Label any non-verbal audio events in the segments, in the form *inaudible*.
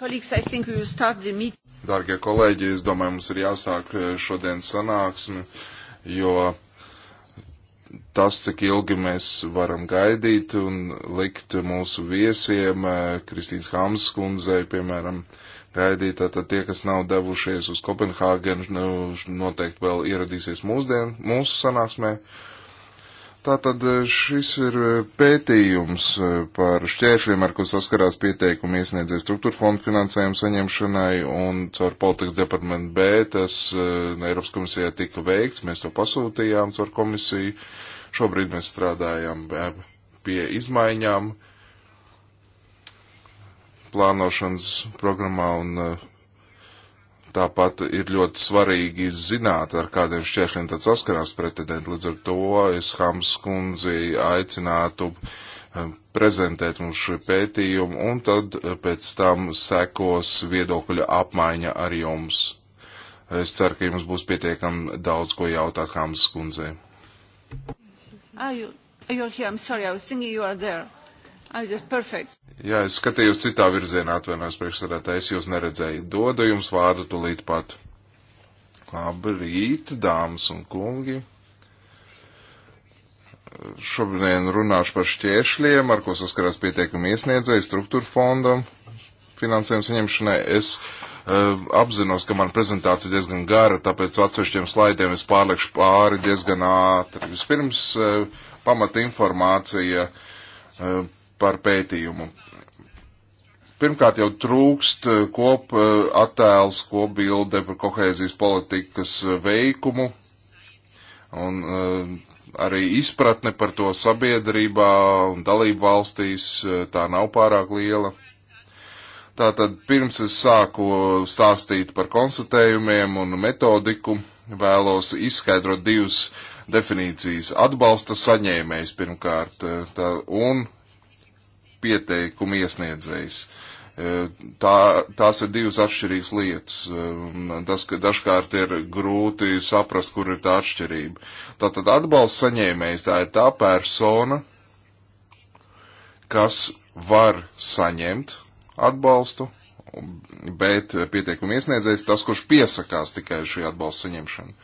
Dārgie kolēģi, es domāju, mums ir jāsāk eh, šodienas sanāksme, jo tas, cik ilgi mēs varam gaidīt un likt mūsu viesiem, eh, Kristīnas Hams kundzei, piemēram, gaidīt, tad tie, kas nav devušies uz Kopenhāgenu, nu, noteikti vēl ieradīsies mūsdien, mūsu sanāksmē. Uh, Tātad eh, šis ir eh, pētījums eh, par šķēršļiem, ar ko saskarās pieteikumi iesniedzēja struktūra fondu finansējumu saņemšanai un caur politikas departamentu B. Tas Eiropas komisijā tika veikts, mēs to pasūtījām caur komisiju. Šobrīd mēs strādājam pie izmaiņām plānošanas programmā un uh, Tāpat ir ļoti svarīgi zināt, ar kādiem šķēršļiem tad saskarās pretendenti. Līdz ar to es Hams kundzi aicinātu um, prezentēt mums šo pētījumu, un tad uh, pēc tam sekos viedokļa apmaiņa ar jums. Es ceru, ka jums būs pietiekami daudz, ko jautāt Hams kundzei. Are ah, you, are you here? I'm sorry, I was thinking you are there. Oh, Jā, es skatījos citā virzienā, atvainojos priekšsarētā, es jūs neredzēju. Dodu jums vārdu tulīt pat. Labrīt, dāmas un kungi. Šobrīd runāšu par šķēršļiem, ar ko saskarās pietiekami iesniedzēji struktūra fondam finansējuma saņemšanai. Es uh, apzinos, ka man prezentācija diezgan gara, tāpēc atsevišķiem slaidiem es pārliekšu pāri diezgan ātri. Vispirms uh, pamata informācija uh, par pētījumu. Pirmkārt, jau trūkst eh, kop eh, attēls, kopbilde par kohēzijas politikas eh, veikumu un arī izpratne par to sabiedrībā un dalību valstīs tā nav pārāk liela. Tātad pirms es sāku stāstīt par konstatējumiem un metodiku, vēlos izskaidrot divas definīcijas. Atbalsta saņēmējs pirmkārt tā, un pieteikumu iesniedzējs. E, tā, tās ir divas atšķirīgas lietas. E, tas, ka dažkārt ir grūti saprast, kur ir tā atšķirība. Tātad atbalsts saņēmējs tā ir tā persona, kas var saņemt atbalstu, bet pieteikumu iesniedzējs tas, kurš piesakās tikai šī atbalsta saņemšanu.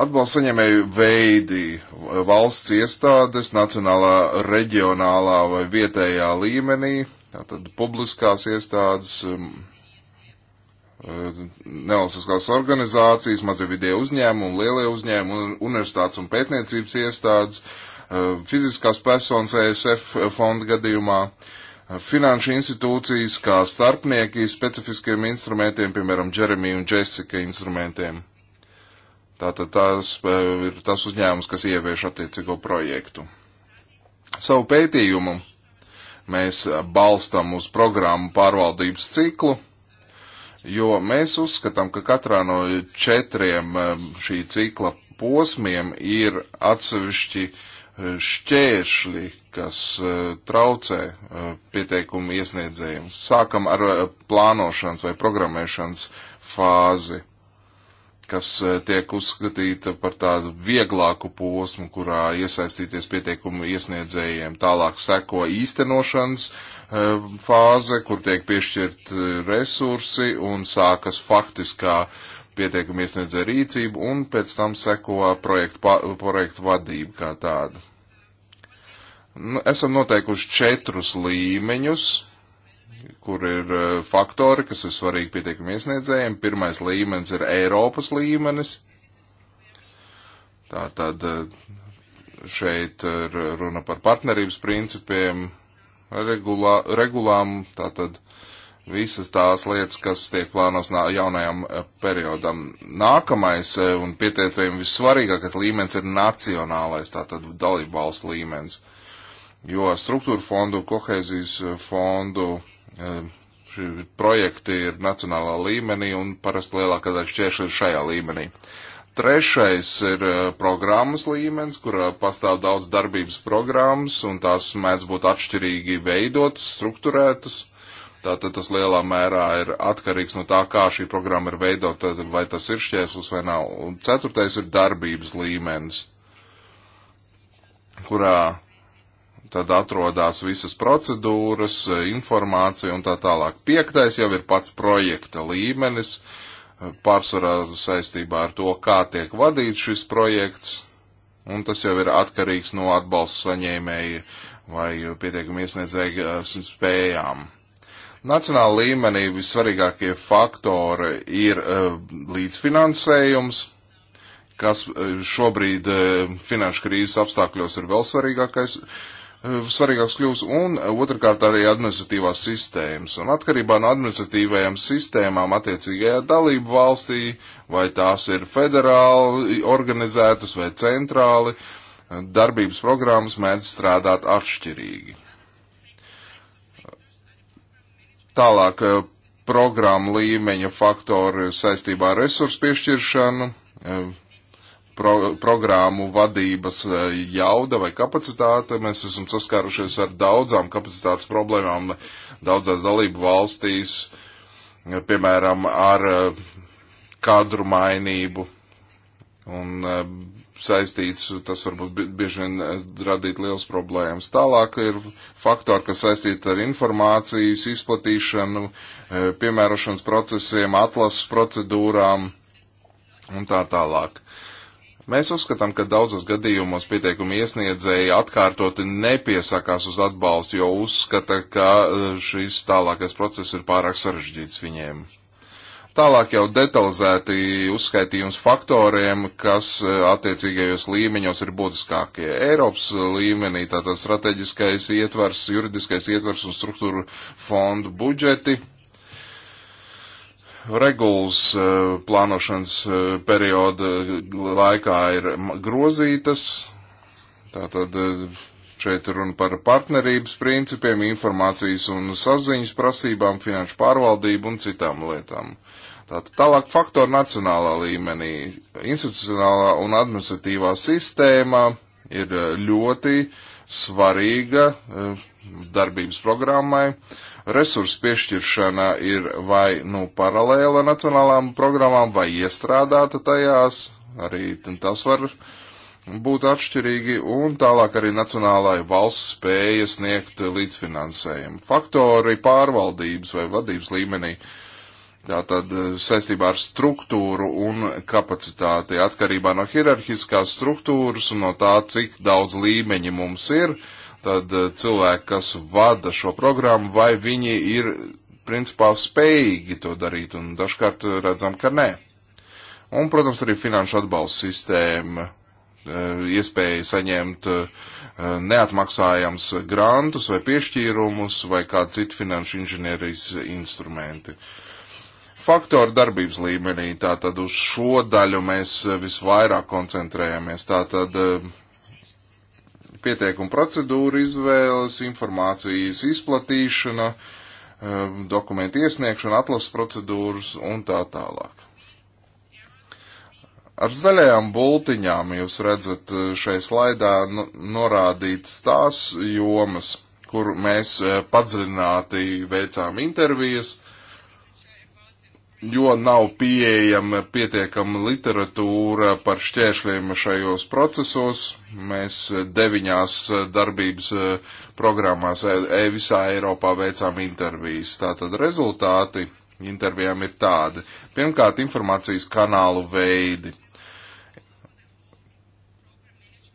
Atbalsts saņemēju veidi - valsts iestādes, nacionālā, reģionālā vai vietējā līmenī, tātad publiskās iestādes, um, uh, nevalstiskās organizācijas, mazie vidē uzņēmumi, lielie uzņēmumi, universitātes un pētniecības iestādes, uh, fiziskās personas ESF fonda gadījumā, uh, finanšu institūcijas kā starpnieki specifiskiem instrumentiem, piemēram, Jeremija un Jessica instrumentiem Tātad tās eh, ir tas uzņēmums, kas ievieš attiecīgo projektu. Savu pētījumu mēs balstam uz programmu pārvaldības ciklu, jo mēs uzskatām, ka katrā no četriem eh, šī cikla posmiem ir atsevišķi eh, šķēršļi, kas traucē pieteikumu iesniedzējiem. Sākam ar plānošanas vai programmēšanas fāzi kas eh, tiek uzskatīta par tādu vieglāku posmu, kurā iesaistīties pieteikumu iesniedzējiem. Tālāk seko īstenošanas eh, fāze, kur tiek piešķirt eh, resursi un sākas faktiskā pieteikuma iesniedzēja rīcība, un pēc tam seko projektu, projektu vadība kā tāda. Nu, esam noteikuši četrus līmeņus kur ir e, faktori, kas ir svarīgi pietiekami iesniedzējiem. Pirmais līmenis ir Eiropas līmenis. Tā tad e, šeit ir runa par partnerības principiem, regulā, regulām, tā tad visas tās lietas, kas tiek plānos jaunajam e, periodam. Nākamais un pieteicējiem vissvarīgākais līmenis ir nacionālais, tā tad dalību valsts līmenis jo struktūra fondu, kohēzijas fondu Ehm, šie projekti ir nacionālā līmenī un parasti lielākā daļa šķēršļu ir šajā līmenī. Trešais ir eh, programmas līmenis, kur pastāv daudz darbības programmas un tās mēdz būt atšķirīgi veidotas, strukturētas. Tātad tas lielā mērā ir atkarīgs no tā, kā šī programma ir veidota, vai tas ir šķērslis vai nav. Un ceturtais ir darbības līmenis, kurā Tad atrodas visas procedūras, informācija un tā tālāk. Piektais jau ir pats projekta līmenis, pārsvarā saistībā ar to, kā tiek vadīts šis projekts, un tas jau ir atkarīgs no atbalsta saņēmēja vai pietiekami iesniedzēja eh, spējām. Nacionāla līmenī vissvarīgākie faktori ir eh, līdzfinansējums, kas eh, šobrīd finanšu krīzes apstākļos ir vēl svarīgākais. Uh, Eh, svarīgāks kļūs, un eh, otrkārt arī administratīvās sistēmas. Un atkarībā no administratīvajām sistēmām attiecīgajā dalību valstī, vai tās ir federāli organizētas vai centrāli, eh, darbības programmas mēdz strādāt atšķirīgi. Tālāk programma līmeņa faktori saistībā ar resursu piešķiršanu, pro, programmu vadības e, jauda vai kapacitāte. Mēs esam saskārušies ar daudzām kapacitātes problēmām daudzās dalību valstīs, e, piemēram, ar e, kadru mainību. Un saistīts, tas varbūt bieži vien radīt liels problēmas. Tālāk ir faktori, kas saistīti ar informācijas izplatīšanu, piemērošanas procesiem, atlases procedūrām un tā tālāk. Uh, Mēs uzskatām, ka daudzos gadījumos pieteikuma iesniedzēji atkārtoti nepiesakās uz atbalstu, jo uzskata, ka eh, šis tālākais process ir pārāk sarežģīts viņiem. Tālāk jau detalizēti uzskaitījums faktoriem, kas eh, attiecīgajos līmeņos ir būtiskākie. Eiropas līmenī tātad strateģiskais ietvers, juridiskais ietvers un struktūra fondu budžeti regulas eh, plānošanas eh, perioda laikā ir grozītas. Tātad eh, šeit runa par partnerības principiem, informācijas un saziņas prasībām, finanšu pārvaldību un citām lietām. Tātad tālāk faktori nacionālā līmenī, institucionālā un administratīvā sistēma ir ļoti svarīga darbības programmai. Uh, resursu piešķiršana ir vai nu paralēla nacionālām programmām, vai iestrādāta tajās, arī tas var būt atšķirīgi, un tālāk arī nacionālai valsts spēja sniegt līdzfinansējumu. Faktori pārvaldības vai vadības līmenī, tātad eh, saistībā ar struktūru un kapacitāti, atkarībā no hierarhiskās struktūras un no tā, cik daudz līmeņi mums ir, uh, tad eh, cilvēki, kas vada šo programmu, vai viņi ir principā spējīgi to darīt, un dažkārt eh, redzam, ka nē. Un, protams, arī finanšu atbalsta sistēma, eh, iespēja saņemt neatmaksājams grantus vai piešķīrumus vai kādu citu finanšu inženierijas instrumenti. Faktori darbības līmenī, tātad uz šo daļu mēs visvairāk koncentrējamies, tātad pieteikuma procedūra izvēles, informācijas izplatīšana, um, dokumentu iesniegšana, atlases procedūras un tā tālāk. Ar zaļajām bultiņām jūs redzat uh, šai slaidā norādīts tās jomas, kur mēs uh, padziļināti veicām intervijas, jo nav pieejama pietiekama literatūra par šķēršļiem šajos procesos. Mēs deviņās darbības e, programmās e, e visā Eiropā veicām intervijas. Tātad rezultāti intervijām ir tādi. Pirmkārt, informācijas kanālu veidi.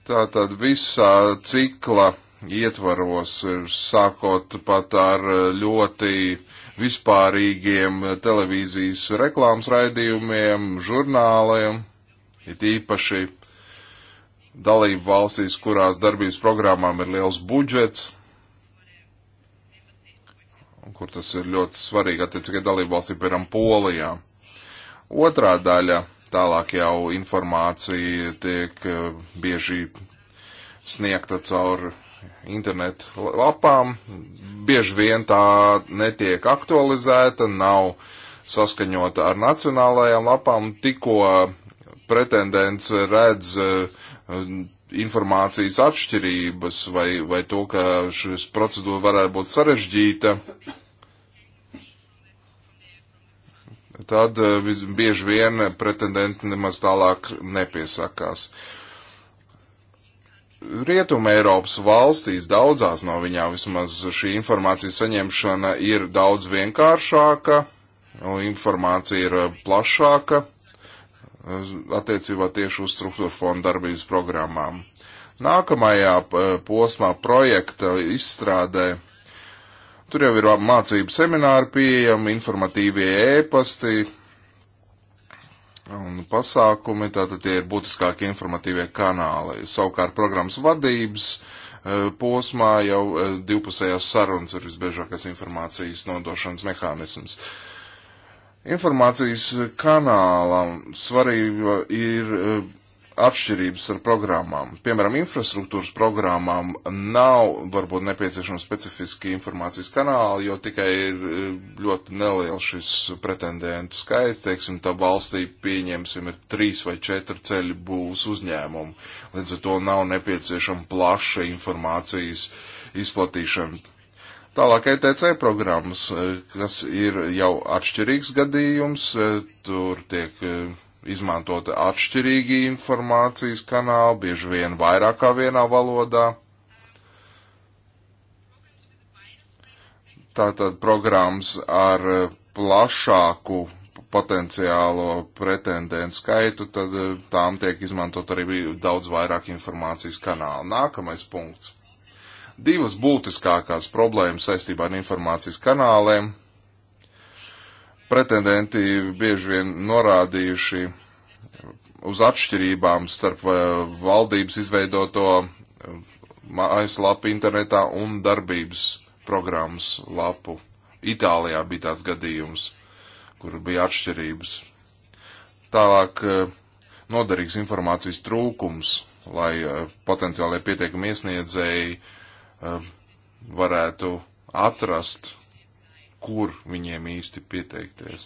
Tātad visā cikla ietvaros ir sākot pat ar e, ļoti uh, vispārīgiem eh, televīzijas reklāmas raidījumiem, žurnāliem, it īpaši dalību valstīs, kurās darbības programmām ir liels budžets, kur tas ir ļoti svarīgi attiecīgai dalību valstī, piemēram, Polijā. Otrā daļa tālāk jau informācija tiek eh, bieži sniegta caur internetu lapām. Bieži vien tā netiek aktualizēta, nav saskaņota ar nacionālajām lapām. Tikko pretendents redz eh, informācijas atšķirības vai, vai to, ka šis procedūra varētu būt sarežģīta, tad eh, vis, bieži vien pretendenti nemaz tālāk nepiesakās. Uh, Rietuma Eiropas valstīs, daudzās no viņām vismaz šī informācijas saņemšana ir daudz vienkāršāka, informācija ir eh, plašāka eh, attiecībā tieši uz struktūra fonda darbības programmām. Nākamajā eh, posmā projekta izstrādē tur jau ir mācību semināri pieejami, informatīvie ēpasti, e un pasākumi, tātad tie ir būtiskākie informatīvie kanāli. Savukārt programmas vadības e, posmā jau e, divpusējās sarunas ir visbiežākais informācijas nodošanas mehānisms. Informācijas kanālam svarīga ir e, atšķirības ar programmām. Piemēram, infrastruktūras programmām nav varbūt nepieciešama specifiski informācijas kanāli, jo tikai ir eh, ļoti neliels šis pretendentu skaits. Teiksim, tā valstī pieņemsim ir trīs vai četri ceļu būvs uzņēmumu. Līdz ar to nav nepieciešama plaša informācijas izplatīšana. Tālāk ETC programmas, eh, kas ir jau atšķirīgs gadījums, eh, tur tiek izmantot atšķirīgi informācijas kanāli, bieži vien vairāk kā vienā valodā. Tātad programmas ar plašāku potenciālo pretendentu skaitu, tad eh, tām tiek izmantot arī daudz vairāk informācijas kanālu. Nākamais punkts. Divas būtiskākās problēmas saistībā ar informācijas kanāliem pretendenti bieži vien norādījuši uz atšķirībām starp eh, valdības izveidoto eh, aizlapu internetā un darbības programmas lapu. Itālijā bija tāds gadījums, kur bija atšķirības. Tālāk eh, noderīgs informācijas trūkums, lai potenciālajie pieteikumi iesniedzēji varētu atrast kur viņiem īsti pieteikties.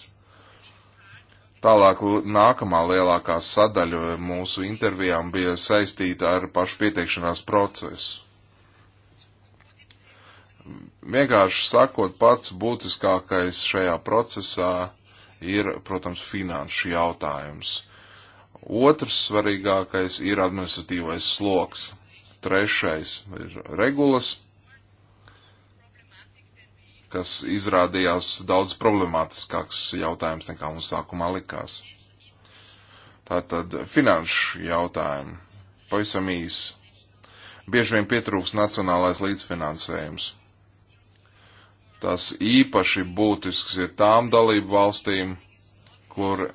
Tālāk nākamā lielākā sadaļa mūsu intervijām bija saistīta ar pašu pieteikšanās procesu. Vienkārši sakot, pats būtiskākais šajā procesā ir, protams, finanšu jautājums. Otrs svarīgākais ir administratīvais sloks. Trešais ir regulas kas izrādījās daudz problemātiskāks jautājums nekā mums sākumā likās. Tātad finanšu jautājumu. Pavisam īsi. Bieži vien pietrūks nacionālais līdzfinansējums. Tas īpaši būtisks ir tām dalību valstīm, kur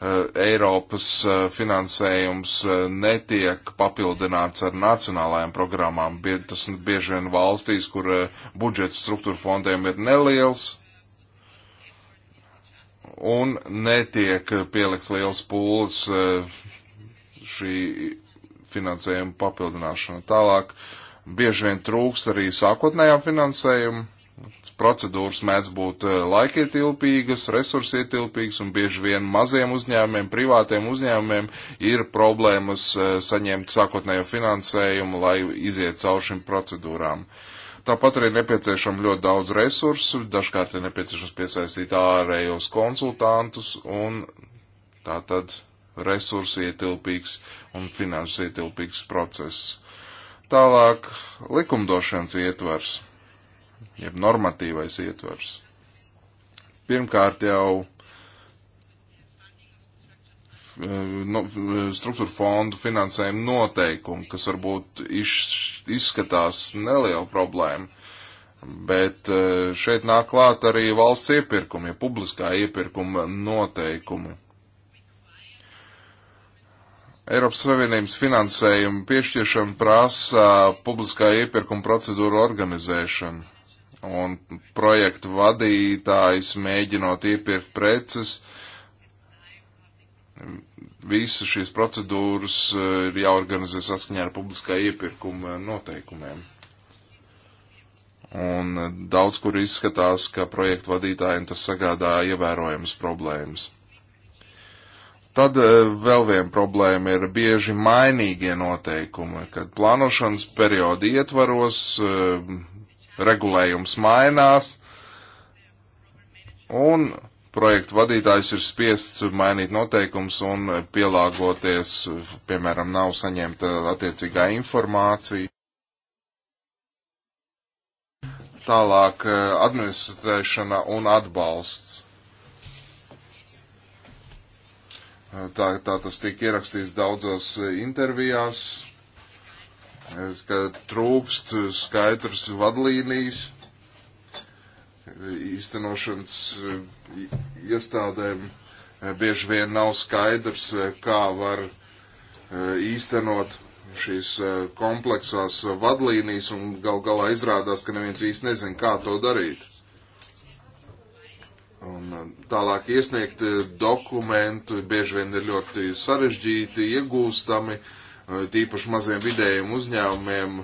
Eh, Eiropas eh, finansējums eh, netiek papildināts ar nacionālajām programmām. Tas bieži vien valstīs, kur budžets struktūra fondiem ir neliels un netiek pieliks liels pūles šī finansējuma papildināšana. Tālāk bieži vien trūkst arī sākotnējā finansējuma procedūras mēdz būt eh, laikietilpīgas, resursietilpīgas un bieži vien maziem uzņēmumiem, privātiem uzņēmumiem ir problēmas eh, saņemt sākotnējo finansējumu, lai iziet cauri šīm procedūrām. Tāpat arī nepieciešama ļoti daudz resursu, dažkārt ir nepieciešams piesaistīt ārējos konsultantus un tā tad resursu ietilpīgs un finanses ietilpīgs process. Tālāk likumdošanas ietvers jeb normatīvais ietvers. Pirmkārt jau eh, no, eh, struktūra fondu finansējuma noteikumi, kas varbūt iš, izskatās neliela problēma, bet eh, šeit nāk klāt arī valsts iepirkumi, ja publiskā iepirkuma noteikumi. Eiropas Savienības finansējuma piešķiršana prasa publiskā iepirkuma procedūru organizēšanu un projektu vadītājs mēģinot iepirkt preces. Visa šīs procedūras e, ir jāorganizē saskaņā ar publiskā iepirkuma noteikumiem. Un e, daudz kur izskatās, ka projektu vadītājiem tas sagādā ievērojamas problēmas. Tad e, vēl viena problēma ir bieži mainīgie noteikumi, kad plānošanas perioda ietvaros regulējums mainās, un projektu vadītājs ir spiests mainīt noteikums un pielāgoties, piemēram, nav saņemta uh, attiecīgā informācija. Tālāk uh, administrēšana un atbalsts. Uh, tā, tā tas tika ierakstīts daudzās intervijās, ka trūkst skaidrs vadlīnijas īstenošanas iestādēm. E, bieži vien nav skaidrs, e, kā var e, īstenot šīs kompleksās vadlīnijas, un gal galā izrādās, ka neviens īsti nezin, kā to darīt. Un tālāk iesniegt dokumentu bieži vien ir ļoti sarežģīti, iegūstami, uh, tīpaši maziem vidējiem uzņēmumiem,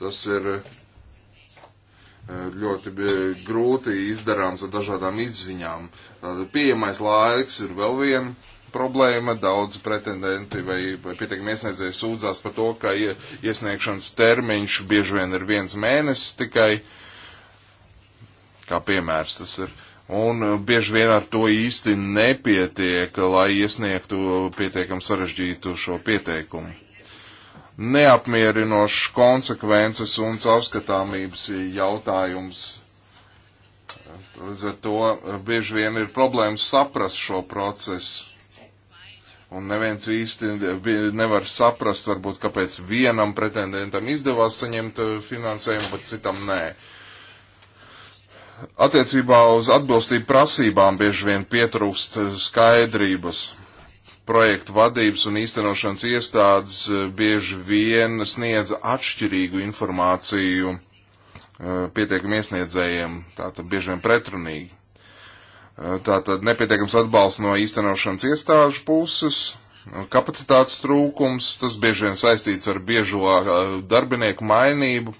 tas ir eh, ļoti eh, grūti izdarāms ar dažādām izziņām. Tātad pieejamais laiks ir vēl viena problēma. Daudz pretendenti vai, vai pietiekami iesniedzēji sūdzās par to, ka iesniegšanas termiņš bieži vien ir viens mēnesis tikai. Kā piemērs tas ir. Uh, un uh, bieži vien ar to īsti nepietiek, lai iesniegtu pietiekam sarežģītu šo pieteikumu. Neapmierinošas konsekvences un caurskatāmības jautājums. Līdz ar to uh, bieži vien ir problēmas saprast šo procesu. Un neviens īsti nevar saprast, varbūt, kāpēc vienam pretendentam izdevās saņemt uh, finansējumu, bet citam nē. Uh, Attiecībā uz atbilstību prasībām bieži vien pietrūkst eh, skaidrības. Projektu vadības un īstenošanas iestādes eh, bieži vien sniedz atšķirīgu informāciju eh, pietiekam iesniedzējiem, tātad bieži vien pretrunīgi. Tātad nepietiekams atbalsts no īstenošanas iestāžu puses, kapacitātes trūkums, tas bieži vien saistīts ar biežo darbinieku mainību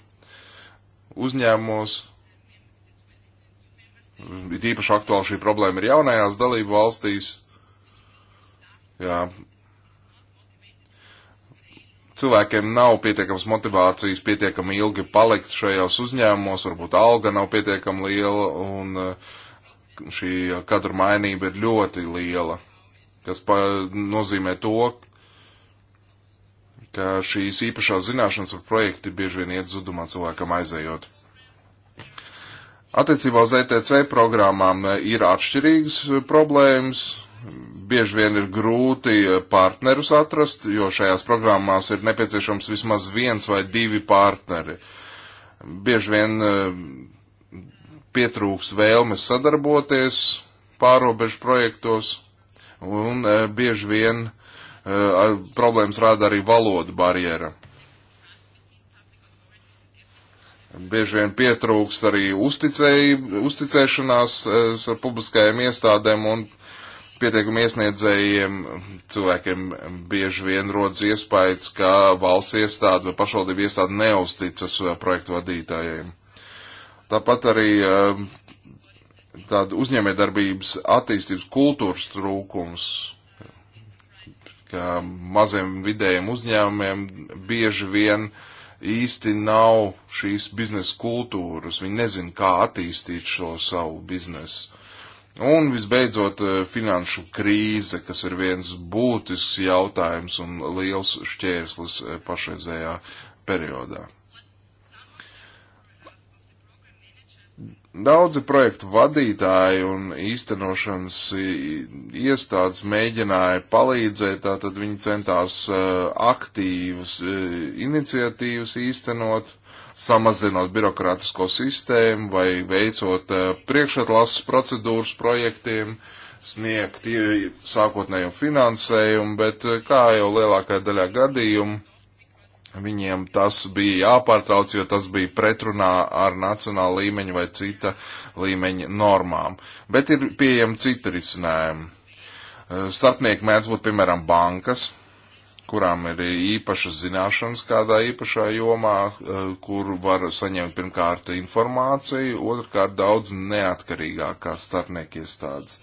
uzņēmumos, Mm, īpaši aktuāli šī problēma ir jaunajās dalību valstīs. Jā. Cilvēkiem nav pietiekams motivācijas, pietiekami ilgi palikt šajos uzņēmumos, varbūt alga nav pietiekami liela un uh, šī kadru mainība ir ļoti liela, kas pa, nozīmē to, ka šīs īpašās zināšanas par projekti bieži vien iet zudumā cilvēkam aizējot. Attiecībā uz ETC programmām e, ir atšķirīgas e, problēmas. Bieži vien ir grūti e, partnerus atrast, jo šajās programmās ir nepieciešams vismaz viens vai divi partneri. Bieži vien pietrūks vēlmes sadarboties pārobežu projektos, un bieži vien problēmas rāda arī valodu barjera. Bieži vien pietrūkst arī uzticēji, uzticēšanās eh, ar publiskajiem iestādēm un pietiekami iesniedzējiem cilvēkiem bieži vien rodas iespējas, ka valsts iestāde vai pašvaldība iestāde neusticas eh, projektu vadītājiem. Tāpat arī eh, tāda uzņēmējdarbības attīstības kultūras trūkums, ka maziem vidējiem uzņēmumiem bieži vien uh, īsti nav šīs biznesa kultūras, viņi nezina, kā attīstīt šo savu biznesu. Un visbeidzot, eh, finanšu krīze, kas ir viens būtisks jautājums un liels šķērslis eh, pašreizējā periodā. Daudzi projektu vadītāji un īstenošanas iestādes mēģināja palīdzēt, tātad viņi centās e, aktīvas e, iniciatīvas īstenot, samazinot birokrātisko sistēmu vai veicot e, priekšatlases procedūras projektiem, sniegt sākotnējo finansējumu, bet kā jau lielākajā daļā gadījumu Viņiem tas bija jāpārtrauc, jo tas bija pretrunā ar nacionāla līmeņa vai cita līmeņa normām. Bet ir pieejami citi risinājumi. Eh, starpnieki mēdz būt, piemēram, bankas, kurām ir īpašas zināšanas kādā īpašā jomā, eh, kur var saņemt pirmkārt informāciju, otrkārt daudz neatkarīgākā starpnieku iestādes.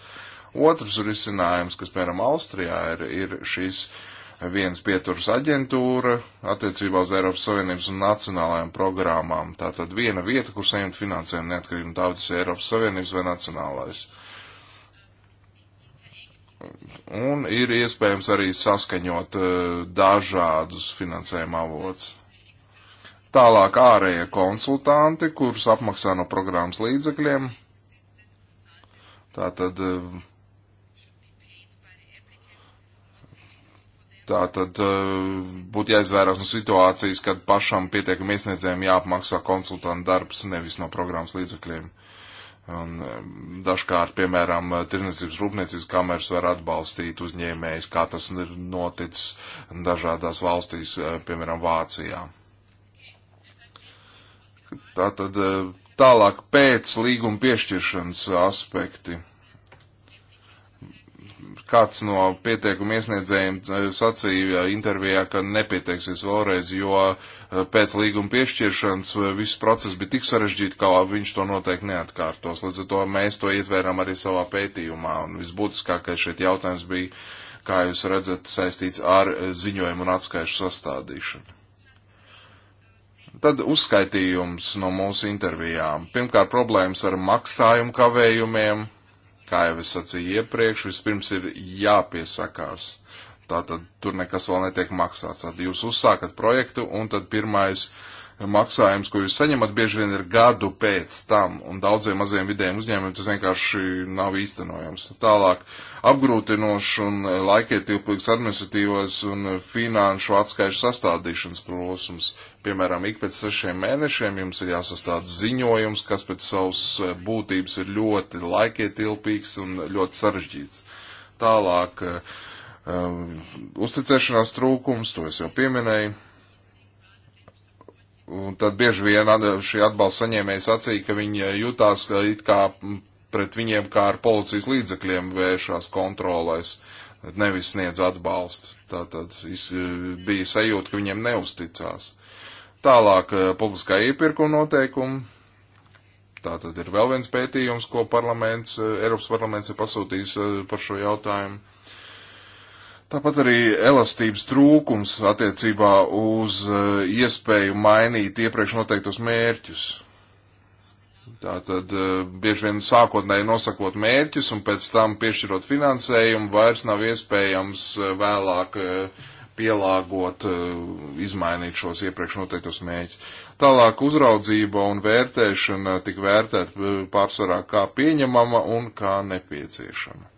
Otrs risinājums, kas, piemēram, Austrijā ir, ir šīs uh, viens pieturas aģentūra attiecībā uz Eiropas Savienības un nacionālajām programmām. Tā tad viena vieta, kur saņemt finansējumu neatkarīgi no tā, vai tas ir Eiropas Savienības vai nacionālais. Un ir iespējams arī saskaņot eh, dažādus finansējuma avots. Tālāk ārējie konsultanti, kurus apmaksā no programmas līdzekļiem. Tātad eh, Tā tad eh, būtu jāizvērās no situācijas, kad pašam pietiekam iesniedzējiem jāapmaksā konsultanta darbs, nevis no programmas līdzekļiem. Un eh, dažkārt, piemēram, Tirnesības rūpniecības kameras var atbalstīt uzņēmējus, kā tas ir noticis dažādās valstīs, eh, piemēram, Vācijā. Tā tad tālāk pēc līguma piešķiršanas aspekti kāds no pieteikuma iesniedzējiem eh, sacīja intervijā, ka nepieteiksies vēlreiz, jo eh, pēc līguma piešķiršanas eh, viss process bija tik sarežģīti, ka viņš to noteikti neatkārtos. Līdz ar to mēs to ietvērām arī savā pētījumā. Un visbūtiskākais šeit jautājums bija, kā jūs redzat, saistīts ar ziņojumu un atskaišu sastādīšanu. Tad uzskaitījums no mūsu intervijām. Pirmkārt, problēmas ar maksājumu kavējumiem Kā jau es sacīju iepriekš, vispirms ir jāpiesakās. Tātad tur nekas vēl netiek maksāts. Tad jūs uzsākat projektu un tad pirmais uh, maksājums, ko jūs saņemat, bieži vien ir gadu pēc tam, un daudziem maziem vidējiem uzņēmumiem tas vienkārši nav īstenojams. Tālāk apgrūtinošs un laikietilpīgs administratīvais un finanšu atskaišu sastādīšanas plosums. Piemēram, ik pēc sešiem mēnešiem jums ir jāsastāda ziņojums, kas pēc savas eh, būtības ir ļoti laikietilpīgs un ļoti sarežģīts. Tālāk, um, uzticēšanās trūkums, to es jau pieminēju Un tad bieži vien šie atbalsta saņēmēji sacīja, ka viņi jutās ka it kā pret viņiem kā ar policijas līdzekļiem vēršās kontrolēs, nevis sniedz atbalstu. Tā tad bija sajūta, ka viņiem neusticās. Tālāk eh, publiskā iepirkuma noteikumi. Tā tad ir vēl viens pētījums, ko parlaments, eh, Eiropas parlaments ir pasūtījis eh, par šo jautājumu. Tāpat arī elastības trūkums attiecībā uz eh, iespēju mainīt iepriekš noteiktos mērķus. Tātad eh, bieži vien sākotnēji nosakot mērķus un pēc tam piešķirot finansējumu, vairs nav iespējams eh, vēlāk pielāgot, izmainīt šos iepriekš noteiktos mērķus. Tālāk uzraudzība un vērtēšana tik vērtēt pārsvarā kā pieņemama un kā nepieciešama.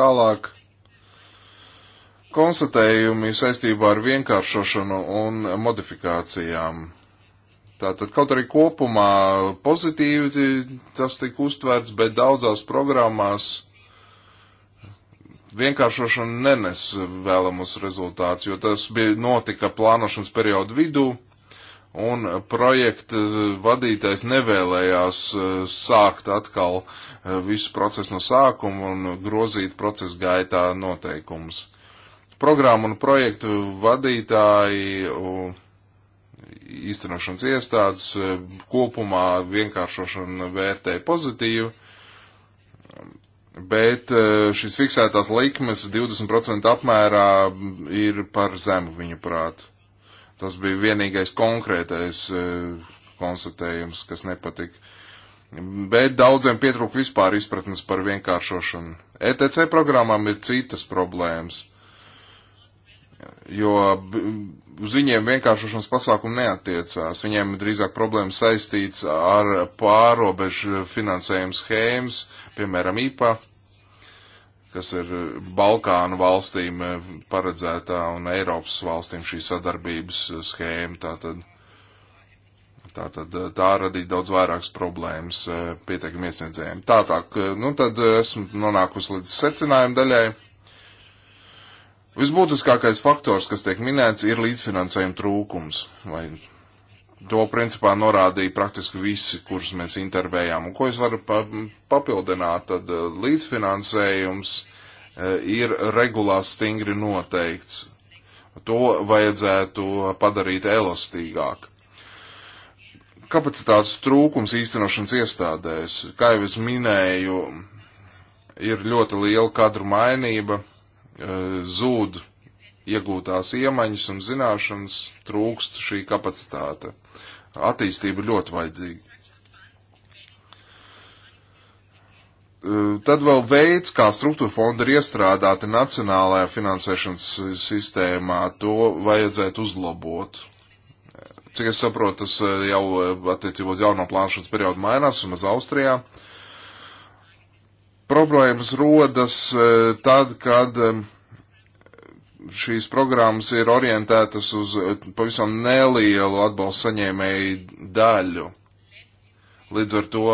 Tālāk konstatējumi saistībā ar vienkāršošanu un modifikācijām. Tātad kaut arī kopumā pozitīvi tas tika uztverts, bet daudzās programmās vienkāršošana nenes vēlamus rezultātus, jo tas bija notika plānošanas periodu vidū, un projekta vadītājs nevēlējās e, sākt atkal e, visu procesu no sākuma un grozīt procesa gaitā noteikumus programmu un projektu vadītāji, īstenošanas iestādes e, kopumā vienkāršošanu vērtē pozitīvi, bet e, šis fiksētās likmes 20% apmērā ir par zemu viņu prātu. Tas bija vienīgais konkrētais e, konstatējums, kas nepatika bet daudziem pietrūk vispār izpratnes par vienkāršošanu. ETC programmām ir citas problēmas jo uz viņiem vienkāršošanas pasākumu neatiecās. Viņiem drīzāk problēmas saistīts ar pārobežu finansējumu schēmas, piemēram, IPA, kas ir Balkānu valstīm paredzētā un Eiropas valstīm šī sadarbības schēma. Tātad, tātad tā radīja daudz vairākas problēmas eh, pieteikumu iesniedzējiem. Tātāk, eh, nu tad eh, esmu nonākusi līdz secinājumu daļai Visbūtiskākais faktors, kas tiek minēts, ir līdzfinansējuma trūkums. Vai to principā norādīja praktiski visi, kurus mēs intervējām. Un ko es varu pa papildināt, tad eh, līdzfinansējums eh, ir regulā stingri noteikts. To vajadzētu padarīt elastīgāk kapacitātes trūkums īstenošanas iestādēs, kā jau es minēju, ir ļoti liela kadru mainība, Eh, zūd iegūtās iemaņas un zināšanas, trūkst šī kapacitāte. Attīstība ļoti vajadzīga. Eh, tad vēl veids, kā struktūra fonda ir iestrādāti nacionālajā finansēšanas sistēmā, to vajadzētu uzlabot. Cik es saprotu, tas eh, jau attiecībā uz jauno plānošanas periodu mainās, vismaz Austrijā. Uh, Problēmas rodas e, tad, kad e, šīs programmas ir orientētas uz e, pavisam nelielu atbalstu saņēmēju daļu. Līdz ar to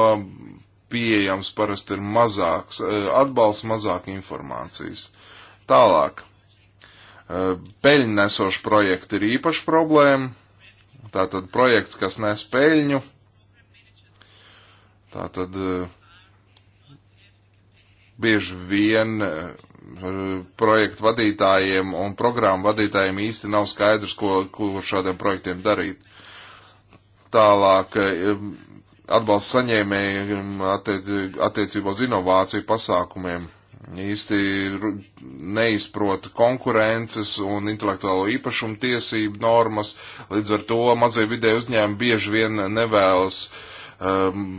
pieejams parasti ir mazāks atbalsts, mazāk informācijas. Tālāk. Peļņu nesošu projektu ir īpaša problēma. Tātad projekts, kas nes peļņu. Tātad uh, bieži vien eh, projektu vadītājiem un programmu vadītājiem īsti nav skaidrs, ko, ko šādiem projektiem darīt. Tālāk eh, atbalsts saņēmējiem attiecībā uz inovāciju pasākumiem īsti neizprota konkurences un intelektuālo īpašumu tiesību normas, līdz ar to mazie vidēji uzņēmumi bieži vien nevēlas uh, um,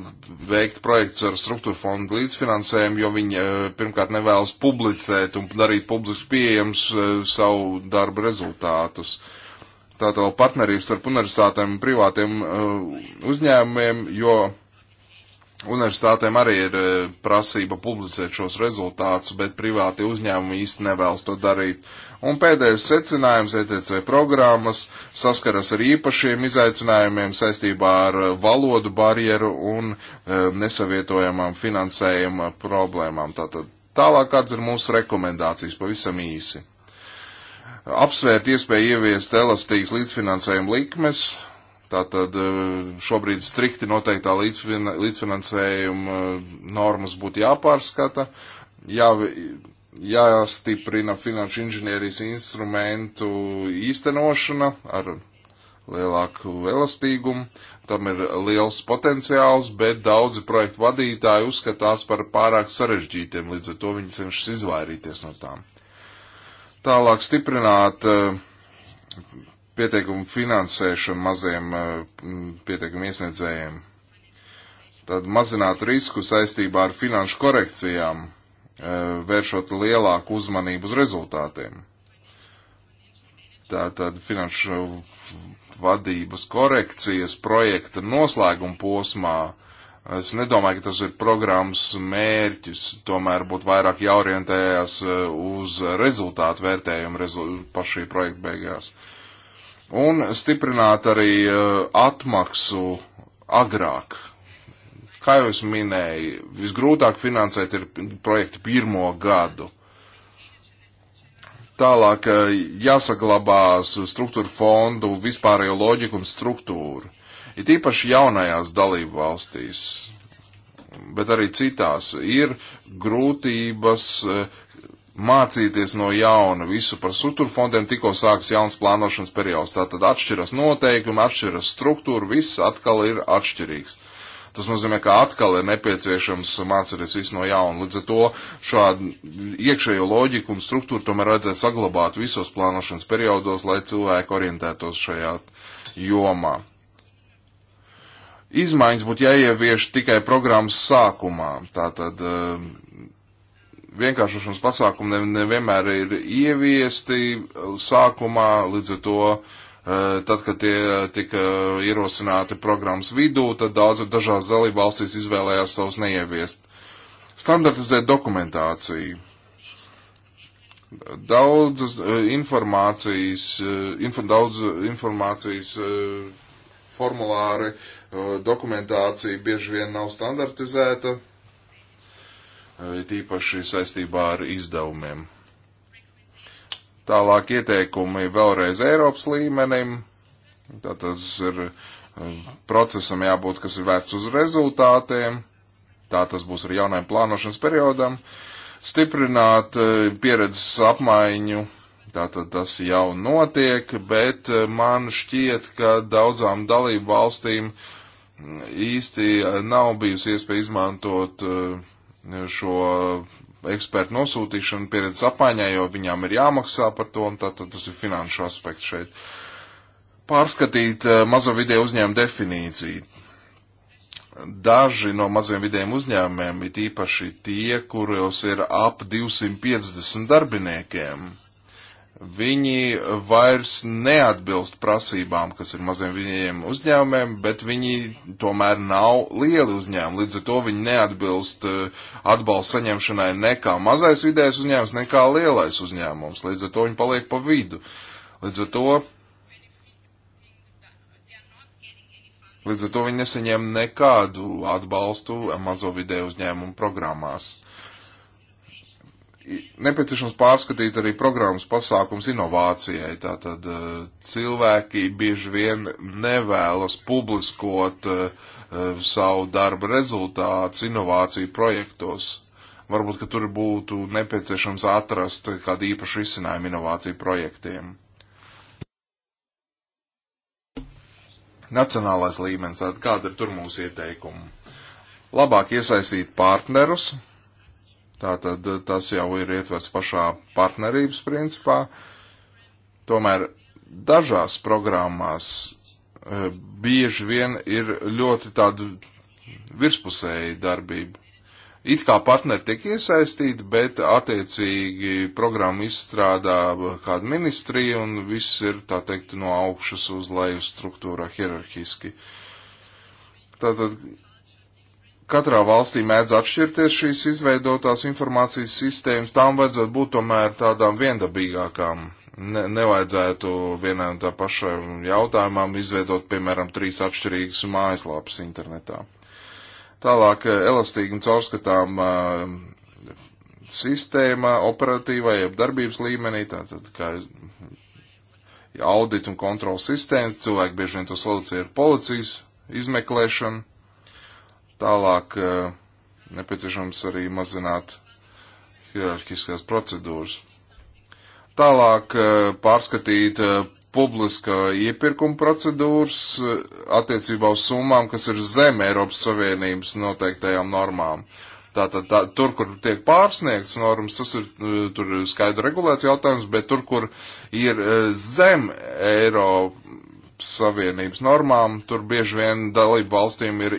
veikt projekts ar struktūra fondu līdzfinansējumu, jo viņi uh, pirmkārt nevēlas publicēt un darīt publiski pieejams uh, savu darbu rezultātus. Tātad partnerības ar universitātēm un privātiem uh, uzņēmumiem, jo Universitātēm arī ir e, prasība publicēt šos rezultātus, bet privāti uzņēmumi īsti nevēlas to darīt. Un pēdējais secinājums ETC programmas saskaras ar īpašiem izaicinājumiem saistībā ar e, valodu barjeru un e, nesavietojamām finansējuma problēmām. Tātad tālāk kāds ir mūsu rekomendācijas pavisam īsi. Apsvērt iespēju ieviest elastīgas līdzfinansējuma likmes, Tātad e, šobrīd strikti noteiktā līdzfinansējuma e, normas būtu jāpārskata, jā, jāstiprina finanšu inženierijas instrumentu īstenošana ar lielāku elastīgumu. Tam ir liels potenciāls, bet daudzi projektu vadītāji uzskatās par pārāk sarežģītiem, līdz ar to viņi cenšas izvairīties no tām. Tālāk stiprināt e, pieteikumu finansēšanu maziem eh, pieteikumu iesniedzējiem. Tad mazināt risku saistībā ar finanšu korekcijām, eh, vēršot lielāku uzmanību uz rezultātiem. Tātad finanšu vadības korekcijas projekta noslēguma posmā Es nedomāju, ka tas ir programmas mērķis, tomēr būtu vairāk jāorientējas eh, uz rezultātu vērtējumu rezu, pašī projekta beigās. Uh, un stiprināt arī eh, atmaksu agrāk. Kā jau es minēju, visgrūtāk finansēt ir projekti pirmo gadu. Tālāk eh, jāsaglabās struktūra fondu vispārējo loģiku un struktūru. It īpaši jaunajās dalību valstīs, bet arī citās, ir grūtības eh, mācīties no jauna visu par struktūru fondiem, tikko sāks jauns plānošanas periods. Tātad atšķiras noteikumi, atšķiras struktūra, viss atkal ir atšķirīgs. Tas nozīmē, ka atkal ir nepieciešams mācīties visu no jauna. Līdz ar to šādu iekšējo loģiku un struktūru tomēr vajadzētu saglabāt visos plānošanas periodos, lai cilvēki orientētos šajā jomā. Izmaiņas būtu jāievieš tikai programmas sākumā, tātad ehm, vienkāršošanas pasākumi nevienmēr ne ir ieviesti sākumā, līdz ar to, eh, tad, kad tie tika ierosināti programmas vidū, tad daudz ir dažās dalību valstīs izvēlējās savus neieviest. Standartizēt dokumentāciju. Eh, eh, daudz informācijas, inf daudz informācijas formulāri, dokumentācija bieži vien nav standartizēta, tīpaši saistībā ar izdevumiem. Tālāk ieteikumi vēlreiz Eiropas līmenim. Tā tas ir um, procesam jābūt, kas ir vērts uz rezultātiem. Tā tas būs ar jaunajam plānošanas periodam. Stiprināt uh, pieredzes apmaiņu Tātad tas jau notiek, bet uh, man šķiet, ka daudzām dalību valstīm mm, īsti uh, nav bijusi iespēja izmantot uh, šo ekspertu nosūtīšanu pieredzes apmaiņā, jo viņām ir jāmaksā par to, un tātad tas ir finanšu aspekts šeit. Pārskatīt eh, mazo video uzņēmumu definīciju. Daži no maziem vidiem uzņēmumiem ir īpaši tie, kuros ir ap 250 darbiniekiem viņi vairs neatbilst prasībām, kas ir maziem viņiem uzņēmumiem, bet viņi tomēr nav lieli uzņēmumi. Līdz ar to viņi neatbilst eh, atbalsta saņemšanai nekā mazais vidējais uzņēmums, nekā lielais uzņēmums. Līdz ar to viņi paliek pa vidu. Līdz ar to. Līdz ar to viņi nesaņem nekādu atbalstu mazo vidēju uzņēmumu programmās nepieciešams pārskatīt arī programmas pasākums inovācijai. Tātad eh, cilvēki bieži vien nevēlas publiskot uh, savu darbu rezultātus inovāciju projektos. Varbūt, ka tur būtu nepieciešams atrast kādu īpašu izcinājumu inovāciju projektiem. Nacionālais līmenis, tātad kāda ir tur mūsu ieteikuma? Labāk iesaistīt partnerus, Tātad eh, tas jau ir ietverts pašā partnerības principā. Tomēr dažās programmās eh, bieži vien ir ļoti tāda virspusēja darbība. It kā partneri tiek iesaistīti, bet attiecīgi programmu izstrādā kāda ministrija un viss ir, tā teikt, no augšas uz leju struktūrā hierarhiski. Tātad Katrā valstī mēdz atšķirties šīs izveidotās informācijas sistēmas, tām vajadzētu būt tomēr tādām viendabīgākām. Ne, nevajadzētu vienam tā pašam jautājumam izveidot, piemēram, trīs atšķirīgas mājaslapas internetā. Tālāk eh, elastīgi un caurskatām eh, sistēma operatīvā, jeb darbības līmenī, tātad kā audit un kontrols sistēmas, cilvēki bieži vien to sauc ar policijas izmeklēšanu Tālāk eh, nepieciešams arī mazināt hierarhiskās procedūras. Tālāk eh, pārskatīt eh, publiska iepirkuma procedūras attiecībā uz summām, kas ir zem Eiropas Savienības noteiktajām normām. Tātad tā, tur, kur tiek pārsniegts normas, tas ir, tur ir skaidri regulēts jautājums, bet tur, kur ir zem Eiropas Savienības normām, tur bieži vien dalību valstīm ir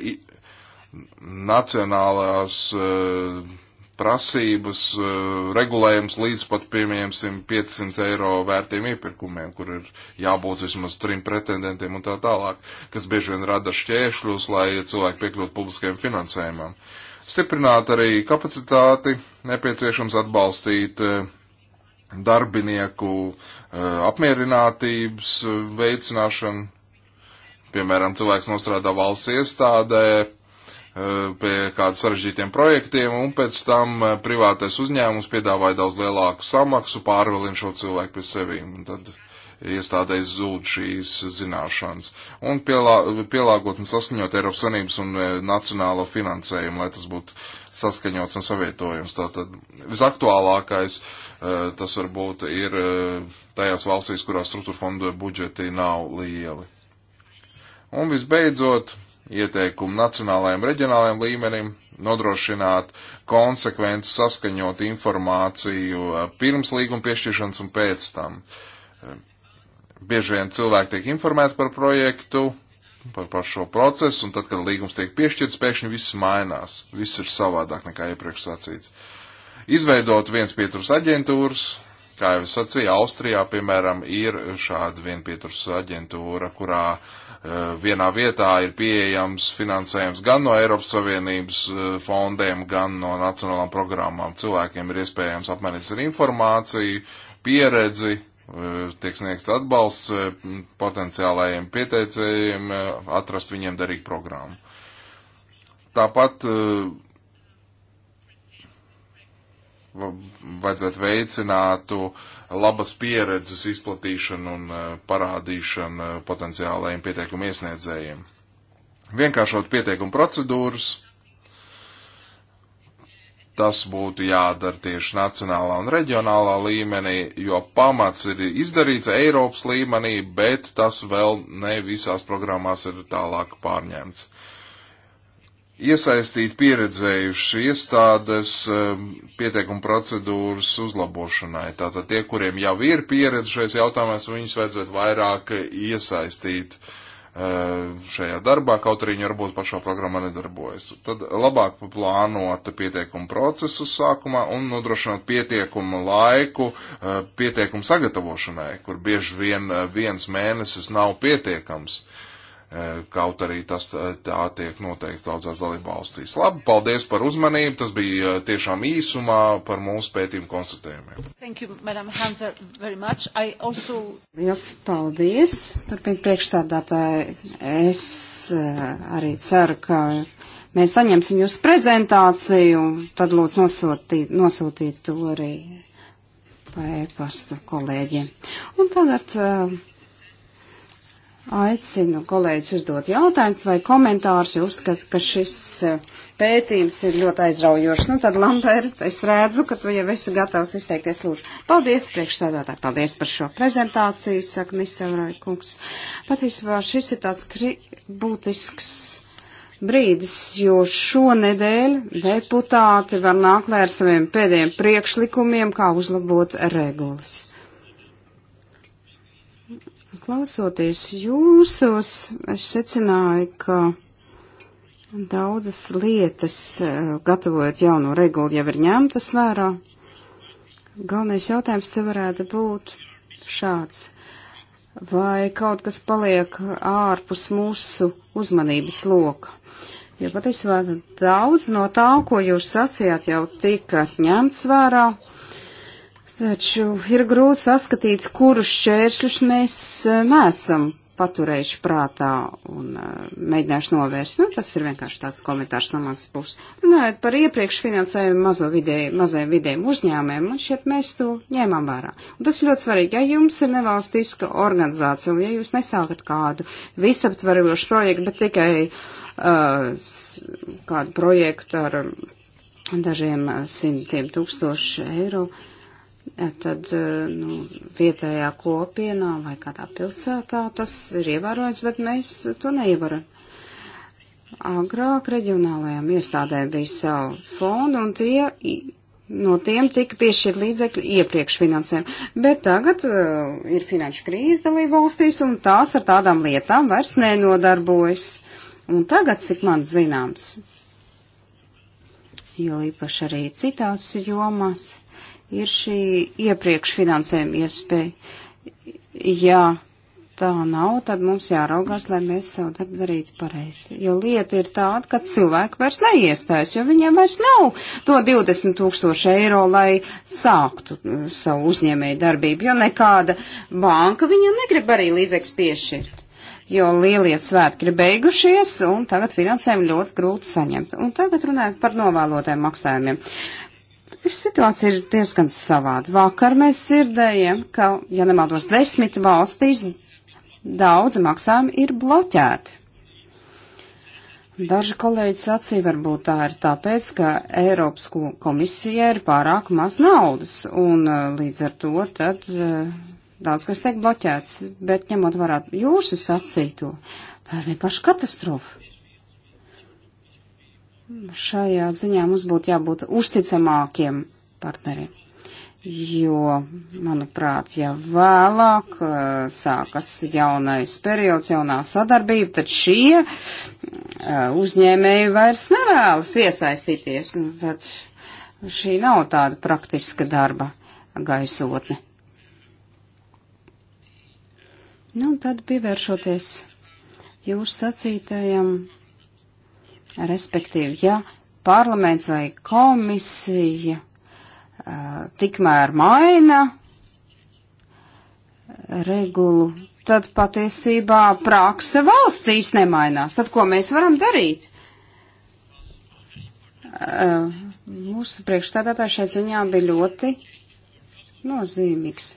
nacionālās uh, prasības uh, regulējums līdz pat, pieņemsim, 500 eiro vērtiem iepirkumiem, kur ir jābūt vismaz trim pretendentiem un tā tālāk, kas bieži vien rada šķēršļus, lai cilvēki piekļūtu publiskajam finansējumam. Stiprināt arī kapacitāti, nepieciešams atbalstīt uh, darbinieku apmierinātības veicināšanu. Piemēram, cilvēks nostrādā valsts iestādē, Eh, pie kādiem sarežģītiem projektiem, un pēc tam eh, privātais uzņēmums piedāvāja daudz lielāku samaksu, pārvilina šo cilvēku pie sevīm. Tad iestādēs zūd šīs zināšanas. Un pielā, pielāgot un saskaņot Eiropas Savienības un eh, nacionālo finansējumu, lai tas būtu saskaņots un savietojams. Tātad visaktuālākais tas varbūt ir tajās valstīs, kurās struktūra fondu budžeti nav lieli. Un visbeidzot, ieteikumu nacionālajiem reģionālajiem līmenim, nodrošināt konsekventu saskaņot informāciju eh, pirms līguma piešķiršanas un pēc tam. Eh, Bieži vien cilvēki tiek informēti par projektu, par, par šo procesu, un tad, kad līgums tiek piešķirts, pēkšņi viss mainās. Viss ir savādāk nekā iepriekš sacīts. Izveidot viens pieturs aģentūras, kā jau es sacīju, Austrijā, piemēram, ir šāda vienpieturs aģentūra, kurā uh, Eh, vienā vietā ir pieejams finansējums gan no Eiropas Savienības eh, fondiem, gan no nacionālām programmām. Cilvēkiem ir iespējams apmainīties ar informāciju, pieredzi, eh, tiek sniegts atbalsts potenciālajiem pieteicējiem, atrast viņiem derīgu programmu. Tāpat vajadzētu veicinātu uh, labas pieredzes izplatīšana un eh, parādīšana potenciālajiem pieteikumu iesniedzējiem. Vienkāršot pieteikumu procedūras, tas būtu jādara tieši nacionālā un reģionālā līmenī, jo pamats ir izdarīts Eiropas līmenī, bet tas vēl ne visās programmās ir tālāk pārņemts iesaistīt pieredzējušas iestādes um, pieteikuma procedūras uzlabošanai. Tātad tie, kuriem jau ir pieredze šajos jautājumos, viņus vajadzētu vairāk iesaistīt um, šajā darbā, kaut arī viņi varbūt pašā programmā nedarbojas. Tad labāk plānot pieteikumu procesu sākumā un nodrošināt pieteikumu laiku um, pieteikumu sagatavošanai, kur bieži vien uh, viens mēnesis nav pietiekams Eh, kaut arī tas eh, tā tiek noteikts daudzās dalībvalstīs. Labi, paldies par uzmanību, tas bija eh, tiešām īsumā par mūsu pētījumu konstatējumiem. Thank you, Madam Hansa, very much. I also... Liels paldies, turpin priekšstādātāji. Es arī ceru, ka mēs saņemsim jūsu prezentāciju, tad lūdzu nosūtīt, nosūtīt to arī pa e-pastu kolēģiem. Un tagad uh, Aicinu kolēģis uzdot jautājumus vai komentārus, ja uzskata, ka šis eh, pētījums ir ļoti aizraujošs. Nu tad, Lambert, es redzu, ka tu jau esi gatavs izteikties lūdzu. Paldies, priekšsēdētāji, paldies par šo prezentāciju, saka Nistevrai kungs. Patiesībā šis ir tāds būtisks brīdis, jo šonedēļ deputāti var nākt ar saviem pēdējiem priekšlikumiem, kā uzlabot regulas. Klausoties jūsos, es secināju, ka daudzas lietas, eh, gatavojot jauno regulu, jau ir ņemtas vērā. Galvenais jautājums te varētu būt šāds. Vai kaut kas paliek ārpus mūsu uzmanības loka? Jo ja patiesībā daudz no tā, ko jūs sacījāt, jau tika ņemts vērā. Uh, Taču ir grūti saskatīt, kurus šķēršļus mēs e, nesam paturējuši prātā un e, mēģināšu novērst. Nu, tas ir vienkārši tāds komentārs no manas puses. Runājot par iepriekš finansējumu mazo vidēju, mazajiem vidējiem uzņēmēm, man šķiet, mēs to ņēmām vērā. Un tas ir ļoti svarīgi. Ja jums ir nevalstiska organizācija un ja jūs nesākat kādu visaptvarojošu projektu, bet tikai uh, kādu projektu ar dažiem simtiem tūkstošu eiro, uh, E, tad e, nu, vietējā kopienā vai kādā pilsētā tas ir ievērojams, bet mēs to neievaram. Agrāk reģionālajām iestādēm bija savu fondu un tie, no tiem tika piešķirt līdzekļi iepriekš finansēm. Bet tagad uh, ir finanšu krīze dalība valstīs un tās ar tādām lietām vairs nenodarbojas. Un tagad, cik man zināms, jo īpaši arī citās jomās ir šī iepriekš finansējuma iespēja. Ja tā nav, tad mums jāraugās, lai mēs savu darbu darītu pareizi. Jo lieta ir tāda, ka cilvēki vairs neiestājas, jo viņiem vairs nav to 20 tūkstoši eiro, lai sāktu uh, savu uzņēmēju darbību, jo nekāda banka viņam negrib arī līdzekļus piešķirt. Jo lielie svētki ir beigušies, un tagad finansējumu ļoti grūti saņemt. Un tagad runājot par novēlotēm maksājumiem situācija ir diezgan savāda. Vakar mēs dzirdējām, ka, ja nemaldos, desmit valstīs daudzi maksājumi ir bloķēti. Daži kolēģi sacīja, varbūt tā ir tāpēc, ka Eiropas komisija ir pārāk maz naudas, un uh, līdz ar to tad uh, daudz kas tiek bloķēts, bet ņemot varētu jūsu sacīto, tā ir vienkārši katastrofa šajā ziņā mums būtu jābūt uzticamākiem partneriem. Jo, manuprāt, ja vēlāk eh, sākas jaunais periods, jaunā sadarbība, tad šie eh, uzņēmēji vairs nevēlas iesaistīties. Tad šī nav tāda praktiska darba gaisotne. Nu, tad pievēršoties jūsu sacītajam Respektīvi, ja parlaments vai komisija uh, tikmēr maina regulu, tad patiesībā prakse valstīs nemainās. Tad ko mēs varam darīt? Uh, mūsu priekšstādātāji šai ziņā bija ļoti nozīmīgs.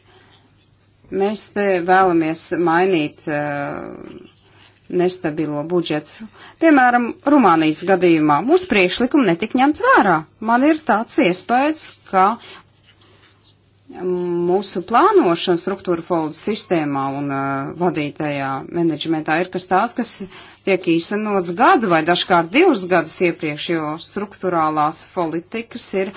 Mēs te vēlamies mainīt uh, nestabilo budžetu. Piemēram, Rumānijas gadījumā mūsu priekšlikumu netika ņemt vērā. Man ir tāds iespējas, ka mūsu plānošana struktūra foldu sistēmā un uh, vadītajā menedžmentā ir kas tāds, kas tiek īstenots gadu vai dažkārt divus gadus iepriekš, jo struktūrālās politikas ir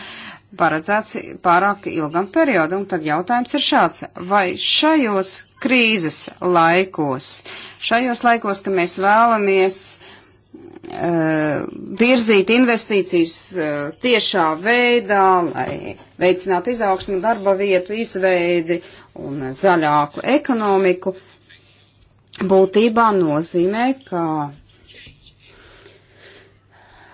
paredzēts pārāk ilgam periodam, tad jautājums ir šāds, vai šajos krīzes laikos, šajos laikos, ka mēs vēlamies uh, virzīt investīcijas uh, tiešā veidā, lai veicinātu izaugsmu darba vietu izveidi un zaļāku ekonomiku, būtībā nozīmē, ka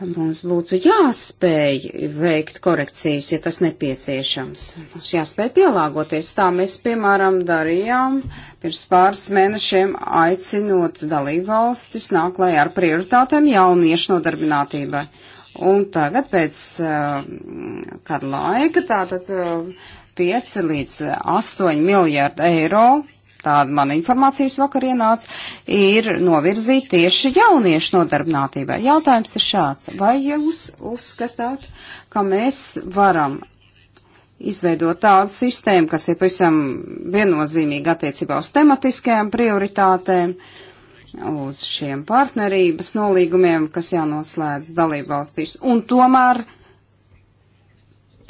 Mums būtu jāspēj veikt korekcijas, ja tas nepieciešams. Mums jāspēj pielāgoties. Tā mēs, piemēram, darījām pirms pāris mēnešiem aicinot dalībvalstis nāk lai ar prioritātēm jauniešu nodarbinātībai. Un tagad pēc uh, kāda laika tātad uh, 5 līdz 8 miljārdu eiro tāda man informācijas vakar ienāca, ir novirzīta tieši jauniešu nodarbinātībai. Jautājums ir šāds. Vai jūs uzskatāt, ka mēs varam izveidot tādu sistēmu, kas ir pavisam viennozīmīga attiecībā uz tematiskajām prioritātēm, uz šiem partnerības nolīgumiem, kas jānoslēdz dalībvalstīs, un tomēr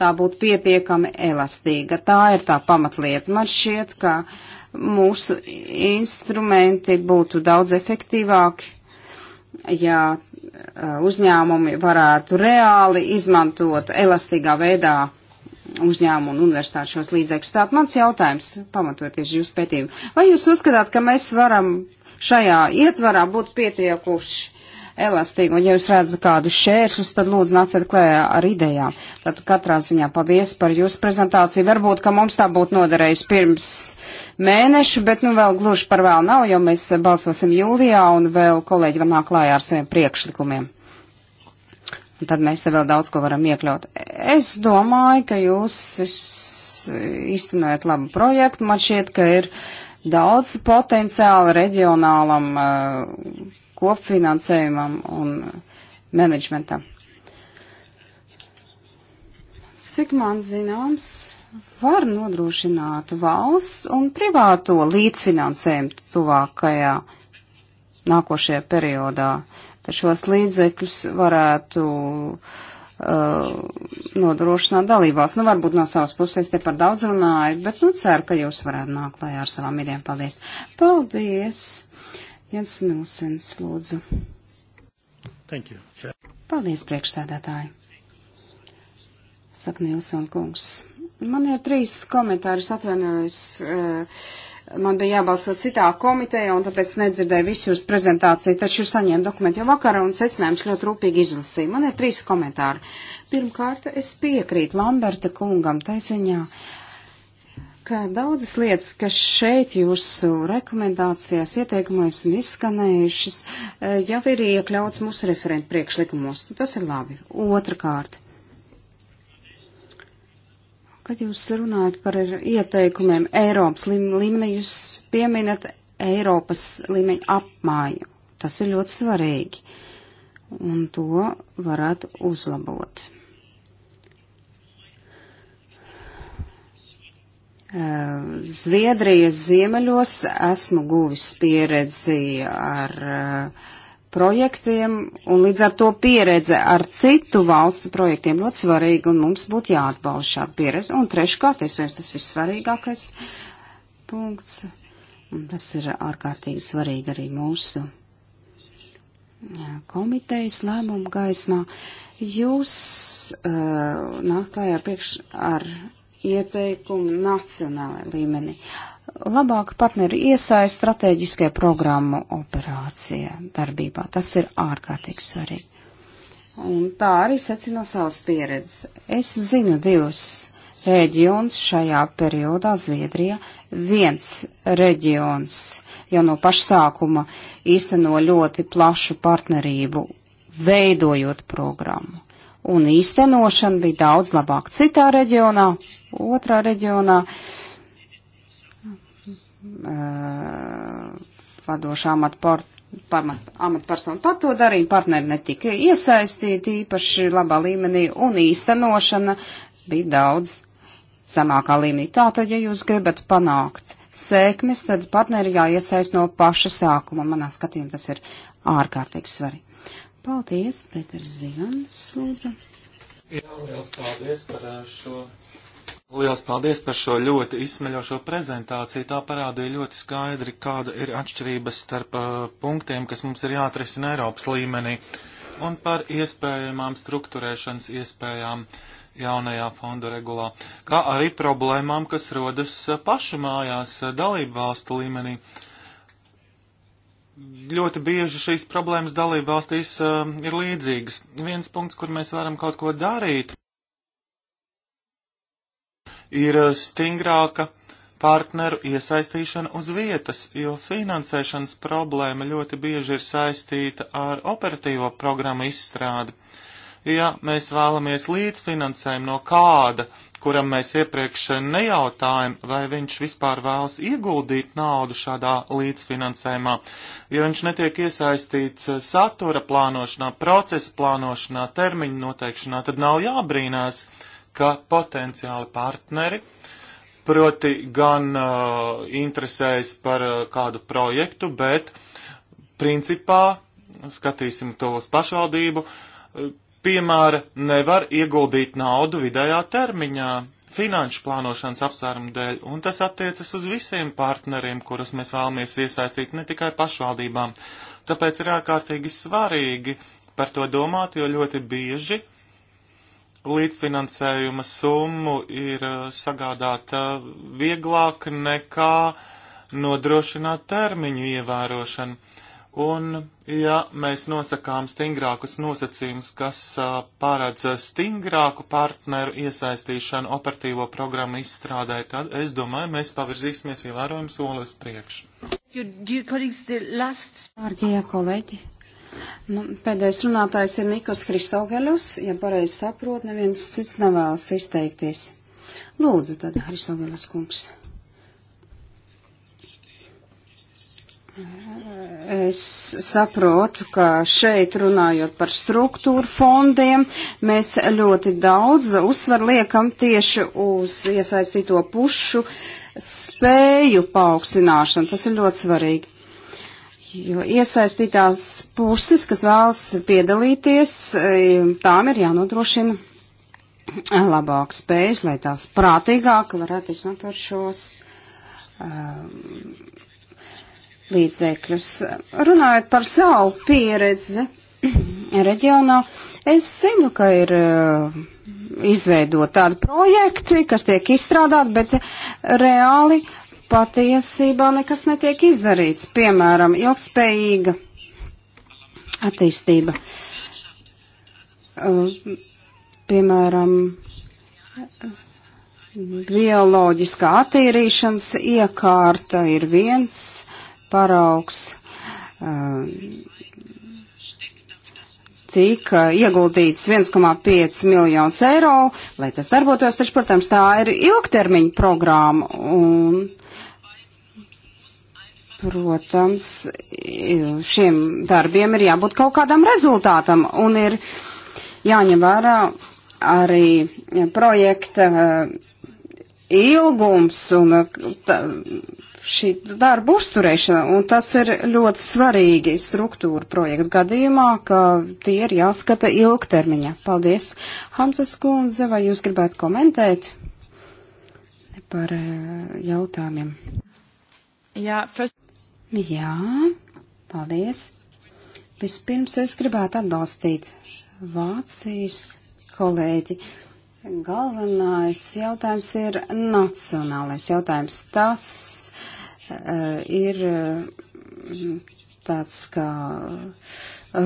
tā būtu pietiekami elastīga. Tā ir tā pamatlieta. Man šķiet, ka uh, mūsu instrumenti būtu daudz efektīvāki, ja uzņēmumi varētu reāli izmantot elastīgā veidā uzņēmumu un universitāti šos līdzekļus. Tātad mans jautājums, pamatoties jūsu pētījumu, vai jūs uzskatāt, ka mēs varam šajā ietvarā būt pietiekuši elastīgi, un ja jūs redzat kādu šēršus, tad lūdzu nāciet klējā ar idejām. Tad katrā ziņā paldies par jūsu prezentāciju. Varbūt, ka mums tā būtu noderējis pirms mēnešu, bet nu vēl gluži par vēl nav, jo mēs balsosim jūlijā, un vēl kolēģi var nāk klājā ar saviem priekšlikumiem. Un tad mēs te vēl daudz ko varam iekļaut. Es domāju, ka jūs iztenojat labu projektu. Man šķiet, ka ir daudz potenciāla reģionālam uh, kopfinansējumam un menedžmentam. Cik man zināms, var nodrošināt valsts un privāto līdzfinansējumu tuvākajā nākošajā periodā. Tad šos līdzekļus varētu uh, nodrošināt dalībās. Nu, varbūt no savas puses te par daudz runāju, bet nu ceru, ka jūs varētu nākt klajā ar savām idejām. Paldies! Paldies! Jens Nūsens, lūdzu. Thank you. Paldies, priekšsēdētāji. Saka Nilsona kungs. Man ir trīs komentārus atvainojos. Uh, man bija jābalso citā komiteja, un tāpēc nedzirdēju visu jūsu prezentāciju, taču saņēmu dokumentu jau vakarā un secinājums ļoti rūpīgi izlasīju. Man ir trīs komentāri. Pirmkārt, es piekrītu Lamberta kungam taisiņā, ka daudzas lietas, kas šeit jūsu rekomendācijās, ieteikumos un izskanējušas, eh, jau ir iekļauts mūsu referentu priekšlikumos. Tas ir labi. Otrakārt, kad jūs runājat par ieteikumiem Eiropas līmenī, jūs pieminat Eiropas līmeņa apmaiņu. Tas ir ļoti svarīgi. Un to varētu uzlabot. Eh, Zviedrijas ziemeļos esmu guvis pieredzi ar eh, projektiem un līdz ar to pieredze ar citu valstu projektiem ļoti svarīga un mums būtu jāatbalsta šāda pieredze. Un treškārt, iespējams, tas vissvarīgākais punkts, un tas ir ārkārtīgi svarīgi arī mūsu komitejas lēmumu gaismā. Jūs uh, eh, nāk klājā priekš ar ieteikumu nacionālajā līmenī. Labāka partneri iesaist strateģiskajā programmu operācijā darbībā. Tas ir ārkārtīgi svarīgi. Un tā arī secina savas pieredzes. Es zinu divus reģionus šajā periodā Zviedrijā. Viens reģions jau no pašsākuma īsteno ļoti plašu partnerību, veidojot programmu un īstenošana bija daudz labāk citā reģionā, otrā reģionā. Eh, vadošā amatport amatpersonu pat to darīja, partneri netika iesaistīti īpaši labā līmenī, un īstenošana bija daudz zemākā līmenī. Tātad, ja jūs gribat panākt sēkmes, tad partneri jāiesaist no paša sākuma. Manā skatījumā tas ir ārkārtīgi svarīgi. Paldies, Pēters Zivans, lūdzu. Jā, liels paldies par uh, šo. Liels paldies par šo ļoti izsmeļošo prezentāciju. Tā parādīja ļoti skaidri, kāda ir atšķirība starp uh, punktiem, kas mums ir jāatrisina Eiropas līmenī, un par iespējamām struktūrēšanas iespējām jaunajā fonda regulā, kā arī problēmām, kas rodas uh, pašu mājās uh, dalību valstu līmenī. Uh, ļoti bieži šīs problēmas dalību valstīs uh, um, ir līdzīgas. Viens punkts, kur mēs varam kaut ko darīt, ir uh, stingrāka partneru iesaistīšana uz vietas, jo finansēšanas problēma ļoti bieži ir saistīta ar operatīvo programmu izstrādi. Ja mēs vēlamies līdzfinansējumu no kāda kuram mēs iepriekš nejautājam, vai viņš vispār vēlas ieguldīt naudu šādā līdzfinansējumā. Ja viņš netiek iesaistīts satura plānošanā, procesa plānošanā, termiņu noteikšanā, tad nav jābrīnās, ka potenciāli partneri, proti gan uh, interesējas par uh, kādu projektu, bet principā, skatīsim to uz pašvaldību, uh, piemēra, nevar ieguldīt naudu vidējā termiņā finanšu plānošanas apsvērumu dēļ, un tas attiecas uz visiem partneriem, kurus mēs vēlamies iesaistīt, ne tikai pašvaldībām. Tāpēc ir ārkārtīgi svarīgi par to domāt, jo ļoti bieži līdzfinansējuma summu ir uh, sagādāta vieglāk nekā nodrošināt termiņu ievērošanu. Un, ja mēs nosakām stingrākus nosacījumus, kas pārādz stingrāku partneru iesaistīšanu operatīvo programmu izstrādē, tad es domāju, mēs pavirzīsimies ievērojams solis priekšu. Pārgie kolēģi, nu, pēdējais runātājs ir Nikos Hristogeļus, ja pareizi saprot, neviens cits nevēlas izteikties. Lūdzu, tad Hristogeļus kungs. Es saprotu, ka šeit runājot par struktūru fondiem, mēs ļoti daudz uzsver liekam tieši uz iesaistīto pušu spēju paaugstināšanu. Tas ir ļoti svarīgi. Jo iesaistītās puses, kas vēlas piedalīties, tām ir jānodrošina labāk spējas, lai tās prātīgāk varētu izmantot šos. Um, līdzekļus. Runājot par savu pieredzi *clears throat* reģionā, es zinu, ka ir uh, izveidot tādi projekti, kas tiek izstrādāti, bet reāli patiesībā nekas netiek izdarīts. Piemēram, ilgspējīga attīstība. Uh, piemēram, bioloģiskā attīrīšanas iekārta ir viens paraugs eh, tika ieguldīts 1,5 miljonus eiro, lai tas darbotos, taču, protams, tā ir ilgtermiņa programma. Un, protams, šiem darbiem ir jābūt kaut kādam rezultātam un ir jāņem vērā arī projekta eh, ilgums un eh, šī darba uzturēšana, un tas ir ļoti svarīgi struktūra projektu gadījumā, ka tie ir jāskata ilgtermiņa. Paldies, Hamzas kundze, vai jūs gribētu komentēt par eh, jautājumiem? Jā, first... Jā, paldies. Vispirms es gribētu atbalstīt Vācijas kolēģi. Uh, Galvenais jautājums ir nacionālais jautājums. Tas uh, ir mm, tāds kā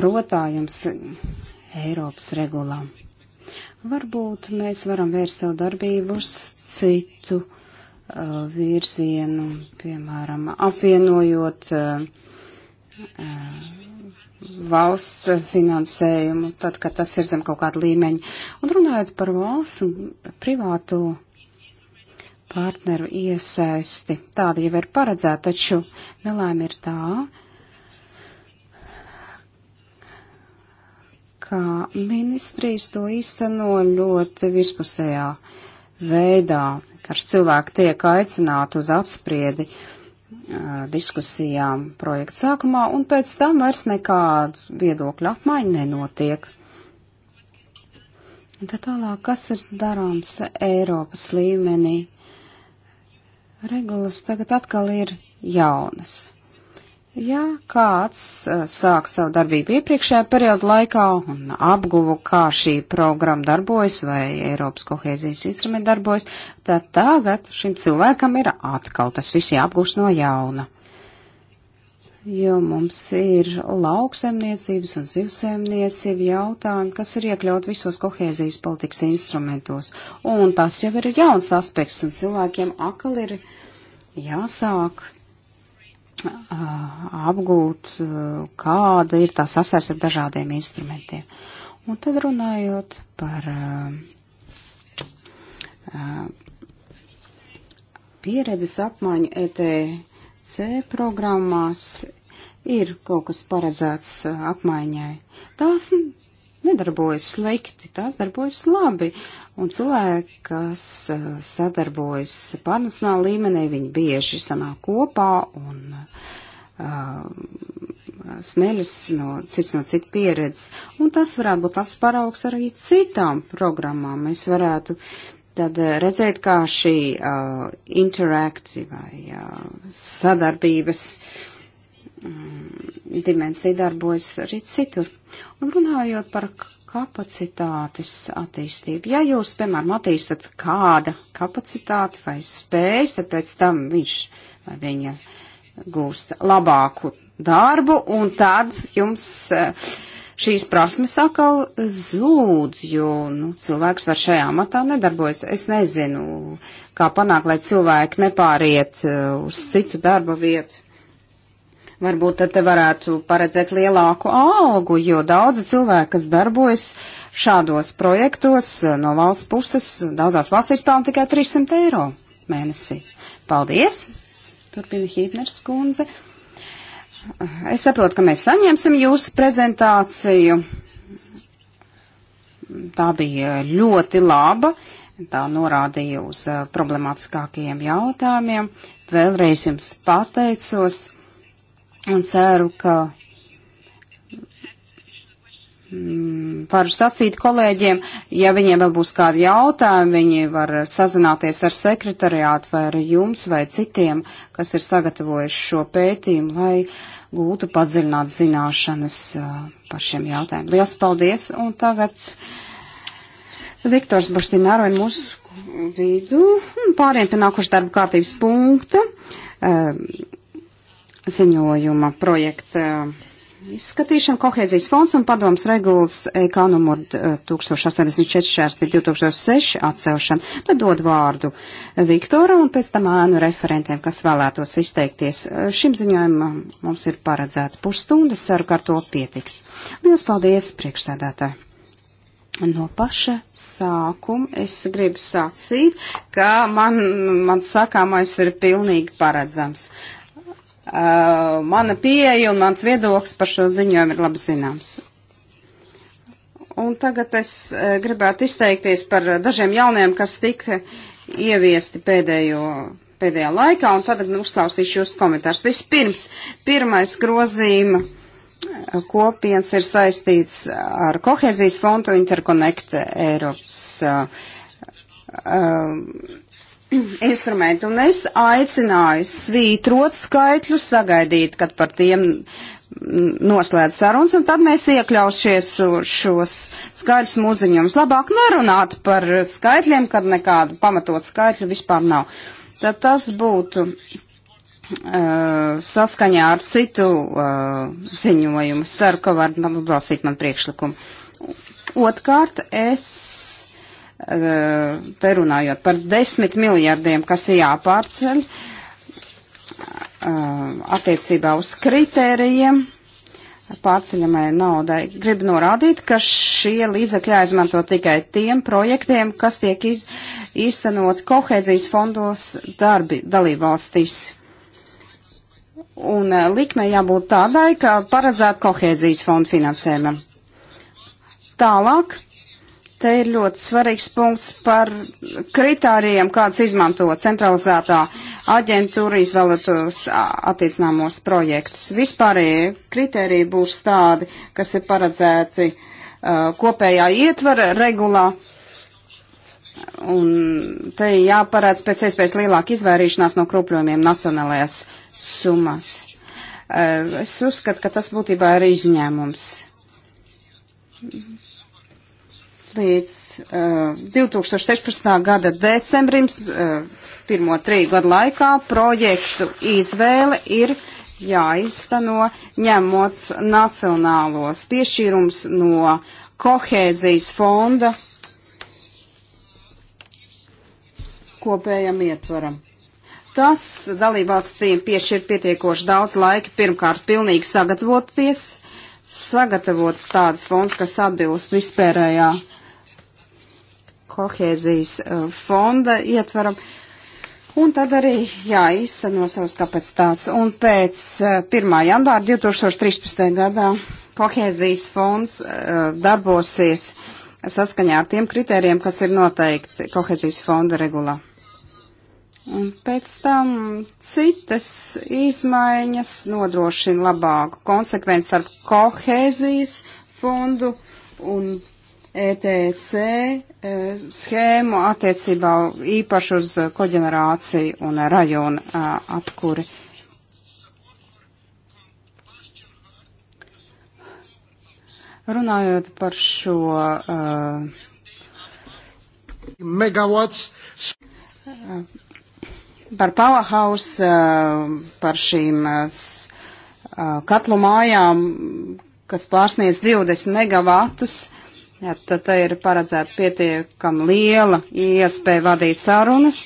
rotājums Eiropas regulā. Varbūt mēs varam vērst savu darbību uz citu uh, virzienu, piemēram, apvienojot uh, uh, valsts finansējumu, tad, kad tas ir zem kaut kāda līmeņa. Un runājot par valsts un privātu partneru iesaisti, tāda jau ir paredzēta, taču nelēma ir tā, ka ministrijas to īsteno ļoti vispusējā veidā, karš cilvēki tiek aicināti uz apspriedi. Uh, diskusijām projekta sākumā, un pēc tam vairs nekādu viedokļu apmaiņu nenotiek. Un tad tālāk, kas ir darāms Eiropas līmenī? Regulas tagad atkal ir jaunas. Ja kāds uh, sāk savu darbību iepriekšējā perioda laikā un apguvu, kā šī programma darbojas vai Eiropas kohēzijas instrumenti darbojas, tad tagad šim cilvēkam ir atkal tas viss jāapgūst no jauna. Jo mums ir lauksaimniecības un zivsaimniecība jautājumi, kas ir iekļaut visos kohēzijas politikas instrumentos. Un tas jau ir jauns aspekts, un cilvēkiem akal ir jāsāk apgūt, kāda ir tā sasēs ar dažādiem instrumentiem. Un tad runājot par pieredzes apmaiņu ETC programmās, ir kaut kas paredzēts apmaiņai. Tās nedarbojas slikti, tās darbojas labi. Uh, Un cilvēki, kas eh, sadarbojas pārnacionāla līmenī, viņi bieži sanāk kopā un uh, smeļas no cits no cita pieredzes. Un tas varētu būt tas paraugs arī citām programmām. Mēs varētu tad eh, redzēt, kā šī uh, interakti vai uh, sadarbības um, dimensija darbojas arī citur. Un runājot par kapacitātes attīstību. Ja jūs, piemēram, attīstat kāda kapacitāte vai spējas, tad pēc tam viņš vai viņa gūst labāku darbu, un tad jums eh, šīs prasmes atkal zūd, jo nu, cilvēks var šajā matā nedarbojas. Es nezinu, kā panākt, lai cilvēki nepāriet eh, uz citu darba vietu. Varbūt tad te varētu paredzēt lielāku algu, jo daudzi cilvēki, kas darbojas šādos projektos no valsts puses, daudzās valstīs pelna tikai 300 eiro mēnesī. Paldies! Turpina Hībners kundze. Es saprotu, ka mēs saņemsim jūsu prezentāciju. Tā bija ļoti laba. Tā norādīja uz eh, problemātiskākajiem jautājumiem. Vēlreiz jums pateicos un ceru, ka mm, varu sacīt kolēģiem, ja viņiem vēl būs kādi jautājumi, viņi var sazināties ar sekretariātu vai ar jums vai citiem, kas ir sagatavojuši šo pētījumu, lai gūtu padziļināt zināšanas par šiem jautājumiem. Lielas paldies! Un tagad Viktors Baštināro ir mūsu vidu pāriem pienākuši darba kārtības punkta ziņojuma projekta izskatīšanu. Kohēzijas fonds un padoms regulas EK numur 1084-2006 eh, atcelšana. Tad dod vārdu Viktora un pēc tam ēnu referentiem, kas vēlētos izteikties. Eh, šim ziņojumam mums ir paredzēta pusstunda, ceru, ka ar to pietiks. Lielas paldies, priekšsēdētāji! No paša sākuma es gribu sacīt, ka man, man sakāmais ir pilnīgi paredzams. Uh, Uh, mana pieeja un mans viedoklis par šo ziņojumu ir labi zināms. Un tagad es uh, gribētu izteikties par dažiem jauniem, kas tika ieviesti pēdējo, pēdējā laikā, un tad uzklausīšu jūs komentārus. Vispirms, pirmais grozījuma uh, kopiens ir saistīts ar kohēzijas fondu Interconnect Eiropas. Uh, uh, *clears throat* instrumentu, un es aicināju svītrot skaitļus, sagaidīt, kad par tiem mm, noslēdz sarunas, un tad mēs iekļaušies šos skaitļus mūziņums. Labāk nerunāt par skaitļiem, kad nekādu pamatotu skaitļu vispār nav. Tad tas būtu Uh, saskaņā ar citu uh, ziņojumu. Ceru, ka var atbalstīt man priekšlikumu. Otkārt, es te runājot par desmit miljardiem, kas jāpārceļ attiecībā uz kritērijiem pārceļamai naudai. Gribu norādīt, ka šie līdzekļi jāizmanto tikai tiem projektiem, kas tiek iz, īstenot kohēzijas fondos darbi dalībvalstīs. Un likmē jābūt tādai, ka paredzētu kohēzijas fondu finansējumu. Tālāk Te ir ļoti svarīgs punkts par kritārijiem, kāds izmanto centralizētā aģentūra izvēlētos attiecināmos projektus. Vispārējie kritēriji būs tādi, kas ir paredzēti uh, kopējā ietvara regulā. Un te jāparāds pēc iespējas lielāka izvairīšanās no krupļojumiem nacionālajās summās. Uh, es uzskatu, ka tas būtībā ir izņēmums līdz uh, eh, 2016. gada decembrim, uh, pirmo triju gadu laikā, projektu izvēle ir jāizstano ņemot nacionālos piešķīrums no kohēzijas fonda kopējam ietvaram. Tas dalībvalstīm piešķir pietiekoši daudz laika pirmkārt pilnīgi sagatavoties, sagatavot tādas fonds, kas atbilst vispārējā uh, kohēzijas uh, fonda ietvaram. Un tad arī jāīsteno savas kapacitātes. Un pēc 1. Uh, janvāra 2013. gadā kohēzijas fonds uh, darbosies saskaņā ar tiem kritērijiem, kas ir noteikti kohēzijas fonda regulā. Un pēc tam citas izmaiņas nodrošina labāku konsekvenci starp kohēzijas fondu un ETC e, schēmu attiecībā īpaši uz koģenerāciju un rajonu e, apkuri. Runājot par šo uh, megawatts, par powerhouse, uh, par šīm uh, katlu mājām, kas pārsniedz 20 megavatus, Jā, tad ir paredzēta pietiekam liela iespēja vadīt sarunas,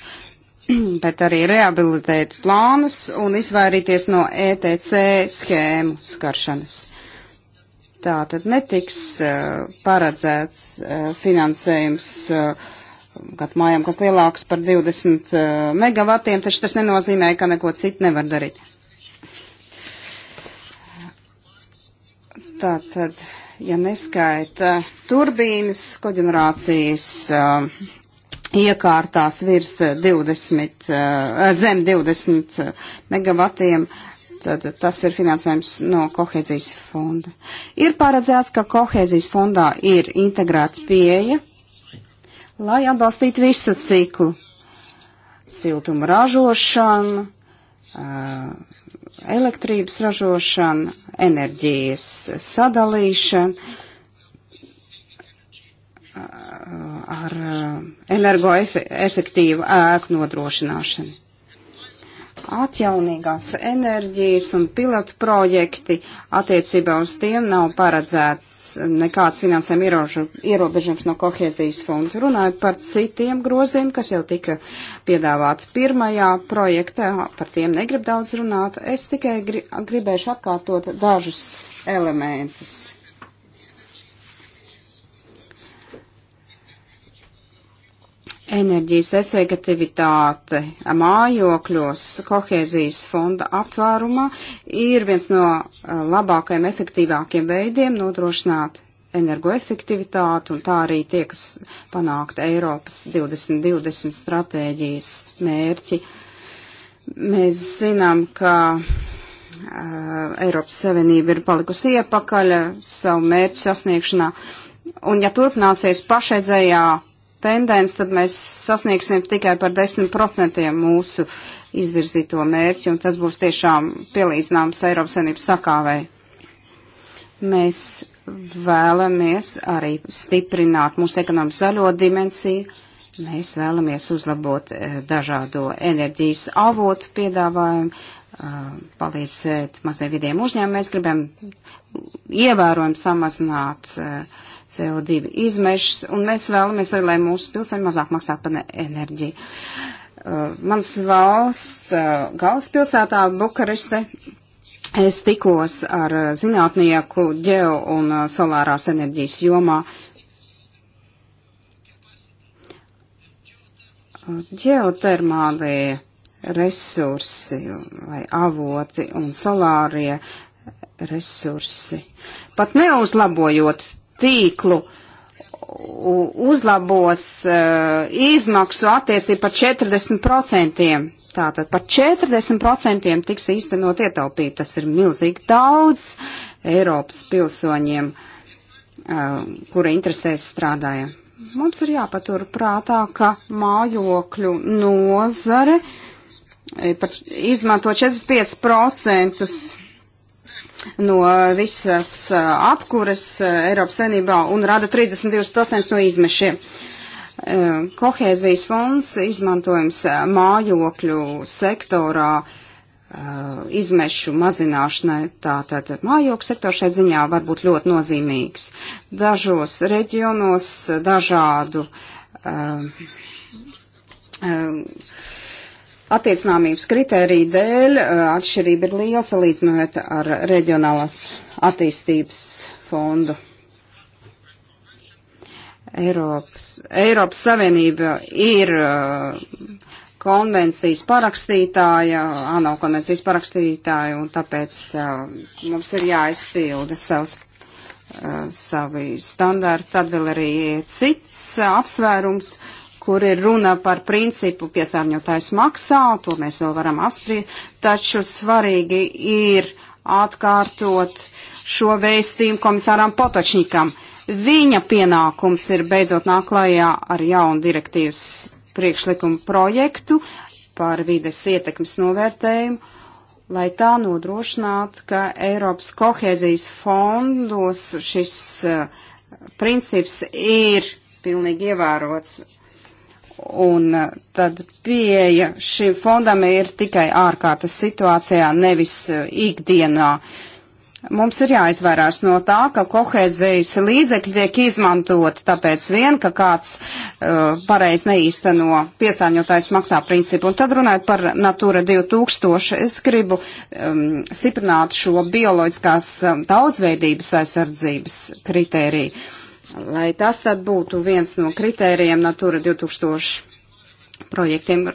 *clears throat* bet arī rehabilitēt plānus un izvairīties no ETC schēmu skaršanas. Tā tad netiks uh, paredzēts uh, finansējums uh, eh, gadu mājām, kas lielāks par 20 uh, megavatiem, taču tas nenozīmē, ka neko citu nevar darīt. Tā tad. Uh, ja neskaita turbīnas koģenerācijas uh, iekārtās virs 20, uh, zem 20 megavatiem, tad tas ir finansējums no kohēzijas fonda. Ir paredzēts, ka kohēzijas fondā ir integrēta pieeja, lai atbalstītu visu ciklu - siltumu ražošanu, elektrības ražošanu, enerģijas sadalīšana ar eh, eh, energoefektīvu ēku nodrošināšanu. Atjaunīgās enerģijas un pilotu projekti attiecībā uz tiem nav paredzēts nekāds finansējuma ierobežams no kohēzijas fonda. Runājot par citiem groziem, kas jau tika piedāvāti pirmajā projektā, par tiem negrib daudz runāt. Es tikai gribēšu atkārtot dažus elementus. enerģijas efektivitāte mājokļos kohēzijas fonda aptvērumā ir viens no eh, labākajiem, efektīvākiem veidiem nodrošināt energoefektivitāti, un tā arī tiek panākta Eiropas 2020 stratēģijas mērķi. Mēs zinām, ka uh, Eiropas Savienība ir palikusi iepakaļ savu mērķu sasniegšanā, un ja turpināsies pašreizējā tendence, tad mēs sasniegsim tikai par 10% mūsu izvirzīto mērķi, un tas būs tiešām pielīdzināms Eiropas Savienības sakāvei. Mēs vēlamies arī stiprināt mūsu ekonomikas zaļo dimensiju, mēs vēlamies uzlabot eh, dažādo enerģijas avotu piedāvājumu, eh, palīdzēt maziem vidiem uzņēmumiem, mēs gribam ievērojami samazināt uh, CO2 izmešas, un mēs vēlamies, lai, lai mūsu pilsoņi mazāk maksātu par enerģiju. Uh, mans valsts uh, galvaspilsētā Bukareste es tikos ar uh, zinātnieku ģeo un uh, solārās enerģijas jomā. Geotermālie uh, resursi vai avoti un solārie resursi. Pat neuzlabojot tīklu uzlabos uh, izmaksu attiecību par 40%. Tātad par 40% tiks īstenot ietaupīt. Tas ir milzīgi daudz Eiropas pilsoņiem, uh, kuri interesēs strādāja. Mums ir jāpatur prātā, ka mājokļu nozare e, par, izmanto 45% no visas uh, apkuras uh, Eiropas saimnībā un rada 32% no izmešiem. Uh, kohēzijas fonds izmantojums mājokļu sektorā izmešu mazināšanai. Tātad mājokļu sektors šai ziņā var būt ļoti nozīmīgs. Dažos reģionos dažādu uh, uh, attiecināmības kritērija dēļ atšķirība ir liela salīdzinot ar reģionālās attīstības fondu. Eiropas, Eiropas Savienība ir konvencijas parakstītāja, ANO konvencijas parakstītāja, un tāpēc mums ir jāizpilda savs savi standarti, tad vēl arī cits apsvērums. Uh, kur ir runa par principu piesārņotājs maksā, to mēs vēl varam apspriest, taču svarīgi ir atkārtot šo vēstījumu komisāram Potočnikam. Viņa pienākums ir beidzot nāklājā ar jaunu direktīvas priekšlikumu projektu par vides ietekmes novērtējumu, lai tā nodrošinātu, ka Eiropas kohēzijas fondos šis uh, princips ir pilnīgi ievērots. Un uh, tad pieeja šim fondam ir tikai ārkārtas situācijā, nevis uh, ikdienā. Mums ir jāizvairās no tā, ka kohēzijas līdzekļi tiek izmantot tāpēc vien, ka kāds uh, pareiz neīsteno piesāņotājs maksā principu. Un tad runājot par Natura 2000, es gribu um, stiprināt šo bioloģiskās um, daudzveidības aizsardzības kritēriju lai tas tad būtu viens no kritērijiem Natura 2000 projektiem.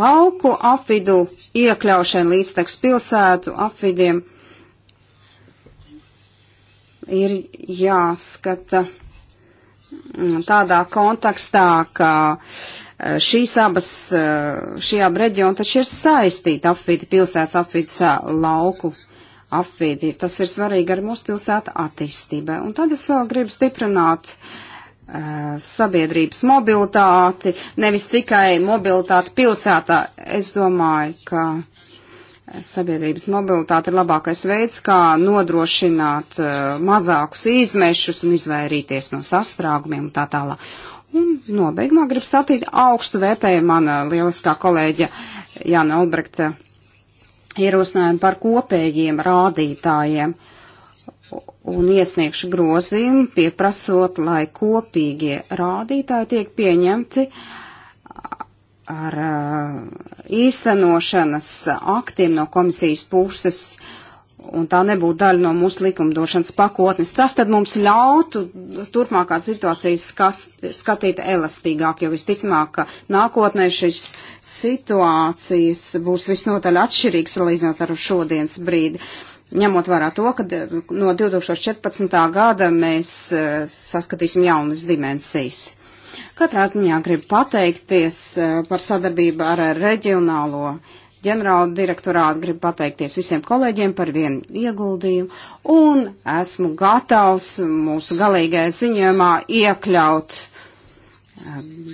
Lauku apvidu iekļaušana līdzteks pilsētu apvidiem ir jāskata mm, tādā kontekstā, ka šīs abas, šī aba reģiona taču ir saistīta apvidi pilsētas, apvidas lauku apvīdi. Tas ir svarīgi arī mūsu pilsētu attīstībai. Un tad es vēl gribu stiprināt uh, sabiedrības mobilitāti, nevis tikai mobilitāti pilsētā. Es domāju, ka sabiedrības mobilitāte ir labākais veids, kā nodrošināt uh, mazākus izmešus un izvairīties no sastrāgumiem un tā tālāk. Un nobeigumā gribu satīt augstu vērtēju mana lieliskā kolēģa Jāna Olbrekta ierosinājumu par kopējiem rādītājiem un iesniegšu grozījumu, pieprasot, lai kopīgie rādītāji tiek pieņemti ar uh, īstenošanas aktiem no komisijas puses, un tā nebūtu daļa no mūsu likumdošanas pakotnes. Tas tad mums ļautu turpmākās situācijas skatīt elastīgāk, jo visticamāk, ka nākotnē šis situācijas būs visnotaļ atšķirīgs salīdzinot ar šodienas brīdi. Ņemot vērā to, ka no 2014. gada mēs eh, saskatīsim jaunas dimensijas. Katrā ziņā gribu pateikties eh, par sadarbību ar reģionālo ģenerāla direktorātu gribu pateikties visiem kolēģiem par vienu ieguldījumu un esmu gatavs mūsu galīgajā ziņojumā iekļaut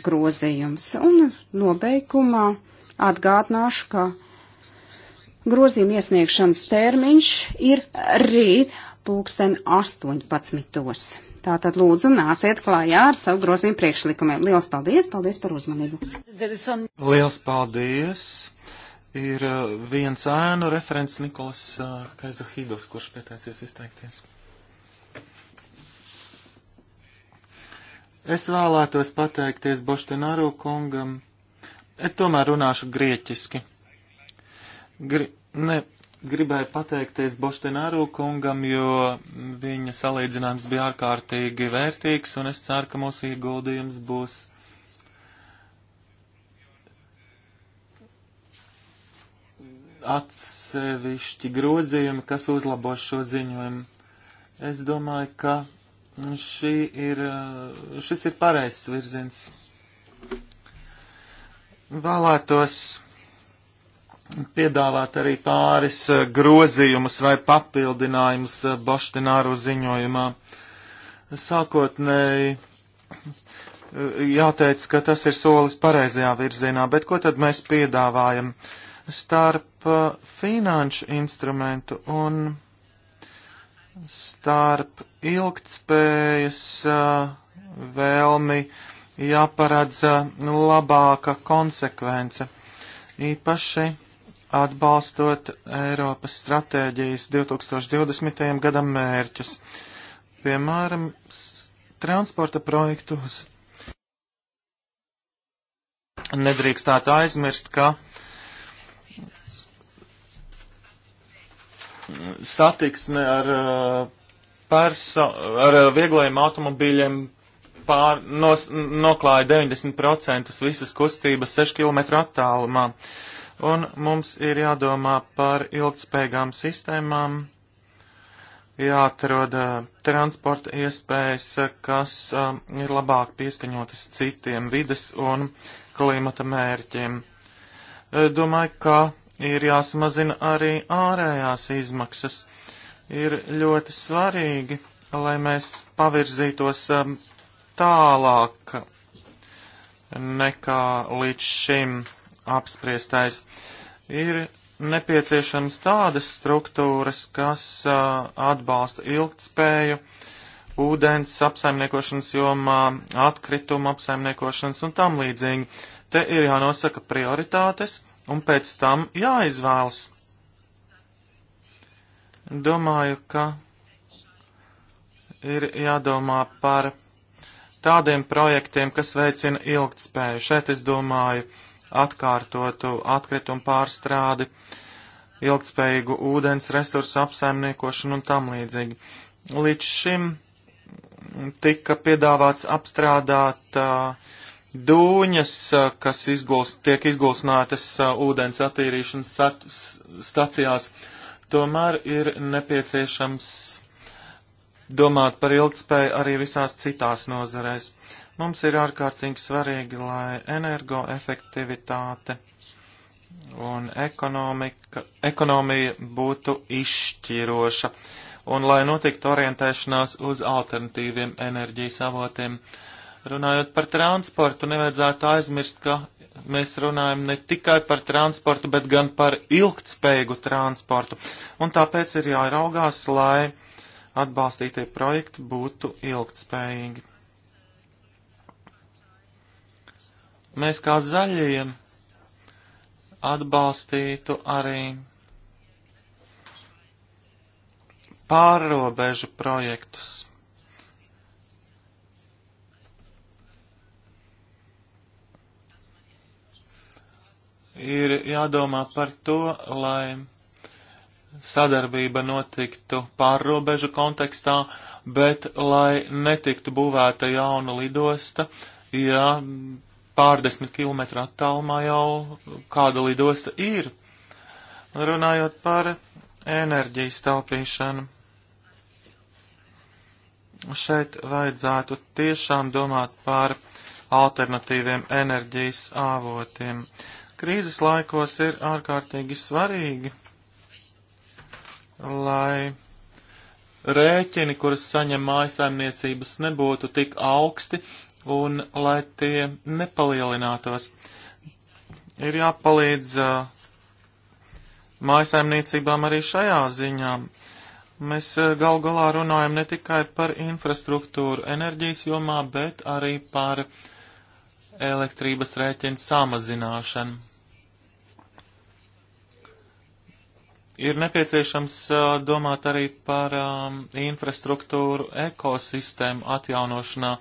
grozījums. Un nobeigumā atgādināšu, ka grozījuma iesniegšanas termiņš ir rīt pulksten 18. Tātad lūdzu nāciet klājā ar savu grozījumu priekšlikumiem. Lielas paldies, paldies par uzmanību. Lielas paldies. Ir viens ēnu referents Nikolas Kaizahidos, kurš pieteicies izteikties. Es vēlētos pateikties Boštināru kungam. Es tomēr runāšu grieķiski. Gri ne, gribēju pateikties Boštināru kungam, jo viņa salīdzinājums bija ārkārtīgi vērtīgs, un es ceru, ka mūsu ieguldījums būs. Atsevišķi grozījumi, kas uzlabos šo ziņojumu. Es domāju, ka ir, eh, šis ir pareizs virziens. Vēlētos piedāvāt arī pāris eh, grozījumus vai papildinājumus eh, Boštināru ziņojumā. Sākotnēji jāteic, ka tas ir solis pareizajā virzienā, bet ko tad mēs piedāvājam starp finanšu instrumentu un starp ilgtspējas uh, vēlmi jāparedz uh, labāka konsekvence, īpaši atbalstot Eiropas stratēģijas 2020. gadam mērķus, piemēram, transporta projektos. Nedrīkstētu aizmirst, ka uh, satiksme ar, eh, perso, ar eh, vieglajiem automobīļiem pār, nos, noklāja 90% visas kustības 6 km attālumā. Un mums ir jādomā par ilgspējīgām sistēmām, jāatrod eh, transporta iespējas, kas a, ir labāk pieskaņotas citiem vides un klimata mērķiem. Domāju, ka ir jāsamazina arī ārējās izmaksas. Ir ļoti svarīgi, lai mēs pavirzītos um, tālāk nekā līdz šim apspriestais. Ir nepieciešams tādas struktūras, kas uh, atbalsta ilgtspēju, ūdens apsaimniekošanas jomā, atkrituma apsaimniekošanas un tam līdzīgi. Te ir jānosaka prioritātes un pēc tam jāizvēlas. Domāju, ka ir jādomā par tādiem projektiem, kas veicina ilgtspēju. Šeit es domāju atkārtotu atkritumu pārstrādi, ilgtspējīgu ūdens resursu apsaimniekošanu un tam līdzīgi. Līdz šim tika piedāvāts apstrādāt uh, dūņas, kas izguls, tiek izgulsnātas ūdens attīrīšanas stacijās, tomēr ir nepieciešams domāt par ilgspēju arī visās citās nozarēs. Mums ir ārkārtīgi svarīgi, lai energoefektivitāte un ekonomija būtu izšķiroša, un lai notiktu orientēšanās uz alternatīviem enerģijas avotiem. Uh, Runājot par transportu, nevajadzētu aizmirst, ka mēs runājam ne tikai par transportu, bet gan par ilgtspējīgu transportu. Un tāpēc ir jāraugās, lai atbalstītie projekti būtu ilgtspējīgi. Mēs kā zaļiem atbalstītu arī pārrobežu projektus ir jādomā par to, lai sadarbība notiktu pārrobežu kontekstā, bet lai netiktu būvēta jauna lidosta, ja pārdesmit kilometru attālumā jau kāda lidosta ir. Runājot par enerģijas taupīšanu, šeit vajadzētu tiešām domāt par alternatīviem enerģijas avotiem. Krīzes laikos ir ārkārtīgi svarīgi, lai rēķini, kuras saņem mājasaimniecības, nebūtu tik augsti un lai tie nepalielinātos. Ir jāpalīdz uh, mājasaimniecībām arī šajā ziņā. Mēs gal galā runājam ne tikai par infrastruktūru enerģijas jomā, bet arī par elektrības rēķinu samazināšanu. Ir nepieciešams domāt arī par um, infrastruktūru ekosistēmu atjaunošanā.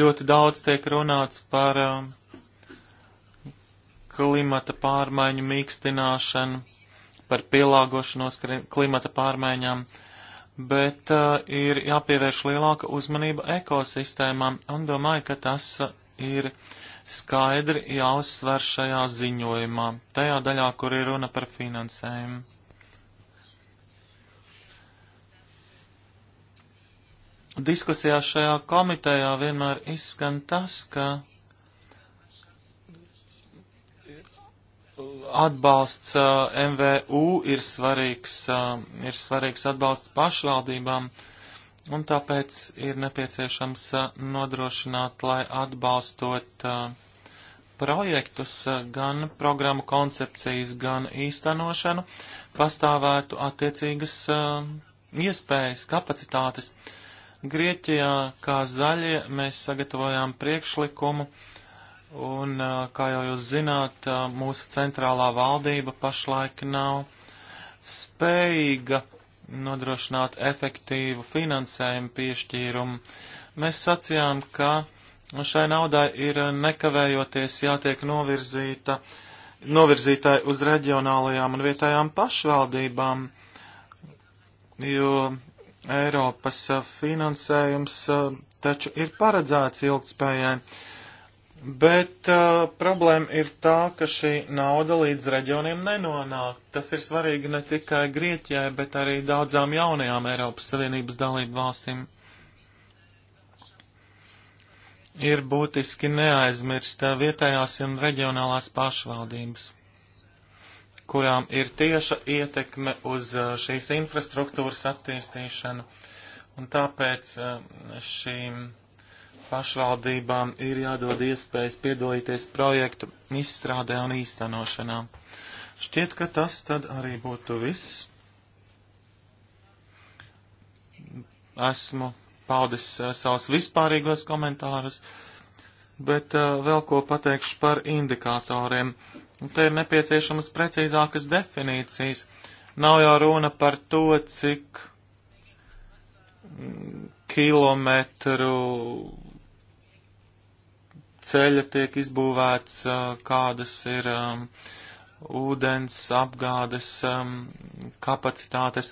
Ļoti daudz tiek runāts par um, klimata pārmaiņu mīkstināšanu, par pielāgošanos klimata pārmaiņām, bet uh, ir jāpievērš lielāka uzmanība ekosistēmām un domāju, ka tas ir skaidri jāuzsver šajā ziņojumā, tajā daļā, kur ir runa par finansējumu diskusijā šajā komitejā vienmēr izskan tas, ka atbalsts uh, eh, MVU ir svarīgs, uh, ir svarīgs atbalsts pašvaldībām, un tāpēc ir nepieciešams uh, nodrošināt, lai atbalstot projektus, gan programmu koncepcijas, gan īstenošanu, pastāvētu attiecīgas iespējas, kapacitātes. Uh, Grieķijā, kā zaļie, mēs sagatavojām priekšlikumu, un, kā jau jūs zināt, mūsu centrālā valdība pašlaik nav spējīga nodrošināt efektīvu finansējumu piešķīrumu. Mēs sacījām, ka šai naudai ir nekavējoties jātiek novirzīta, novirzītai uz reģionālajām un vietējām pašvaldībām, jo Eiropas eh, finansējums eh, taču ir paredzēts ilgspējai, bet uh, problēma ir tā, ka šī nauda līdz reģioniem nenonāk. Tas ir svarīgi ne tikai Grieķijai, bet arī daudzām jaunajām Eiropas Savienības dalību valstīm. Ir būtiski neaizmirst vietējās un reģionālās pašvaldības kurām ir tieša ietekme uz uh, šīs infrastruktūras attīstīšanu. Un tāpēc uh, šīm pašvaldībām ir jādod iespējas piedalīties projektu izstrādē un īstenošanā. Šķiet, ka tas tad arī būtu viss. Esmu paudis uh, savus vispārīgos komentārus, bet vēl ko pateikšu par indikatoriem. Uh, Un nu, te ir nepieciešamas precīzākas definīcijas. Nav jau runa par to, cik mm, kilometru ceļa tiek izbūvēts, kādas ir um, ūdens apgādes um, kapacitātes.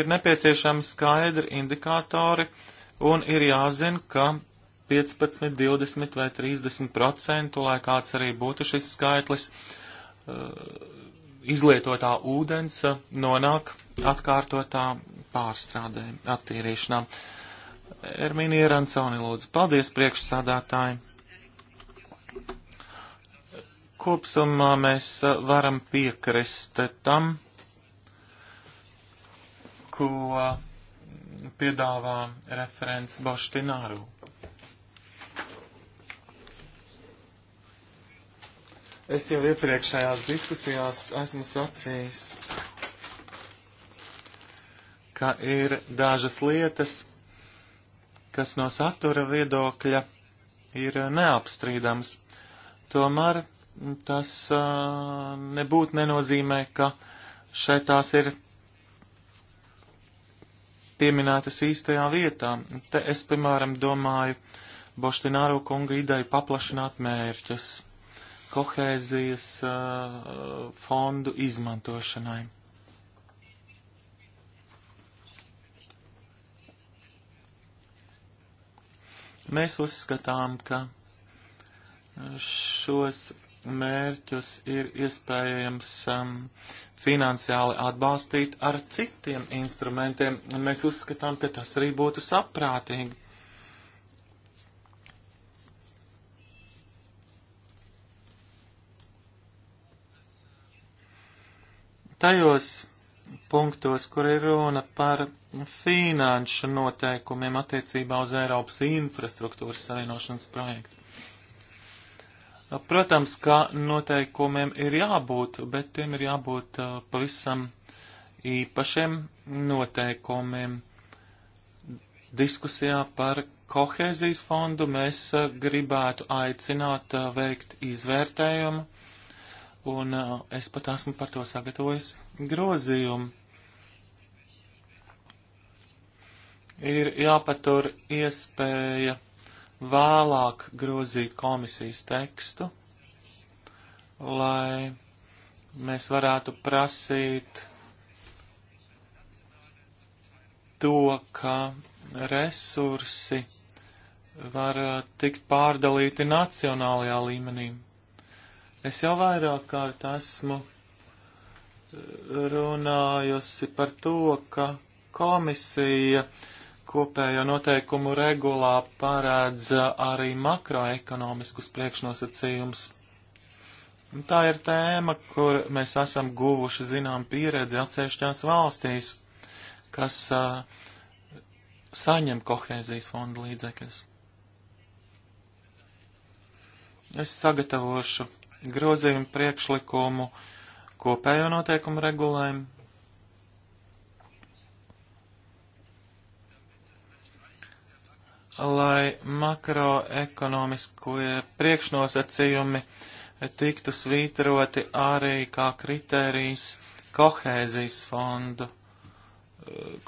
Ir nepieciešami skaidri indikātori un ir jāzina, ka 15, 20 vai 30 procentu, lai kāds arī būtu šis skaitlis, eh, izlietotā ūdens nonāk atkārtotā pārstrādē, attīrīšanā. Ermīnija Ranconi lūdzu. Paldies priekšsādātāji. Kopsumā mēs eh, varam piekrist tam, ko piedāvā referents Boštināru. Es jau iepriekšējās diskusijās esmu sacījis, ka ir dažas lietas, kas no satura viedokļa ir neapstrīdams. Tomēr tas uh, nebūtu nenozīmē, ka šeit tās ir pieminētas īstajā vietā. Te es, piemēram, domāju Boštināru kunga ideju paplašināt mērķus kohēzijas uh, fondu izmantošanai. Mēs uzskatām, ka šos mērķus ir iespējams um, finansiāli atbalstīt ar citiem instrumentiem, un mēs uzskatām, ka tas arī būtu saprātīgi. tajos punktos, kur ir runa par finanšu noteikumiem attiecībā uz Eiropas infrastruktūras savienošanas projektu. Nu, protams, ka noteikumiem ir jābūt, bet tiem ir jābūt uh, pavisam īpašiem noteikumiem. Diskusijā par kohēzijas fondu mēs uh, gribētu aicināt uh, veikt izvērtējumu un uh, es pat esmu par to sagatavojis grozījumu. Ir jāpatur iespēja vēlāk grozīt komisijas tekstu, lai mēs varētu prasīt to, ka resursi var uh, tikt pārdalīti nacionālajā līmenī. Es jau vairāk kārt esmu eh, runājusi par to, ka komisija kopējo noteikumu regulā parādz arī makroekonomiskus priekšnosacījumus. Tā ir tēma, kur mēs esam guvuši zinām pieredzi atsevišķās valstīs, kas uh, saņem kohēzijas fonda līdzekļus. Es sagatavošu grozījumu priekšlikumu kopējo noteikumu regulējumu. Lai makroekonomiskie priekšnosacījumi tiktu svītroti arī kā kritērijs kohēzijas fondu,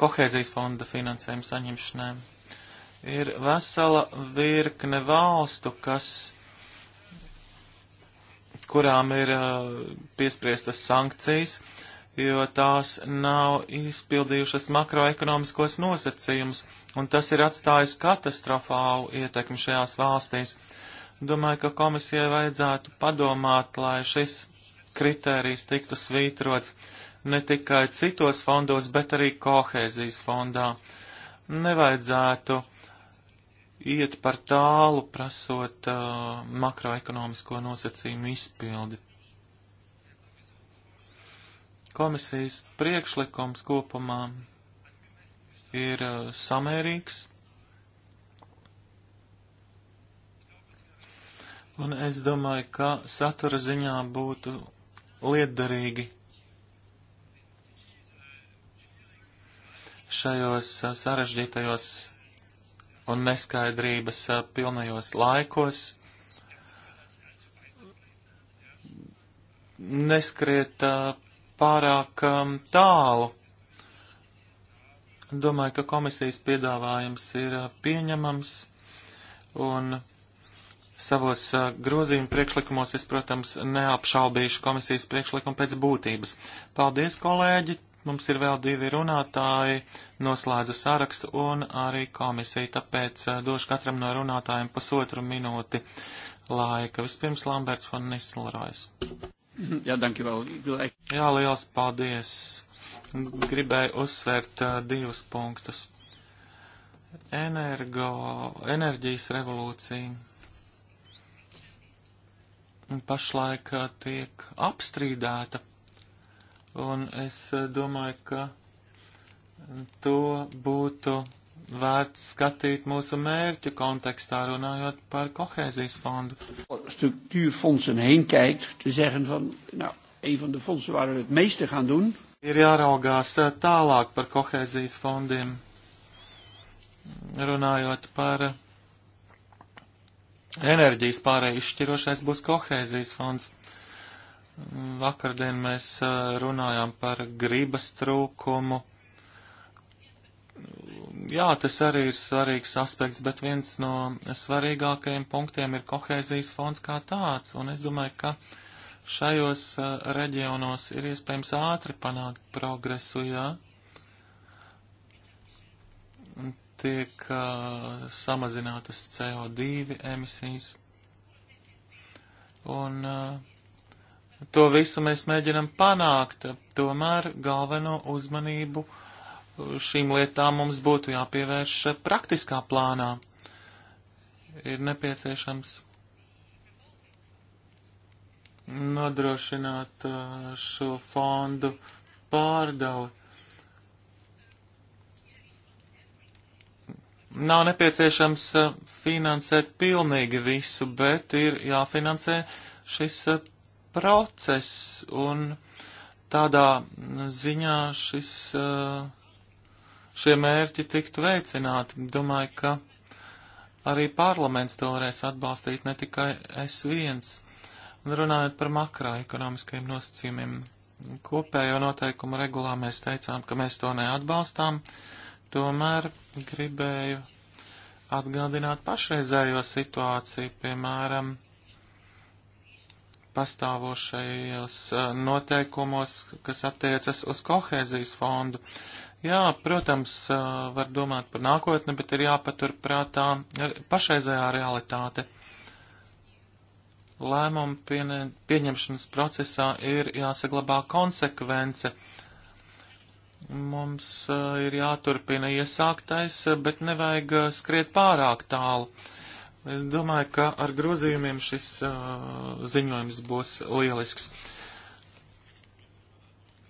kohēzijas fonda finansējuma saņemšanai. Ir vesela virkne valstu, kas kurām ir piespriestas sankcijas, jo tās nav izpildījušas makroekonomiskos nosacījumus, un tas ir atstājis katastrofālu ietekmi šajās valstīs. Domāju, ka komisijai vajadzētu padomāt, lai šis kritērijs tiktu svītrots ne tikai citos fondos, bet arī kohēzijas fondā. Nevajadzētu uh, iet par tālu, prasot uh, makroekonomisko nosacījumu izpildi. Komisijas priekšlikums kopumā ir uh, samērīgs, un es domāju, ka satura ziņā būtu lietderīgi šajos uh, sarežģītajos un neskaidrības eh, pilnajos laikos neskriet eh, pārāk eh, tālu. Domāju, ka komisijas piedāvājums ir pieņemams un savos grozījuma priekšlikumos es, protams, neapšaubīšu komisijas priekšlikumu pēc būtības. Paldies, kolēģi! Mums ir vēl divi runātāji, noslēdzu sarakstu un arī komisija, tāpēc eh, došu katram no runātājiem pusotru minūti laika. Vispirms Lamberts von Niselrojas. Jā, danki vēl. Jā, liels paldies. Gribēju uzsvērt uh, divus punktus. Energo, enerģijas revolūcija. Pašlaik uh, tiek apstrīdēta un es eh, domāju, ka to būtu vērts skatīt mūsu mērķu kontekstā, runājot par kohēzijas fondu. Structuurfondsen heen kijkt, te zeggen van, nou, een van de fondsen waar we het meeste gaan doen. Ir jāraugās eh, tālāk par kohēzijas fondiem, runājot par eh, enerģijas pārēju izšķirošais būs kohēzijas fonds. Vakardien mēs eh, runājām par gribas trūkumu. Jā, tas arī ir svarīgs aspekts, bet viens no svarīgākajiem punktiem ir kohēzijas fonds kā tāds, un es domāju, ka šajos eh, reģionos ir iespējams ātri panākt progresu, jā. Tiek uh, samazinātas CO2 emisijas. Un uh, To visu mēs mēģinam panākt, tomēr galveno uzmanību šīm lietām mums būtu jāpievērš praktiskā plānā. Ir nepieciešams nodrošināt uh, šo fondu pārdali. Nav nepieciešams uh, finansēt pilnīgi visu, bet ir jāfinansē šis uh, process, un tādā ziņā šis, eh, šie mērķi tiktu veicināti. Domāju, ka arī parlaments to varēs atbalstīt, ne tikai es viens. Runājot par makroekonomiskajiem nosacījumiem, kopējo noteikumu regulā mēs teicām, ka mēs to neatbalstām, tomēr gribēju atgādināt pašreizējo situāciju, piemēram, pastāvošajos eh, noteikumos, kas attiecas uz kohēzijas fondu. Jā, protams, eh, var domāt par nākotni, bet ir jāpatur prātā pašreizējā realitāte. Lēmumu pieņemšanas procesā ir jāsaglabā konsekvence. Mums eh, ir jāturpina iesāktais, bet nevajag skriet pārāk tālu. Uh, Domāju, ka ar grozījumiem šis uh, ziņojums būs lielisks.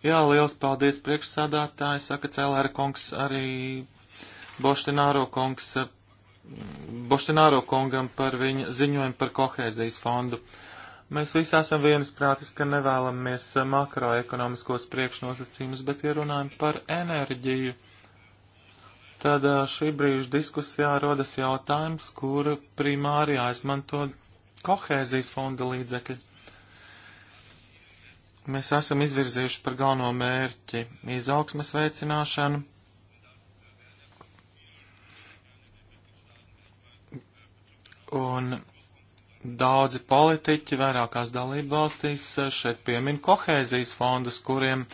Jā, liels paldies priekšsādātāji, saka Cēlēra kungs, arī Boštināro kungs, mm, Boštināro kungam par viņa ziņojumu par kohēzijas fondu. Mēs visi esam viensprātis, ka nevēlamies makroekonomiskos priekšnosacījumus, bet ierunājam par enerģiju tad šī brīža diskusijā rodas jautājums, kur primāri aizmanto kohēzijas fonda līdzekļi. Mēs esam izvirzījuši par galveno mērķi izaugsmes veicināšanu. Un daudzi politiķi vairākās dalību valstīs šeit piemin kohēzijas fondus, kuriem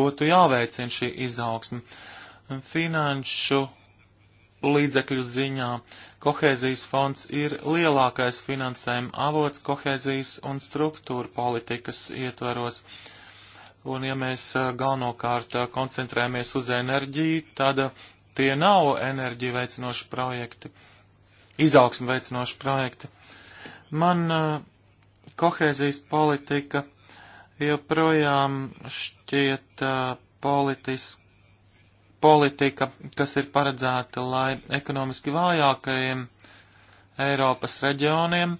būtu jāveicina šī izaugsme. Uh, finanšu līdzekļu ziņā. Kohēzijas fonds ir lielākais finansējuma avots kohēzijas un struktūra politikas ietveros. Un ja mēs galvenokārt koncentrējamies uz enerģiju, tad tie nav enerģiju veicinoši projekti, izaugsmu veicinoši projekti. Man kohēzijas politika joprojām šķiet politiski politika, kas ir paredzēta, lai ekonomiski vājākajiem Eiropas reģioniem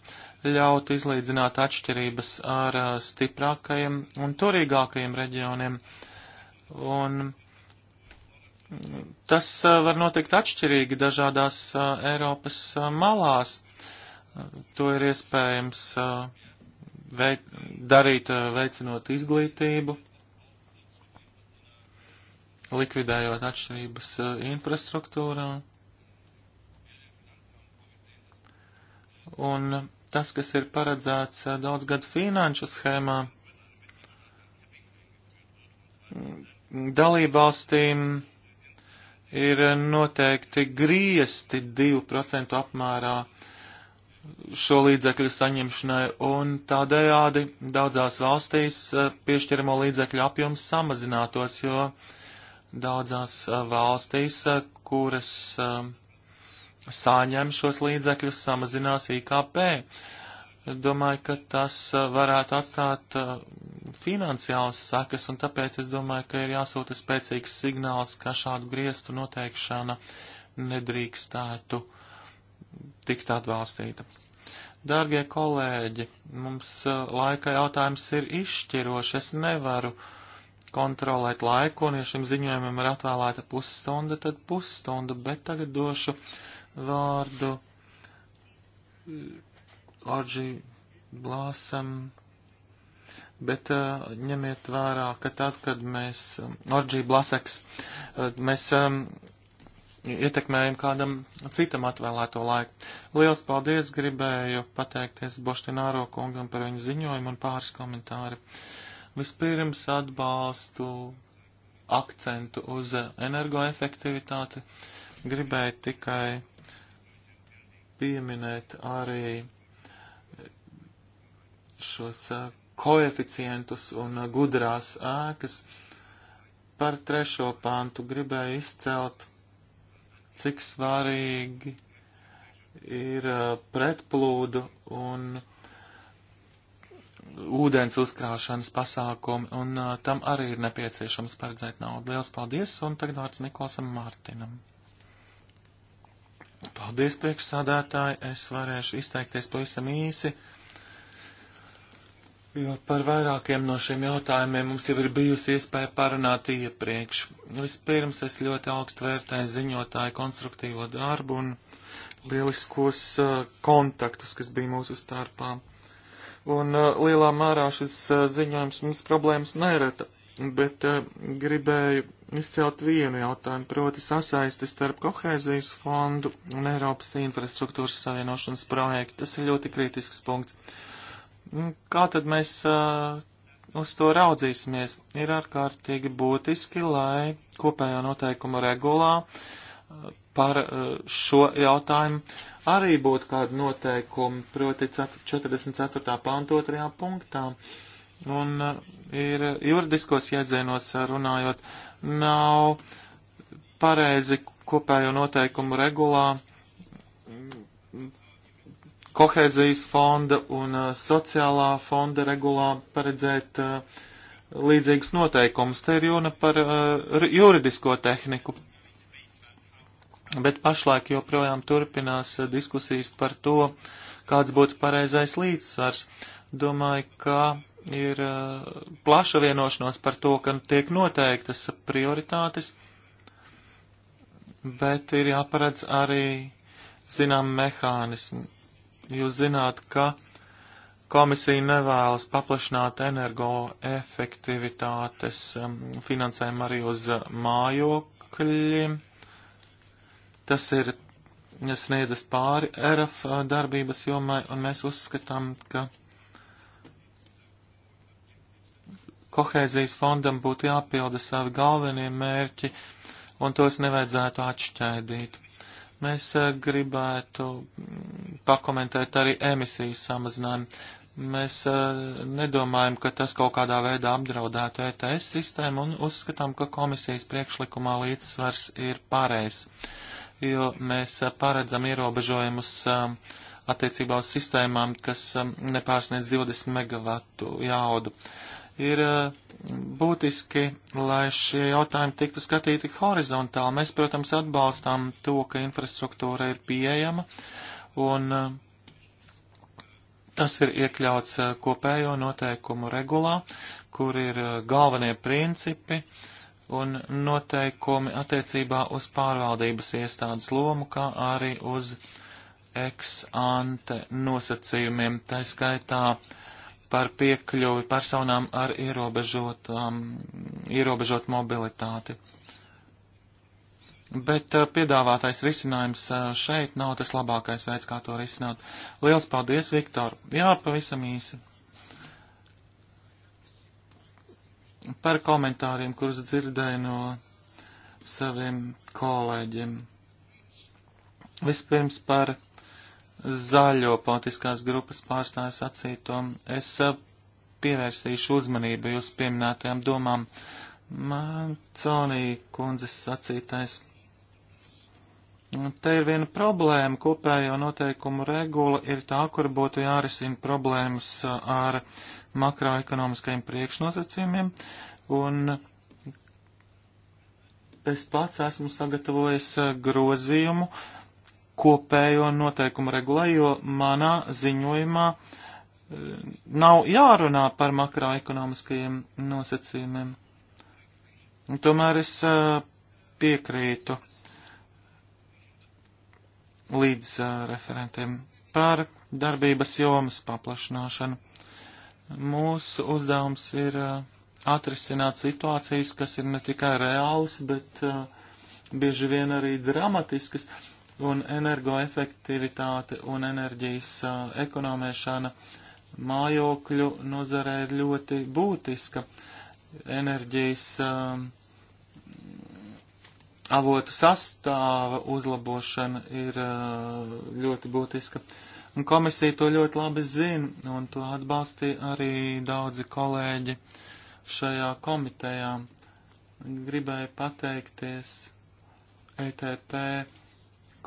ļautu izlīdzināt atšķirības ar stiprākajiem un turīgākajiem reģioniem. Un tas var notikt atšķirīgi dažādās Eiropas malās. To ir iespējams veic, darīt, veicinot izglītību, likvidējot atšķirības eh, infrastruktūrā. Un tas, kas ir paredzēts eh, daudzgad finanšu schēmā, dalībvalstīm ir noteikti griesti 2% apmērā šo līdzekļu saņemšanai, un tādējādi daudzās valstīs eh, piešķiramo līdzekļu apjoms samazinātos, jo uh, Daudzās valstīs, kuras saņem šos līdzekļus, samazinās IKP. Domāju, ka tas varētu atstāt finansiālas sakas, un tāpēc es domāju, ka ir jāsūta spēcīgs signāls, ka šādu griestu noteikšana nedrīkstētu tikt atbalstīta. Dārgie kolēģi, mums laika jautājums ir izšķirošs. Es nevaru uh, kontrolēt laiku, un ja šim ziņojumam ir atvēlēta pusstunda, tad pusstunda, bet tagad došu vārdu Orģi Blāsam, bet uh, ņemiet vērā, ka tad, kad mēs, eh, Orģi Blaseks, uh, eh, mēs um, ietekmējam kādam citam atvēlēto laiku. Liels paldies, gribēju pateikties Boštināro kungam par viņu ziņojumu un pāris komentāri. Uh, Vispirms atbalstu akcentu uz energoefektivitāti. Gribēju tikai pieminēt arī šos eh, koeficientus un gudrās ēkas. Par trešo pāntu gribēju izcelt, cik svarīgi ir eh, pretplūdu un ūdens uzkrāšanas pasākumi, un uh, tam arī ir nepieciešams paredzēt naudu. Liels paldies, un tagad vārds Nikolsam Mārtinam. Paldies, priekšsādātāji, es varēšu izteikties pavisam īsi. Jo par vairākiem no šiem jautājumiem mums jau ir bijusi iespēja parunāt iepriekš. Vispirms es ļoti augstu vērtēju ziņotāju konstruktīvo darbu un lieliskos uh, kontaktus, kas bija mūsu starpā un uh, lielā mērā šis uh, ziņojums mums problēmas nereta, bet uh, gribēju izcelt vienu jautājumu, proti sasaisti starp kohēzijas fondu un Eiropas infrastruktūras savienošanas projektu. Tas ir ļoti kritisks punkts. Nu, kā tad mēs uz to raudzīsimies? Ir ārkārtīgi būtiski, lai kopējo noteikumu regulā par eh, šo jautājumu arī būtu kādi noteikumi, proti 44. pantu 2. punktā. Un eh, ir juridiskos iedzienos runājot, nav pareizi kopējo noteikumu regulā kohēzijas fonda un eh, sociālā fonda regulā paredzēt uh, līdzīgus noteikumus. Te ir runa par uh, juridisko tehniku, bet pašlaik joprojām turpinās eh, diskusijas par to, kāds būtu pareizais līdzsvars. Domāju, ka ir eh, plaša vienošanos par to, ka tiek noteiktas prioritātes, bet ir jāparedz arī, zinām, mehānismi. Jūs zināt, ka komisija nevēlas paplašināt energoefektivitātes finansējumu arī uz eh, mājokļiem Tas ir sniedzis pāri ERAF darbības jomai, un mēs uzskatām, ka kohēzijas fondam būtu jāpilda savi galvenie mērķi, un tos nevajadzētu atšķaidīt. Mēs gribētu mm, pakomentēt arī emisiju samazinājumu. Mēs nedomājam, ka tas kaut kādā veidā apdraudētu ETS sistēmu un uzskatām, ka komisijas priekšlikumā līdzsvars ir pareizs jo mēs paredzam ierobežojumus attiecībā uz sistēmām, kas nepārsniedz 20 megavatu jaudu. Ir būtiski, lai šie jautājumi tiktu skatīti horizontāli. Mēs, protams, atbalstām to, ka infrastruktūra ir pieejama, un tas ir iekļauts kopējo noteikumu regulā, kur ir galvenie principi, uh, un noteikumi attiecībā uz pārvaldības iestādes lomu, kā arī uz ex-ante nosacījumiem, tā skaitā par piekļuvi personām ar ierobežot, um, ierobežot mobilitāti. Bet uh, piedāvātais risinājums uh, šeit nav tas labākais veids, kā to risināt. Liels paldies, Viktor! Jā, pavisam īsi. par komentāriem, kurus dzirdēju no saviem kolēģiem. Vispirms par zaļo politiskās grupas pārstāju sacīto. Es pievērsīšu uzmanību jūs pieminētajām domām. Man Conī kundzes sacītais. Te ir viena problēma, kopējo noteikumu regula ir tā, kur būtu jārisina problēmas ar uh, makroekonomiskajiem priekšnosacījumiem, un es pats esmu sagatavojis eh, grozījumu kopējo noteikumu regulē, jo manā ziņojumā eh, nav jārunā par makroekonomiskajiem nosacījumiem. Un tomēr es eh, piekrītu līdz referentiem par darbības jomas paplašināšanu. Mūsu uzdevums ir uh, atrisināt situācijas, kas ir ne tikai reālas, bet uh, bieži vien arī dramatiskas, un energoefektivitāte un enerģijas uh, ekonomēšana mājokļu nozarē ir ļoti būtiska. Enerģijas uh, avotu sastāva uzlabošana ir uh, ļoti būtiska. Uh, Un komisija to ļoti labi zina, un to atbalstīja arī daudzi kolēģi šajā komitejā. Gribēju pateikties ETP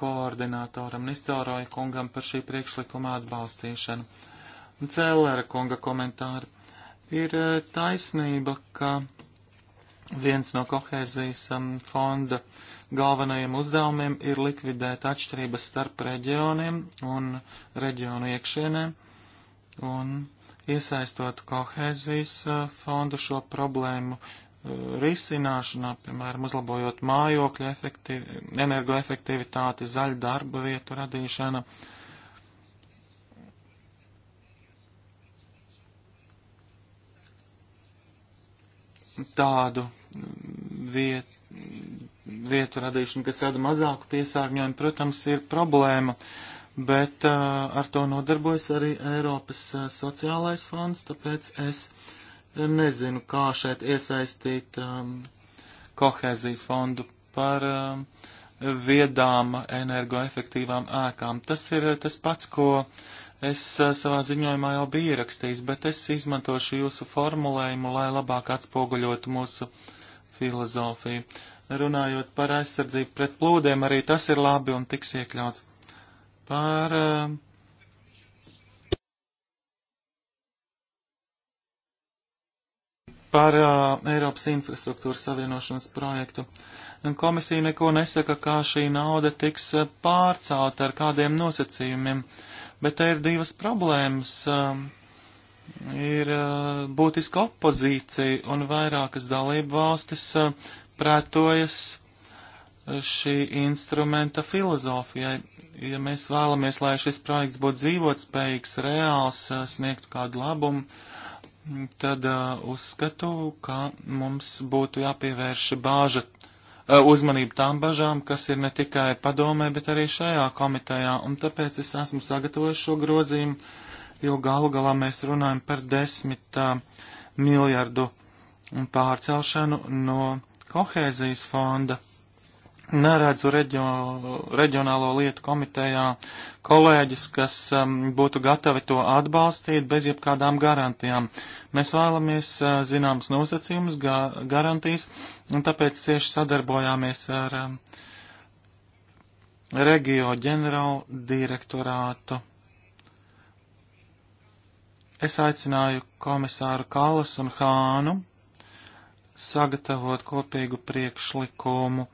koordinatoram Nistoroja kungam par šī priekšlikuma atbalstīšanu. Cēlera kunga komentāri. Ir eh, taisnība, ka viens no kohēzijas um, fonda uh, galvenajiem uzdevumiem ir likvidēt atšķirības starp reģioniem un reģionu iekšienē un iesaistot kohēzijas uh, fondu šo problēmu uh, risināšanā, piemēram, uzlabojot mājokļu efektivi, energoefektivitāti, zaļu darba vietu radīšana. Tādu vietu vietu radīšana, kas rada mazāku piesārņojumu, protams, ir problēma, bet uh, ar to nodarbojas arī Eiropas uh, sociālais fonds, tāpēc es uh, nezinu, kā šeit iesaistīt um, kohēzijas fondu par um, viedām energoefektīvām ēkām. Tas ir uh, tas pats, ko es uh, savā ziņojumā jau biju ierakstījis, bet es izmantošu jūsu formulējumu, lai labāk atspoguļotu mūsu filozofiju. Uh, runājot par aizsardzību pret plūdiem, arī tas ir labi un tiks iekļauts. Par uh, par uh, Eiropas infrastruktūras savienošanas projektu. Komisija neko nesaka, kā šī nauda tiks eh, pārcelt ar kādiem nosacījumiem, bet te ir divas problēmas. Uh, ir uh, būtiska opozīcija un vairākas dalību valstis uh, prātojas šī instrumenta filozofijai. Ja mēs vēlamies, lai šis projekts būtu dzīvotspējīgs, reāls, eh, sniegtu kādu labumu, tad uh, uzskatu, ka mums būtu jāpievērš bāža, uh, eh, uzmanību tām bažām, kas ir ne tikai padomē, bet arī šajā komitejā. Un tāpēc es esmu sagatavojis šo grozījumu, jo galu galā mēs runājam par desmit uh, miljardu pārcelšanu no kohēzijas fonda neredzu reģio, reģionālo lietu komitejā kolēģis, kas um, būtu gatavi to atbalstīt bez jebkādām garantijām. Mēs vēlamies uh, zināmas nosacījumus, ga garantijas, un tāpēc cieši sadarbojāmies ar um, Regio ģenerālu direktorātu. Es aicināju komisāru Kallas un Hānu sagatavot kopīgu priekšlikumu.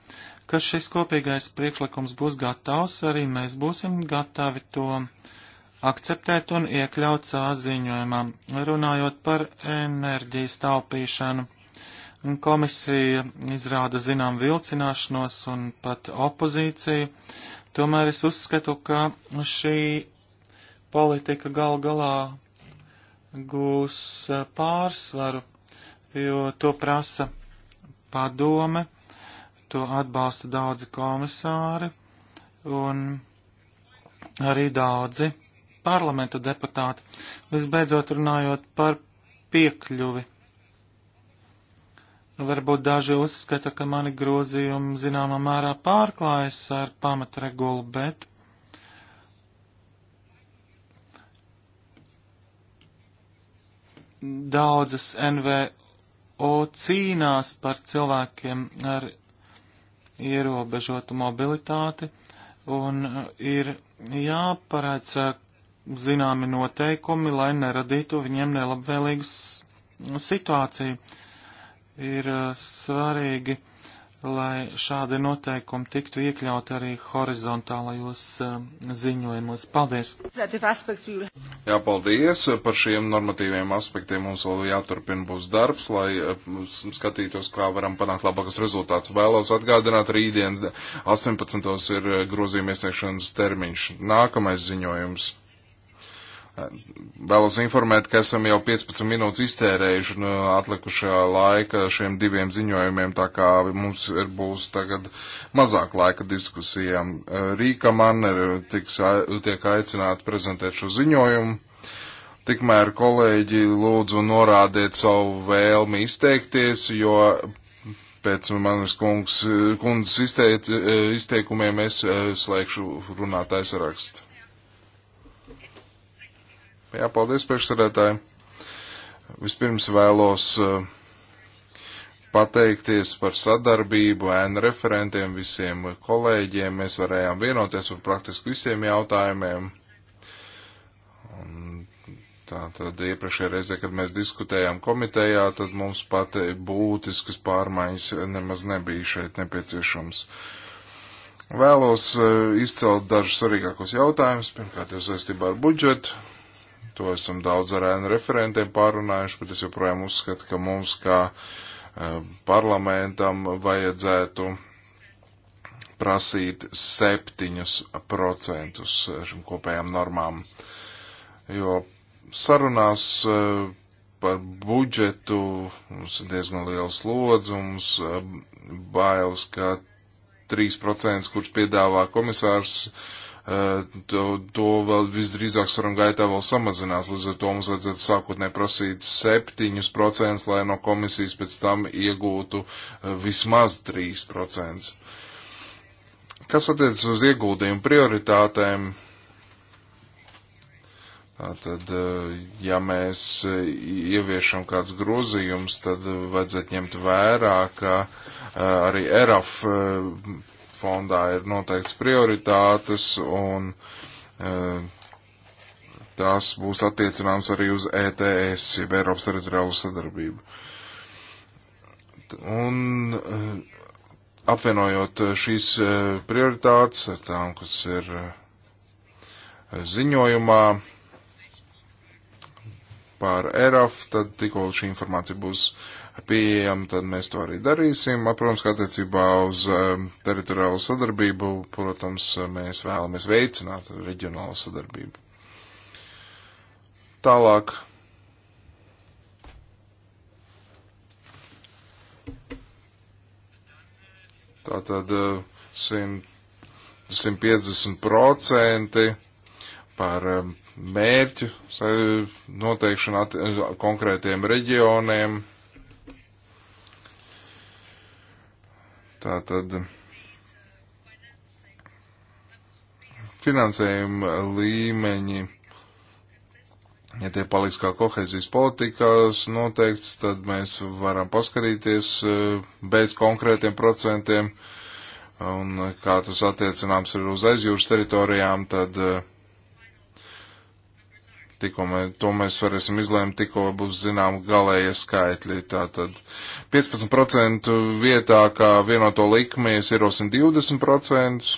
Kad šis kopīgais priekšlikums būs gatavs, arī mēs būsim gatavi to akceptēt un iekļaut savā ziņojumā. Runājot par enerģijas taupīšanu, komisija izrāda zinām vilcināšanos un pat opozīciju. Tomēr es uzskatu, ka šī politika gal galā gūs pārsvaru jo to prasa padome, to atbalsta daudzi komisāri un arī daudzi parlamenta deputāti. Visbeidzot runājot par piekļuvi. Varbūt daži uzskata, ka mani grozījumi zināmā mērā pārklājas ar pamatregulu, bet daudzas NVO NVO cīnās par cilvēkiem ar ierobežotu mobilitāti un ir jāparedz eh, zināmi noteikumi, lai neradītu viņiem nelabvēlīgas situāciju. Ir eh, svarīgi lai šādi noteikumi tiktu iekļauti arī horizontālajos um, ziņojumos. Paldies! Jā, paldies par šiem normatīviem aspektiem. Mums vēl jāturpina būs darbs, lai um, skatītos, kā varam panākt labākas rezultātus. Vēlos atgādināt, rītdien 18. ir uh, grozījuma iesniegšanas termiņš. Nākamais ziņojums. Vēlos informēt, ka esam jau 15 minūtes iztērējuši no atlikušā laika šiem diviem ziņojumiem, tā kā mums ir būs tagad mazāk laika diskusijām. Rīka Manner tiks, tiek aicināta prezentēt šo ziņojumu. Tikmēr kolēģi lūdzu norādiet savu vēlmi izteikties, jo pēc manas kungs, kundzes izteikumiem es eh, slēgšu runātājs rakstu. Jā, paldies priekšsarētāji. Vispirms vēlos eh, pateikties par sadarbību ēnu referentiem, visiem kolēģiem. Mēs varējām vienoties par praktiski visiem jautājumiem. Tātad iepriekšējā reizē, kad mēs diskutējām komitejā, tad mums pat būtiskas pārmaiņas nemaz nebija šeit nepieciešams. Vēlos eh, izcelt dažus svarīgākos jautājumus, pirmkārt jau saistībā ar budžetu, To esam daudz ar ēnu referentiem pārunājuši, bet es joprojām uzskatu, ka mums kā e, parlamentam vajadzētu prasīt 7% šim kopējām normām. Jo sarunās e, par budžetu mums ir diezgan liels lodzums, e, bailes, ka 3%, kurš piedāvā komisārs, uh, to, to vēl visdrīzāk sarunu gaitā vēl samazinās. Līdz ar to mums vajadzētu sākotnē prasīt 7%, lai no komisijas pēc tam iegūtu vismaz 3%. Kas attiecas uz ieguldījumu prioritātēm? Tad, ja mēs ieviešam kāds grozījums, tad vajadzētu ņemt vērā, ka arī ERAF fondā ir noteikts prioritātes un e, tās būs attiecināmas arī uz ETS, jeb Eiropas teritoriālo sadarbību. Un e, apvienojot šīs e, prioritātes ar tām, kas ir ziņojumā par ERAF, tad tikko šī informācija būs uh, pieejama, tad mēs to arī darīsim. Protams, kā attiecībā uz um, teritoriālo sadarbību, protams, mēs vēlamies veicināt reģionālo sadarbību. Tālāk. Tātad 100, uh, 150% par um, mērķu noteikšanu konkrētiem reģioniem Tātad finansējuma līmeņi, ja tie paliks kā kohezijas politikās noteikts, tad mēs varam paskarīties eh, bez konkrētiem procentiem. Un eh, kā tas attiecināms ir uz aizjūras teritorijām, tad uh, Tikko mēs, to mēs varēsim izlēmt, tikko būs zinām galējie skaitļi. Tātad 15% vietā, kā vienoto likmi, es ierosim 20%.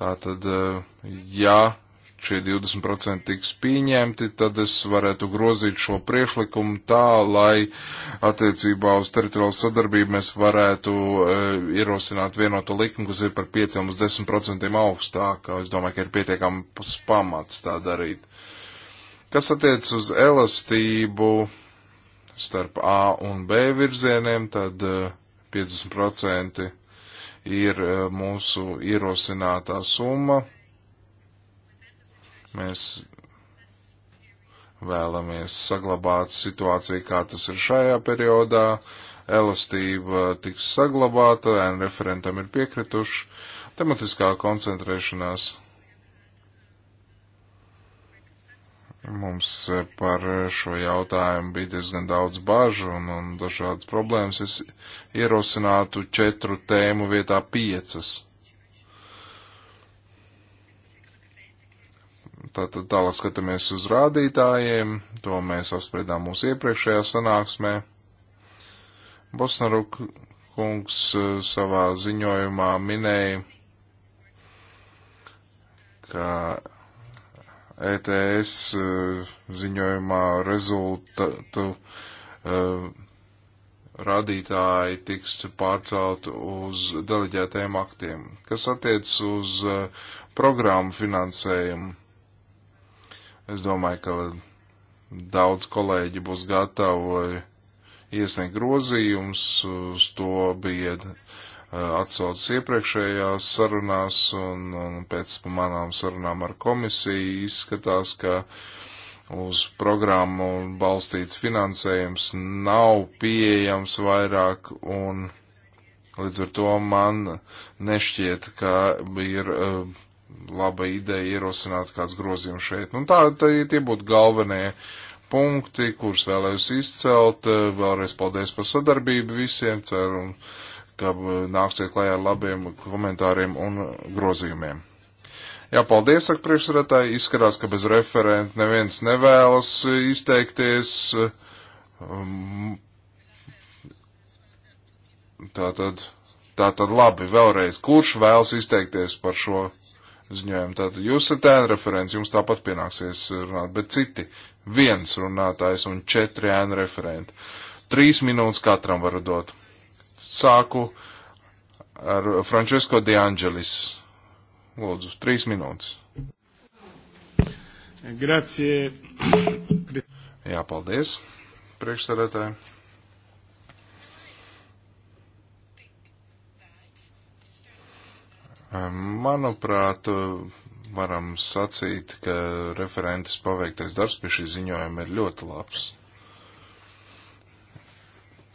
Tātad, eh, ja šie 20% tiks pieņemti, tad es varētu grozīt šo priekšlikumu tā, lai attiecībā uz teritoriālu sadarbību mēs varētu e, ierosināt vienotu likumu, kas ir par 5 līdz 10% augstāk. Es domāju, ka ir pietiekams pamats tā darīt. Uh, Kas attiec uz elastību starp A un B virzieniem, tad 50% eh, ir eh, mūsu ierosinātā summa. Mēs vēlamies saglabāt situāciju, kā tas ir šajā periodā. Elastība tiks saglabāta, un referentam ir piekrituši tematiskā koncentrēšanās Mums eh, par eh, šo jautājumu bija diezgan daudz bažu un, un dažādas problēmas. Es ierosinātu četru tēmu vietā piecas. Tātad tālāk skatāmies uz rādītājiem, to mēs apspriedām mūsu iepriekšējā sanāksmē. Bosnaruk kungs eh, savā ziņojumā minēja, ka ETS e, ziņojumā rezultātu e, radītāji tiks pārcelt uz deleģētajiem aktiem. Kas attiec uz e, programmu finansējumu, es domāju, ka daudz kolēģi būs gatavi iesniegt grozījums, uz to bija atsaucas iepriekšējās sarunās un, un pēc manām sarunām ar komisiju izskatās, ka uz programmu balstīts finansējums nav pieejams vairāk un līdz ar to man nešķiet, ka ir uh, laba ideja ierosināt kāds grozījums šeit. Nu, tā, tā, tie būtu galvenie punkti, kurus vēlējos izcelt. Vēlreiz paldies par sadarbību visiem. Ceru, un ka uh, nāksiet klajā ar labiem komentāriem un grozījumiem. Jā, paldies, saka priekšsarētāji. Izskatās, ka bez referenta neviens nevēlas izteikties. Um, tā tad, tā tad labi, vēlreiz, kurš vēlas izteikties par šo ziņojumu? Tātad jūs esat ēna referents, jums tāpat pienāksies runāt, bet citi viens runātājs un četri ēna referenti. Trīs minūtes katram varu dot sāku ar Francesco De Angelis. Lūdzu, trīs minūtes. Grazie. Jā, paldies, priekšsarētāji. Manuprāt, varam sacīt, ka referentes paveiktais darbs pie šī ziņojuma ir ļoti labs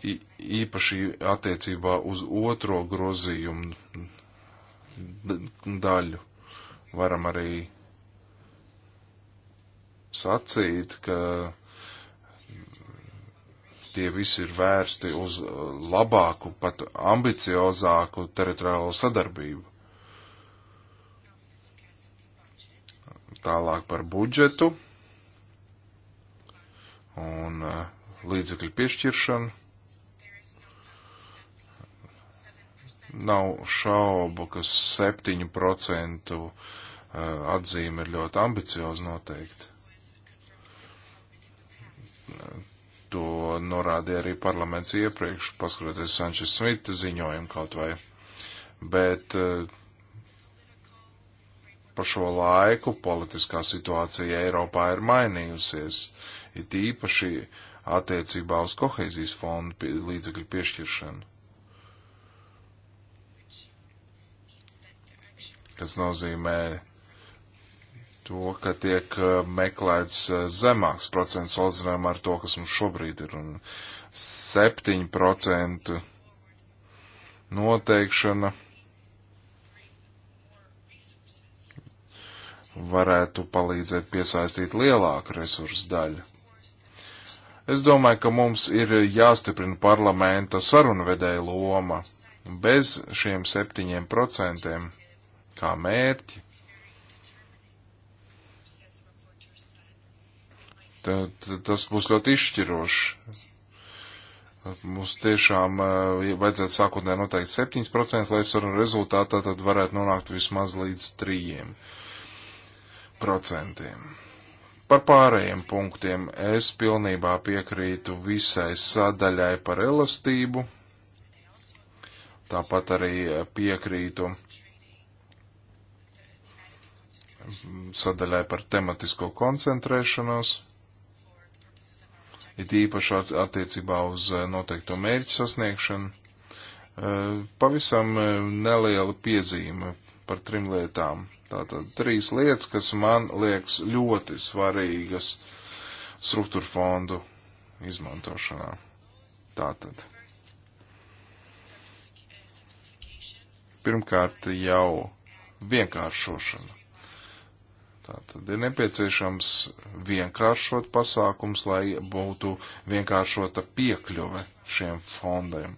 īpaši attiecībā uz otro grozījumu daļu. Varam arī sacīt, ka tie visi ir vērsti uz labāku, pat ambiciozāku teritoriālo sadarbību. Tālāk par budžetu un eh, līdzekļu piešķiršanu. Nav šaubu, ka 7% uh, atzīme ir ļoti ambiciozi noteikti. To norādīja arī parlaments iepriekš, paskatoties Sančes Smita ziņojumu kaut vai. Bet uh, pa šo laiku politiskā situācija Eiropā ir mainījusies, it īpaši attiecībā uz koheizijas fondu līdzekļu piešķiršanu. kas nozīmē to, ka tiek uh, meklēts uh, zemāks procents salīdzinājumā ar to, kas mums šobrīd ir. Un 7% noteikšana varētu palīdzēt piesaistīt lielāku resursu daļu. Es domāju, ka mums ir jāstiprina parlamenta sarunvedēja loma bez šiem septiņiem procentiem kā mērķi. Tad, tas būs ļoti izšķiroši. Mums tiešām eh, vajadzētu sākotnēji noteikt 7%, lai sarunu rezultātā tad varētu nonākt vismaz līdz 3%. Par pārējiem punktiem es pilnībā piekrītu visai sadaļai par elastību. Tāpat arī piekrītu sadaļai par tematisko koncentrēšanos, it īpaši attiecībā uz eh, noteikto mērķu sasniegšanu. Eh, pavisam eh, neliela piezīme par trim lietām. Tātad trīs lietas, kas man liekas ļoti svarīgas struktūra fondu izmantošanā. Tātad. Pirmkārt jau vienkāršošana. Tātad ir nepieciešams vienkāršot pasākums, lai būtu vienkāršota piekļuve šiem fondiem.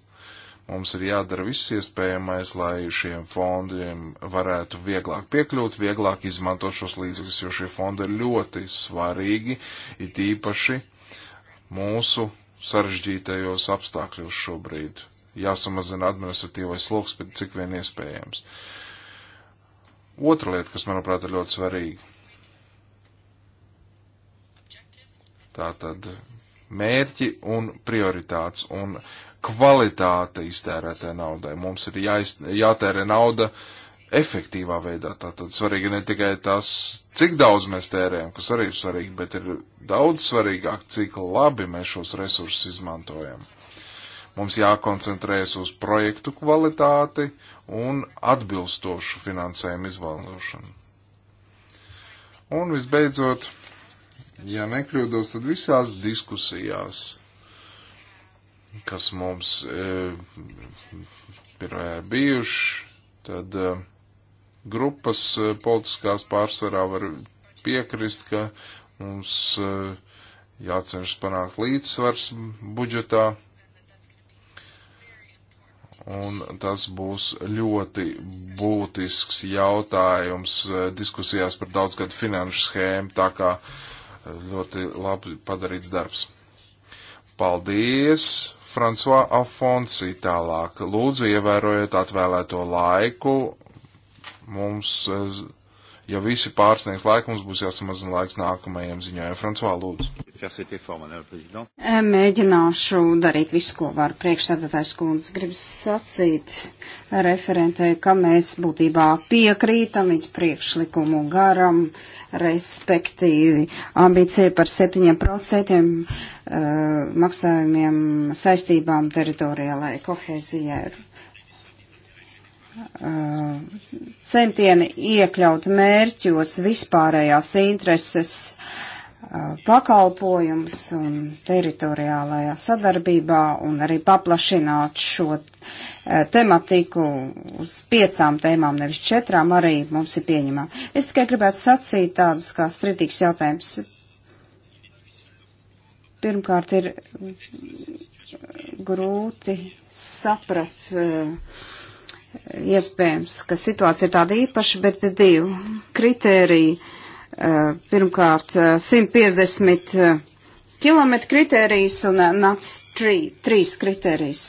Mums ir jādara viss iespējamais, lai šiem fondiem varētu vieglāk piekļūt, vieglāk izmantot šos līdzekļus, jo šie fondi ir ļoti svarīgi, it īpaši mūsu sarežģītajos apstākļos šobrīd. Jāsamazina administratīvais sloks, bet cik vien iespējams. Otra lieta, kas, manuprāt, ir ļoti svarīga. Tātad mērķi un prioritāts un kvalitāte iztērētē naudai. Mums ir jāizt, jātērē nauda efektīvā veidā. Tātad svarīgi ne tikai tas, cik daudz mēs tērējam, kas arī ir svarīgi, bet ir daudz svarīgāk, cik labi mēs šos resursus izmantojam. Mums jākoncentrējas uz projektu kvalitāti un atbilstošu finansējumu izvēlošanu. Un visbeidzot, Ja nekļūdos, tad visās diskusijās, kas mums e, ir bijuši, tad e, grupas e, politiskās pārsvarā var piekrist, ka mums jācenšas panākt līdzsvars budžetā. Un tas būs ļoti būtisks jautājums diskusijās par daudzgadu finanšu schēmu, tā kā uh, ļoti labi padarīts darbs. Paldies, Francua Afonsi tālāk. Lūdzu, ievērojiet atvēlēto laiku. Mums eh, Ja visi pārsniegs laiku, mums būs jāsamazina laiks nākamajam ziņojumam. Francois, lūdzu. Eh, mēģināšu darīt visu, ko varu. Priekšstādātājs kundze grib sacīt referentei, ka mēs būtībā piekrītam viņas priekšlikumu garam, respektīvi ambīcija par 7% eh, maksājumiem saistībām teritoriālai kohēzijai centieni iekļaut mērķos vispārējās intereses, pakalpojums un teritoriālajā sadarbībā un arī paplašināt šo tematiku uz piecām tēmām, nevis četrām, arī mums ir pieņemā. Es tikai gribētu sacīt tādus kā stritīgs jautājums. Pirmkārt ir grūti saprat. Uh, iespējams, ka situācija ir tāda īpaša, bet divi kritēriji. Eh, pirmkārt, 150 km kritērijs un eh, NAC 3 kritērijs.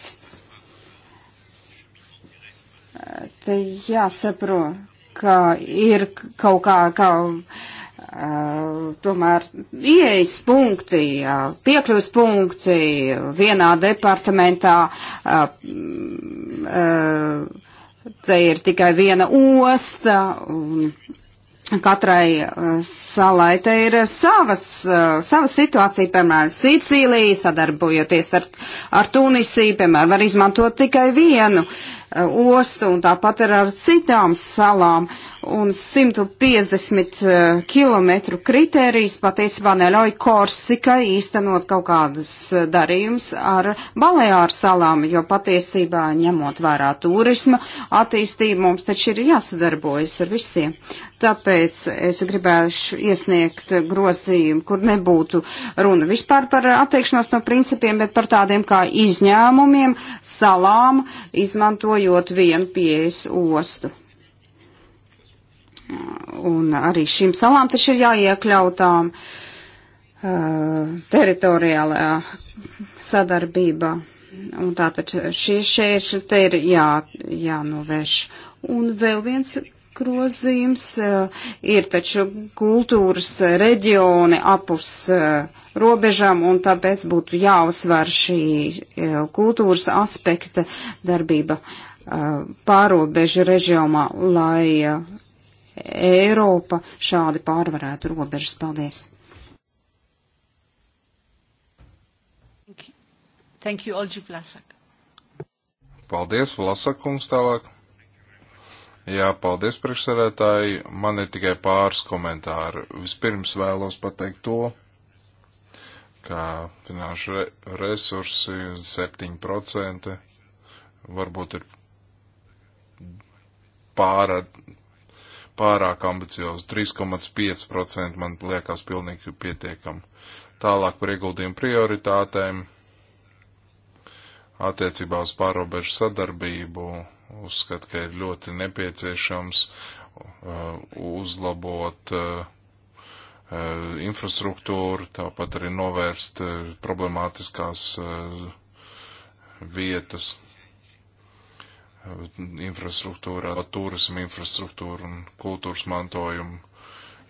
Eh, te jāsaprot, ka ir kaut kā, kā Uh, tomēr ieejas punkti, uh, piekļuves punkti vienā departamentā, uh, te ir tikai viena osta, un katrai uh, salai te ir savas, uh, sava situācija, piemēram, Sicīlija, sadarbojoties ar, ar Tunisiju, piemēram, var izmantot tikai vienu uh, ostu, un tāpat ir ar citām salām un 150 eh, km kritērijs patiesībā neļauj Korsikai īstenot kaut kādus eh, darījumus ar Balēāru salām, jo patiesībā ņemot vērā turisma attīstību mums taču ir jāsadarbojas ar visiem. Tāpēc es gribēšu iesniegt grozījumu, kur nebūtu runa vispār par atteikšanos no principiem, bet par tādiem kā izņēmumiem salām, izmantojot vienu pieejas ostu un arī šīm salām taču ir jāiekļautām uh, teritoriālajā sadarbībā. Un tātad šie šķēršļi te ir jā, jānovērš. Un vēl viens grozījums uh, ir taču kultūras reģioni apus uh, robežām, un tāpēc būtu jāuzsver šī uh, kultūras aspekta darbība pārobežu režīmā, lai Eiropa šādi pārvarētu robežas. Paldies! Thank you, Olģi Vlasak. Paldies, Vlasakungs tālāk. Jā, paldies, priekšsarētāji. Man ir tikai pāris komentāri. Vispirms vēlos pateikt to, ka finanšu re resursi 7% varbūt ir pārāk pārāk ambiciozi. 3,5% man liekas pilnīgi pietiekami. Tālāk par ieguldījumu prioritātēm attiecībā uz pārobežu sadarbību uzskatu, ka ir ļoti nepieciešams uh, uzlabot uh, uh infrastruktūru, tāpat arī novērst uh, problemātiskās uh, vietas infrastruktūrā, turismu infrastruktūru un kultūras mantojumu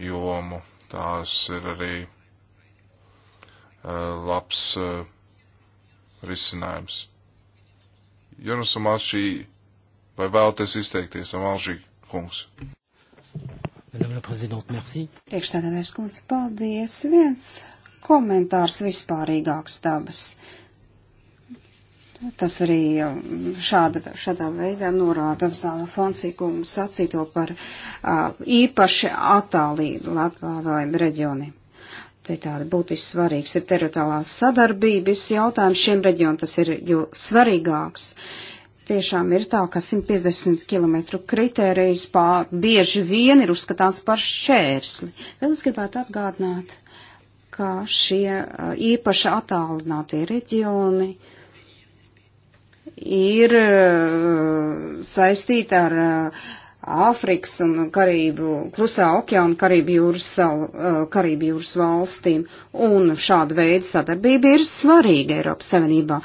jomu. Tās ir arī uh, labs uh, risinājums. Jonas Amalšī, vai vēlaties izteikties, Amalšī kungs? Priekšstādātais kungs, paldies. Viens komentārs vispārīgāks dabas. Uh, Tas arī um, šāda, šādā veidā norāda Zāla Fonsīkuma sacīto par uh, īpaši attālīgiem reģioniem. Te tāda būtiski svarīgs ir teritoriālās sadarbības jautājums šiem reģionam, tas ir jo svarīgāks. Tiešām ir tā, ka 150 km kritērijas pār bieži vien ir uzskatāms par šķērsli. Vēl es gribētu atgādināt, ka šie uh, īpaši attālinātie reģioni uh, ir eh, saistīta ar eh, Āfrikas un Karību, Klusā okeāna un Karību jūras, salu, eh, Karību jūras valstīm. Un šāda veida sadarbība ir svarīga Eiropas Savienībā.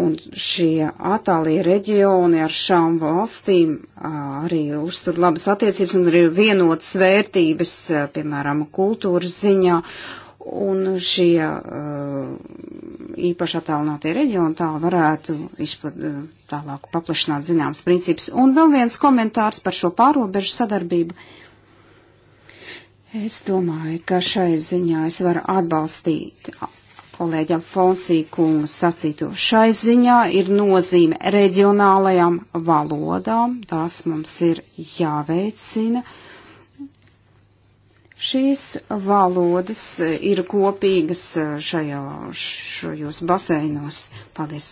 Un šie attālie reģioni ar šām valstīm arī uztur labas attiecības un ir vienotas vērtības, piemēram, kultūras ziņā un šie uh, īpaši attālinātie reģioni tā varētu izplat, uh, tālāk paplašināt zināms princips. Un vēl viens komentārs par šo pārobežu sadarbību. Es domāju, ka šai ziņā es varu atbalstīt kolēģi Alfonsī kungu sacīto. Šai ziņā ir nozīme reģionālajām valodām, tās mums ir jāveicina. Uh, Šīs valodas ir kopīgas eh, šajā, šajos baseinos. Paldies!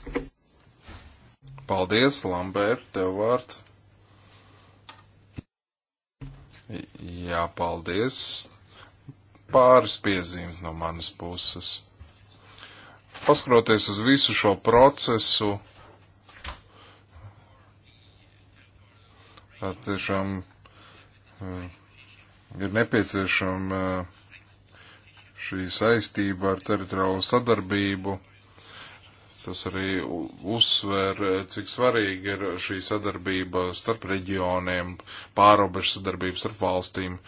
Paldies, Lambert, tev vārds! Jā, paldies! Pāris piezīmes no manas puses. Paskroties uz visu šo procesu, tiešām. Um, ir nepieciešama eh, šī saistība ar teritoriālo sadarbību. Tas arī uzsver, eh, cik svarīga ir šī sadarbība starp reģioniem, pārobežu sadarbība starp valstīm.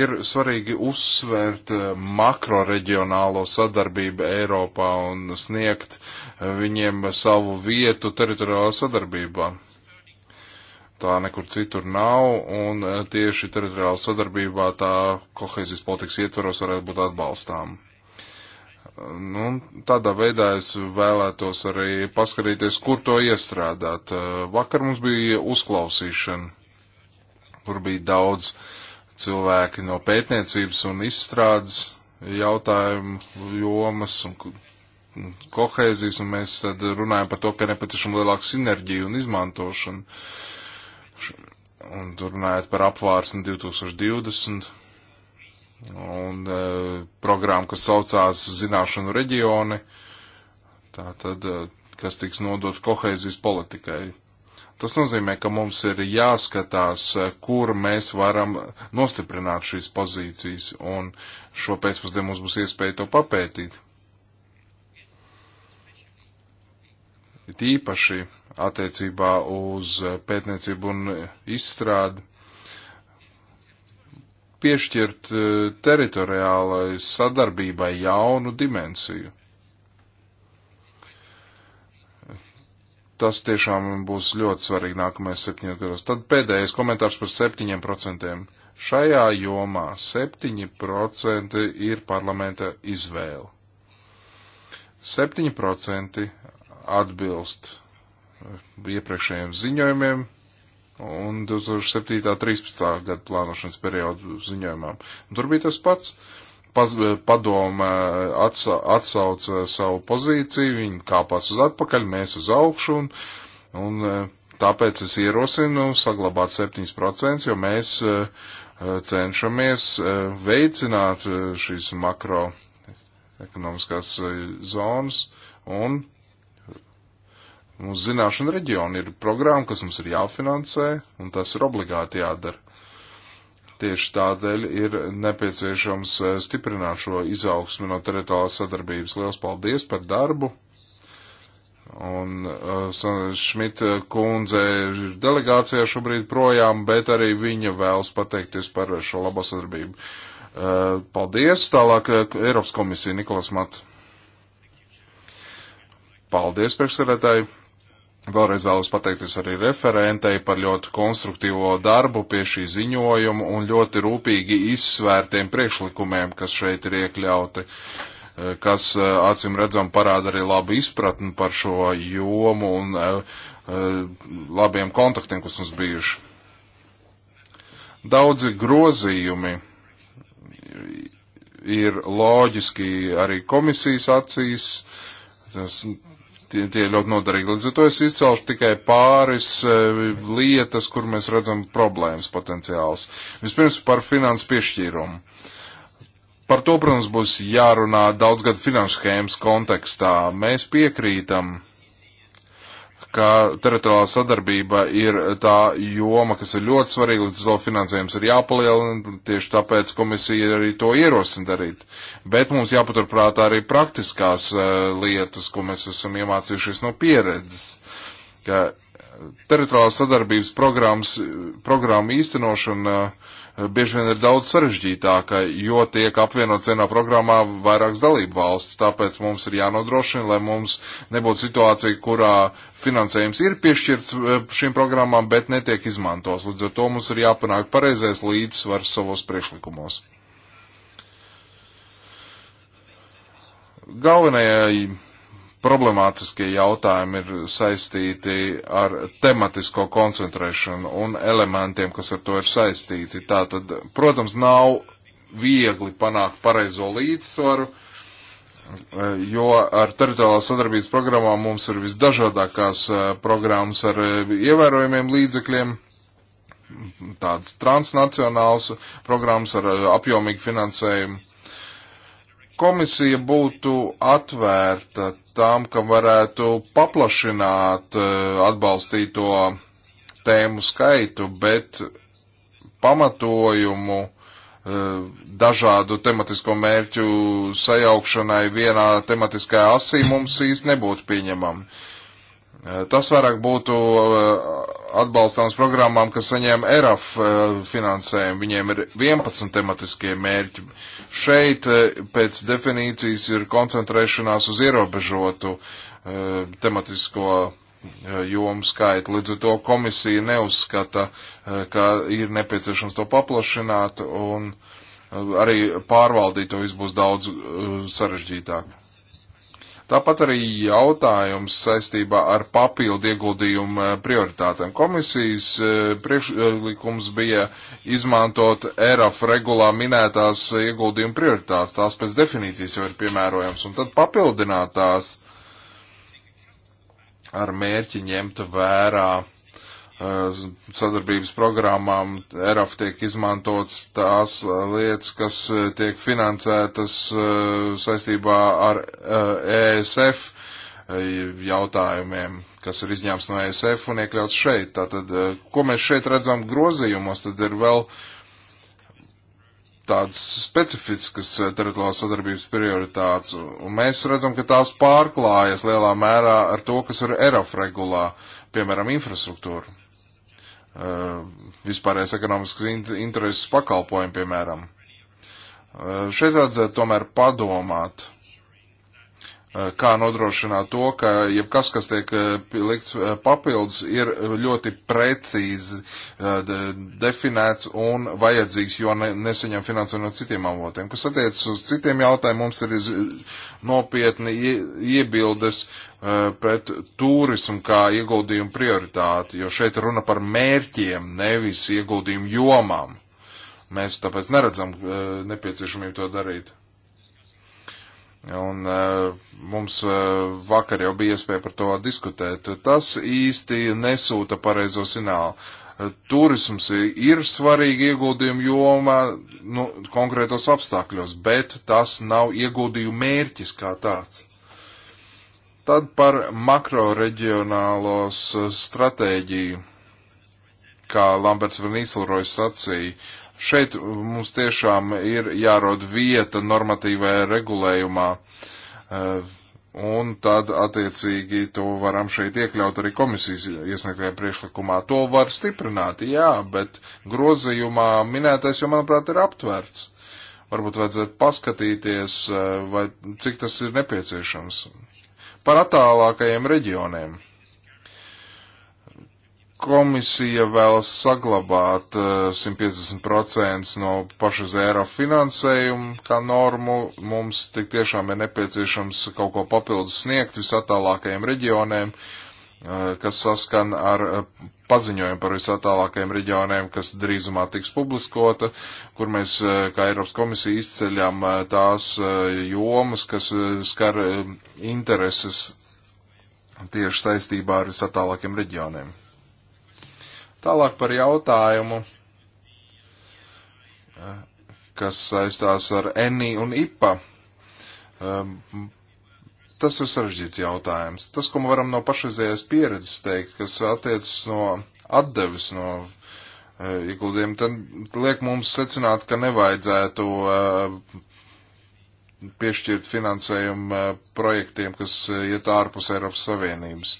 Ir svarīgi uzsvērt eh, makro reģionālo sadarbību Eiropā un sniegt viņiem savu vietu teritoriālā sadarbībā tā nekur citur nav, un eh, tieši teritoriāla sadarbībā tā kohēzijas politikas ietvaros varētu būt atbalstām. Nu, tādā veidā es vēlētos arī paskatīties, kur to iestrādāt. Eh, vakar mums bija uzklausīšana, kur bija daudz cilvēki no pētniecības un izstrādes jautājumu jomas un kohēzijas, un mēs tad runājam par to, ka nepieciešama lielāka sinerģija un izmantošana. Uh, un tur runājot par apvārsni 2020 un e, programmu, kas saucās Zināšanu reģioni, tā tad, e, kas tiks nodot koheizijas politikai. Tas nozīmē, ka mums ir jāskatās, e, kur mēs varam nostiprināt šīs pozīcijas, un šo pēcpusdienu mums būs iespēja to papētīt. It īpaši attiecībā uz pētniecību un izstrādi. Piešķirt e, teritoriālai sadarbībai jaunu dimensiju. Tas tiešām būs ļoti svarīgi nākamajos septiņos gados. Tad pēdējais komentārs par septiņiem procentiem. Šajā jomā 7% ir parlamenta izvēle. 7% atbilst iepriekšējiem ziņojumiem un 2007. 13. gada plānošanas periodu ziņojumām. Un tur bija tas pats. Pas, padoma eh, atsa, atsauca savu pozīciju, viņi kāpās uz atpakaļ, mēs uz augšu, un, un eh, tāpēc es ierosinu saglabāt 7%, jo mēs eh, cenšamies veicināt šīs makroekonomiskās zonas un Mūsu zināšana reģiona ir programma, kas mums ir jāfinansē, un tas ir obligāti jādara. Tieši tādēļ ir nepieciešams eh, stiprināt šo izaugsmu no teritoriālās sadarbības. Liels paldies par darbu! Un uh, eh, Šmita kundze ir delegācijā šobrīd projām, bet arī viņa vēlas pateikties par šo labo sadarbību. Uh, paldies! Tālāk Eiropas komisija Nikolas Mats. Paldies, priekšsēdētāji! Vēlreiz vēlos pateikties arī referentei par ļoti konstruktīvo darbu pie šī ziņojuma un ļoti rūpīgi izsvērtiem priekšlikumiem, kas šeit ir iekļauti, eh, kas eh, acīm redzam parāda arī labu izpratni par šo jomu un eh, labiem kontaktiem, kas mums bijuši. Daudzi grozījumi ir loģiski arī komisijas acīs. Tas tie, tie ļoti noderīgi. Līdz ar to es izcelšu tikai pāris e, lietas, kur mēs redzam problēmas potenciāls. Vispirms par finansu piešķīrumu. Par to, protams, būs jārunā daudzgad finanšu schēmas kontekstā. Mēs piekrītam ka teritoriālā sadarbība ir tā joma, kas ir ļoti svarīga, līdz to finansējums ir jāpalielina, tieši tāpēc komisija arī to ierosina darīt. Bet mums jāpaturprātā arī praktiskās uh, lietas, ko mēs esam iemācījušies no pieredzes, ka teritoriālās sadarbības programmas, programma īstenošana uh, bieži vien ir daudz sarežģītāka, jo tiek apvienots vienā programmā vairākas dalību valsts. Tāpēc mums ir jānodrošina, lai mums nebūtu situācija, kurā finansējums ir piešķirts e, šīm programmām, bet netiek izmantos. Līdz ar to mums ir jāpanāk pareizais līdzsvars savos priekšlikumos. Galvenajai problemātiskie jautājumi ir saistīti ar tematisko koncentrēšanu un elementiem, kas ar to ir saistīti. Tātad, protams, nav viegli panākt pareizo līdzsvaru, jo ar teritoriālās sadarbības programmām mums ir visdažādākās eh, programmas ar eh, ievērojumiem līdzekļiem, tādas transnacionāls programmas ar eh, apjomīgu finansējumu. Komisija būtu atvērta tām, ka varētu paplašināt e, atbalstīto tēmu skaitu, bet pamatojumu e, dažādu tematisko mērķu sajaukšanai vienā tematiskajā asī mums īsti nebūtu pieņemama. Tas vairāk būtu atbalstāms programmām, kas saņem ERAF finansējumu. Viņiem ir 11 tematiskie mērķi. Šeit pēc definīcijas ir koncentrēšanās uz ierobežotu tematisko jomu skaitu. Līdz ar to komisija neuzskata, ka ir nepieciešams to paplašināt un arī pārvaldīt to viss būs daudz sarežģītāk. Tāpat arī jautājums saistībā ar papildu ieguldījumu eh, prioritātēm. Komisijas eh, priekšlikums bija izmantot ERAF regulā minētās ieguldījumu prioritātes. Tās pēc definīcijas jau ir piemērojams, un tad papildināt tās ar mērķi ņemt vērā sadarbības programmām ERAF tiek izmantots tās lietas, kas eh, tiek finansētas eh, saistībā ar ESF eh, e jautājumiem, kas ir izņēmts no ESF un iekļauts šeit. Tātad, ko mēs šeit redzam grozījumos, tad ir vēl tādas specifiskas teritoriālās sadarbības prioritātes, un mēs redzam, ka tās pārklājas lielā mērā ar to, kas ir ERAF regulā, piemēram, infrastruktūra. Uh, vispārējais ekonomiskas intereses pakalpojumi, piemēram. Uh, šeit vajadzētu tomēr padomāt, uh, kā nodrošināt to, ka jebkas, kas tiek likts papildus, ir ļoti precīzi definēts un vajadzīgs, jo ne, nesaņem finansējumu no citiem avotiem. Kas attiecas uz citiem jautājumiem, mums ir nopietni iebildes Uh, pret turismu kā ieguldījumu prioritāti, jo šeit runa par mērķiem, nevis ieguldījumu jomām. Mēs tāpēc neredzam uh, nepieciešamību to darīt. Un uh, mums vakar jau bija iespēja par to diskutēt. Tas īsti nesūta pareizo signālu. Turisms ir svarīgi ieguldījumu jomā nu, konkrētos apstākļos, bet tas nav ieguldījumu mērķis kā tāds. Tad par makroreģionālos eh, stratēģiju, kā Lamberts van Īselrojs sacīja, šeit eh, mums tiešām ir jārod vieta normatīvajā regulējumā, eh, un tad attiecīgi to varam šeit iekļaut arī komisijas iesniegtajā priekšlikumā. To var stiprināt, jā, bet grozījumā minētais jau, manuprāt, ir aptverts varbūt vajadzētu paskatīties, vai cik tas ir nepieciešams. Par attālākajiem reģioniem. Komisija vēlas saglabāt 150% eh, no pašas eiro finansējuma kā normu. Mums tik tiešām ir nepieciešams kaut ko papildus sniegt visatālākajiem reģioniem, eh, kas saskan ar eh, paziņojumu par visatālākajiem reģioniem, kas drīzumā tiks publiskota, kur mēs, eh, kā Eiropas komisija, izceļam eh, tās eh, jomas, kas skar intereses tieši saistībā ar visatālākiem reģioniem. Tālāk par jautājumu, kas saistās ar ENI un IPA Tas ir sarežģīts jautājums. Tas, ko varam no pašreizējās pieredzes teikt, kas attiecas no atdevis no uh, e, ieguldījumiem, tad liek mums secināt, ka nevajadzētu uh, piešķirt finansējumu uh, projektiem, kas iet ārpus Eiropas Savienības.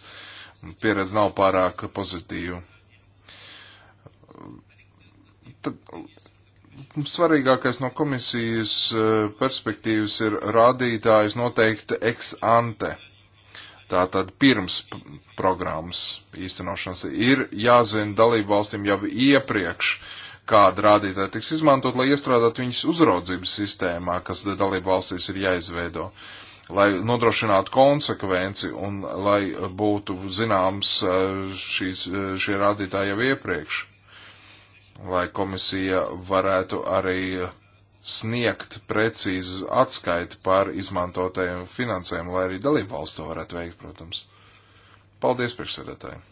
Pieredze nav pārāk pozitīva. Tad svarīgākais no komisijas e, perspektīvas ir rādītājs noteikti ex ante. Tātad pirms programmas īstenošanas ir jāzina dalību valstīm jau iepriekš, kāda rādītāja tiks izmantot, lai iestrādāt viņas uzraudzības sistēmā, kas dalību valstīs ir jāizveido, lai nodrošinātu konsekvenci un lai būtu zināms e, šīs, e, šie rādītāji jau iepriekš lai komisija varētu arī sniegt precīzi atskaiti par izmantotajiem finansēm, lai arī dalību valsts to varētu veikt, protams. Paldies priekšsēdētāji!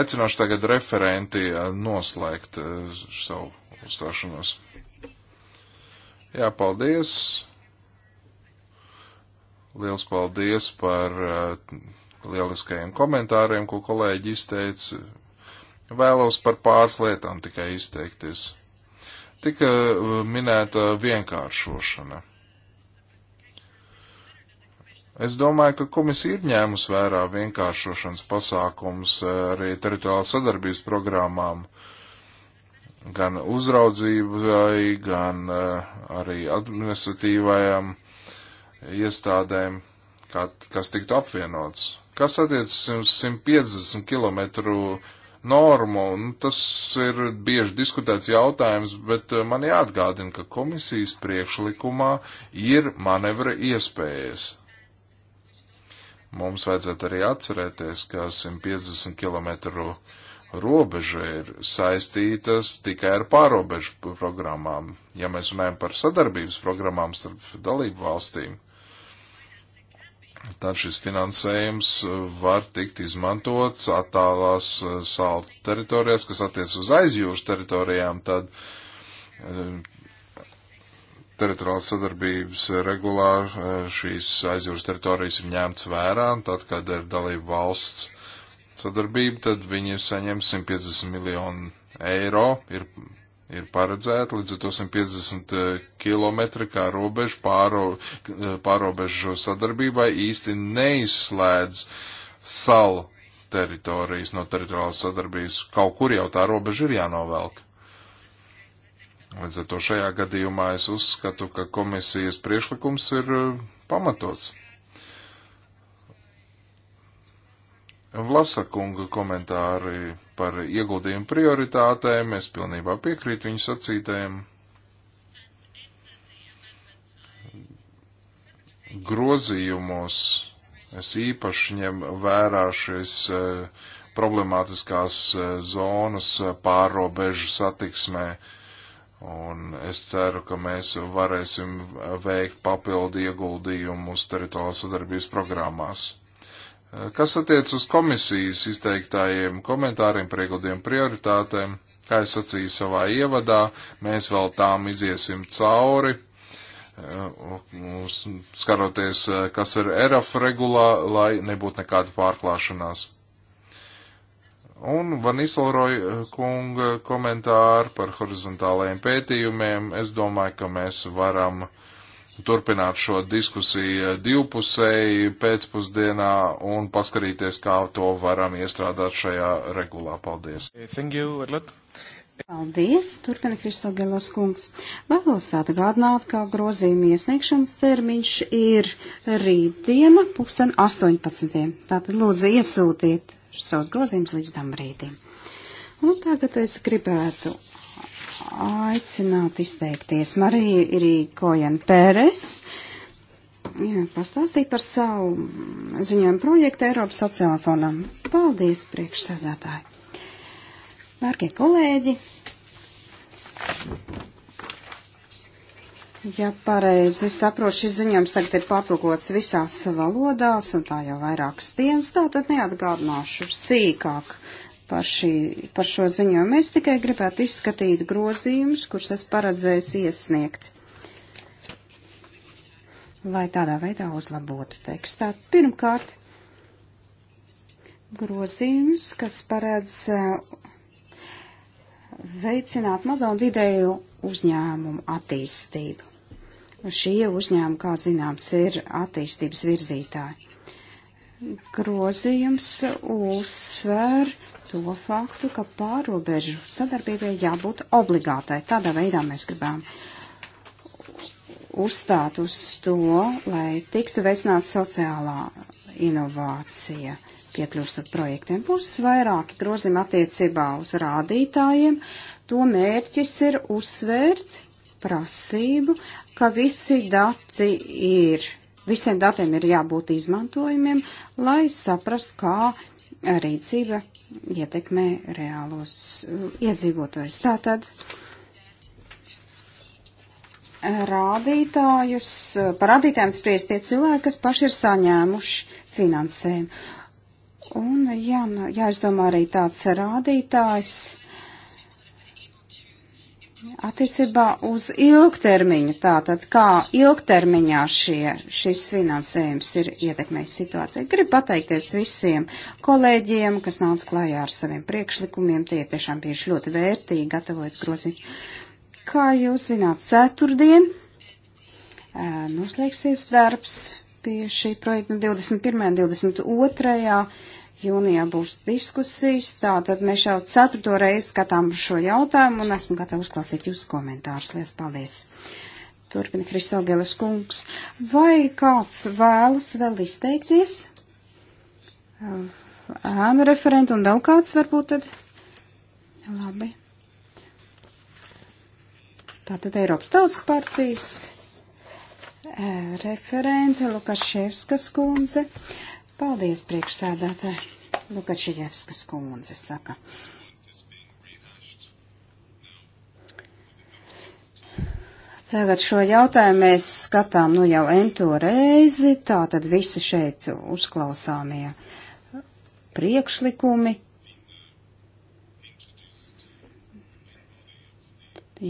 Aicināšu tagad referenti eh, noslēgt eh, savu uzstāšanos. Jā, paldies! Liels paldies par uh, lieliskajiem komentāriem, ko kolēģi izteica. Vēlos par pāris lietām tikai izteikties. Tika uh, minēta vienkāršošana. Es domāju, ka komisija ir ņēmusi vērā vienkāršošanas pasākums uh, arī teritoriālās sadarbības programmām, gan uzraudzībai, gan uh, arī administratīvajām iestādēm, kā, kas tiktu apvienots. Kas attiecas uz 150 km normu, nu, tas ir bieži diskutēts jautājums, bet eh, man jāatgādina, ka komisijas priekšlikumā ir manevra iespējas mums vajadzētu arī atcerēties, ka 150 km robeža ir saistītas tikai ar pārobežu programmām, ja mēs runājam par sadarbības programmām starp dalību valstīm. Tad šis finansējums uh, var tikt izmantots attālās uh, saltu teritorijās, kas attiec uz aizjūras teritorijām, tad uh, teritoriālās sadarbības regulā šīs aizjūras teritorijas ir ņemts vērā, un tad, kad ir dalība valsts sadarbība, tad viņi saņem 150 miljonu eiro, ir ir paredzēta, līdz ar to 150 eh, km kā robeža pāro, eh, pārobežu sadarbībai īsti neizslēdz salu teritorijas no teritoriālas sadarbības. Kaut kur jau tā robeža ir jānovelk. Līdz ar to šajā gadījumā es uzskatu, ka komisijas priešlikums ir eh, pamatots. Vlasa kunga komentāri par ieguldījumu prioritātēm, es pilnībā piekrītu viņu sacītēm. Grozījumos es īpaši ņem vērā šīs eh, problemātiskās eh, zonas pārobežu satiksmē, un es ceru, ka mēs varēsim veikt papildu ieguldījumus teritoriālās sadarbības programmās. Kas attiec uz komisijas izteiktājiem komentāriem par ieguldījumu prioritātēm, kā es sacīju savā ievadā, mēs vēl tām iziesim cauri, skaroties, kas ir ERAF regulā, lai nebūtu nekāda pārklāšanās. Un Van Isloroja eh, kunga komentāri par horizontālajiem pētījumiem, es domāju, ka mēs varam uh, turpināt šo diskusiju divpusēji pēcpusdienā un paskarīties, kā to varam iestrādāt šajā regulā. Paldies! Thank you, Arlet. Paldies, turpina Kristogelos kungs. Vēlos atgādināt, ka grozījuma iesniegšanas termiņš ir rītdiena pulksten 18. Tātad lūdzu iesūtiet savus grozījumus līdz tam rītdien. Un tagad es gribētu aicināt izteikties Mariju Irīkojan Pēres, jā, pastāstīt par savu ziņojumu projektu Eiropas sociālā fondam. Paldies, priekšsēdētāji! Dārgie kolēģi! Ja pareizi saprotu, šis ziņojums tagad ir paplūkots visās valodās, un tā jau vairākas dienas, tā tad neatgādināšu sīkāk par, šī, par šo ziņojumu. Es tikai gribētu izskatīt grozījumus, kurus es paredzēju iesniegt, lai tādā veidā uzlabotu tekstu. Pirmkārt, grozījums, kas paredz eh, veicināt mazo un vidēju uzņēmumu attīstību. Šie uzņēmumi, kā zināms, ir attīstības virzītāji. Grozījums uzsver to faktu, ka pārobežu sadarbībai jābūt obligātai. Tādā veidā mēs gribam uzstāt uz to, lai tiktu veicināta sociālā inovācija. Piekļūstot projektiem būs vairāki grozījumi attiecībā uz rādītājiem. To mērķis ir uzsvērt prasību, ka visi dati ir, visiem datiem ir jābūt izmantojumiem, lai saprast, kā rīcība ietekmē reālos uh, iedzīvotājus. Tātad rādītājus, uh, par rādītājiem spriest tie cilvēki, kas paši ir saņēmuši finansējumu. Un jā, nu, jāizdomā arī tāds rādītājs, Attiecībā uz ilgtermiņu, tātad kā ilgtermiņā šie, šis finansējums ir ietekmējis situāciju. Gribu pateikties visiem kolēģiem, kas nāca klājā ar saviem priekšlikumiem, tie tiešām bijuši ļoti vērtīgi, gatavojot groziņu. Kā jūs zināt, ceturtdien noslēgsies darbs pie šī projekta 21. un 22 Jūnijā būs diskusijas, tātad mēs jau ceturto reizi skatām šo jautājumu un esmu gatava uzklausīt jūsu komentārus. Lies paldies! Turpina Kristogēlis kungs. Vai kāds vēlas vēl izteikties? Ēnu referentu un vēl kāds varbūt tad? Labi. Tātad Eiropas Tautas partijas referente Lukaševskas kundze. Uh, Paldies, priekšsēdētāji. Lukačijevskas kundze saka. Tagad šo jautājumu mēs skatām nu jau ento reizi, tā tad visi šeit uzklausāmie priekšlikumi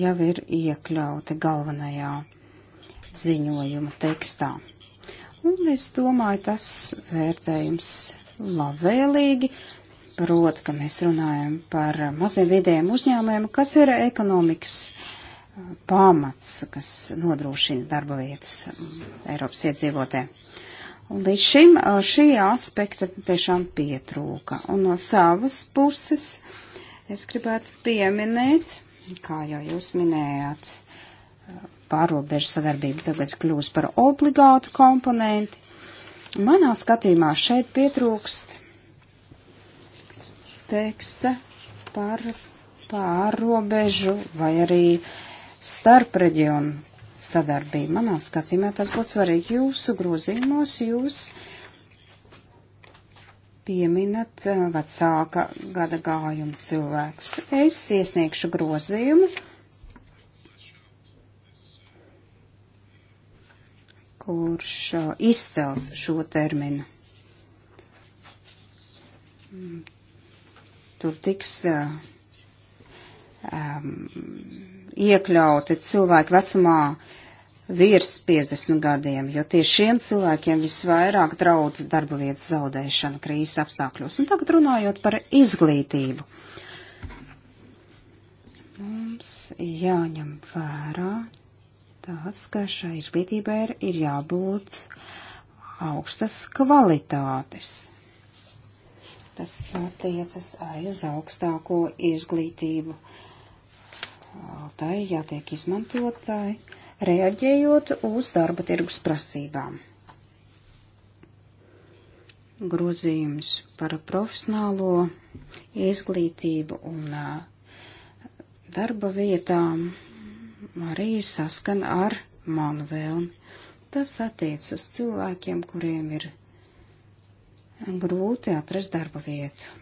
jau ir iekļauti galvenajā ziņojuma tekstā. Un es domāju, tas vērtējums labvēlīgi, proti, ka mēs runājam par maziem vidējiem uzņēmumiem, kas ir ekonomikas uh, pamats, kas nodrošina darba vietas mm, Eiropas iedzīvotē. Un līdz šim uh, šī aspekta tiešām pietrūka. Un no savas puses es gribētu pieminēt, kā jau jūs minējāt, pārobežu sadarbība tagad kļūs par obligātu komponenti. Manā skatījumā šeit pietrūkst teksta par pārobežu vai arī starp reģionu sadarbību. Manā skatījumā tas būtu svarīgi. Jūsu grozījumos jūs pieminat eh, vecāka gada gājuma cilvēkus. Es iesniegšu grozījumu kurš izcels šo terminu. Tur tiks um, iekļauti cilvēki vecumā virs 50 gadiem, jo tieši šiem cilvēkiem visvairāk draud darba vietas zaudēšana krīzes apstākļos. Un tagad runājot par izglītību. Mums jāņem vērā tas, ka šai izglītībai ir, ir jābūt augstas kvalitātes. Tas attiecas arī uz augstāko izglītību. Tai jātiek izmantotāji, reaģējot uz darba tirgus prasībām. Grozījums par profesionālo izglītību un darba vietām arī saskan ar manu vēlmi. Tas attiec uz cilvēkiem, kuriem ir grūti atrast darba vietu.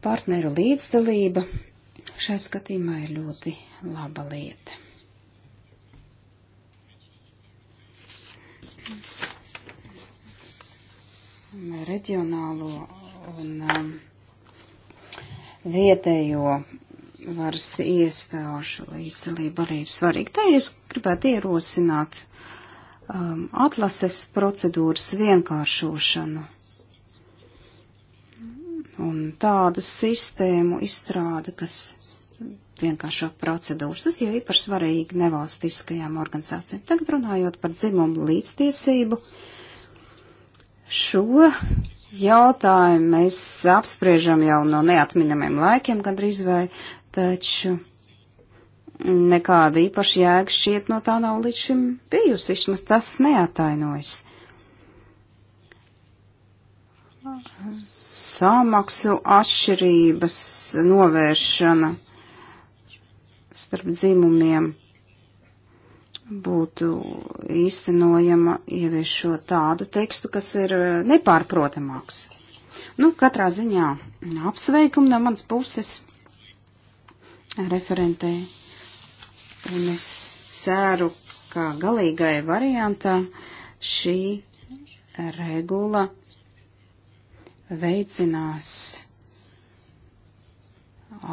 Partneru līdzdalība šai skatījumā ir ļoti laba lieta. Reģionālo un um, vietējo varas iestāžu līdzdalība arī ir svarīga. Tā es gribētu ierosināt um, atlases procedūras vienkāršošanu un tādu sistēmu izstrādi, kas vienkāršo procedūras. Tas jau īpaši svarīgi nevalstiskajām organizācijām. Tagad runājot par dzimumu līdztiesību, šo jautājumu mēs apspriežam jau no neatminamiem laikiem, gandrīz vai taču nekāda īpaša jēga šķiet no tā nav līdz šim bijusi, vismaz tas neatainojas. Sāmaksu atšķirības novēršana starp dzimumiem būtu īstenojama ieviešot tādu tekstu, kas ir eh, nepārprotamāks. Nu, katrā ziņā apsveikumu no manas puses referentē. Un es ceru, ka galīgai variantā šī regula veicinās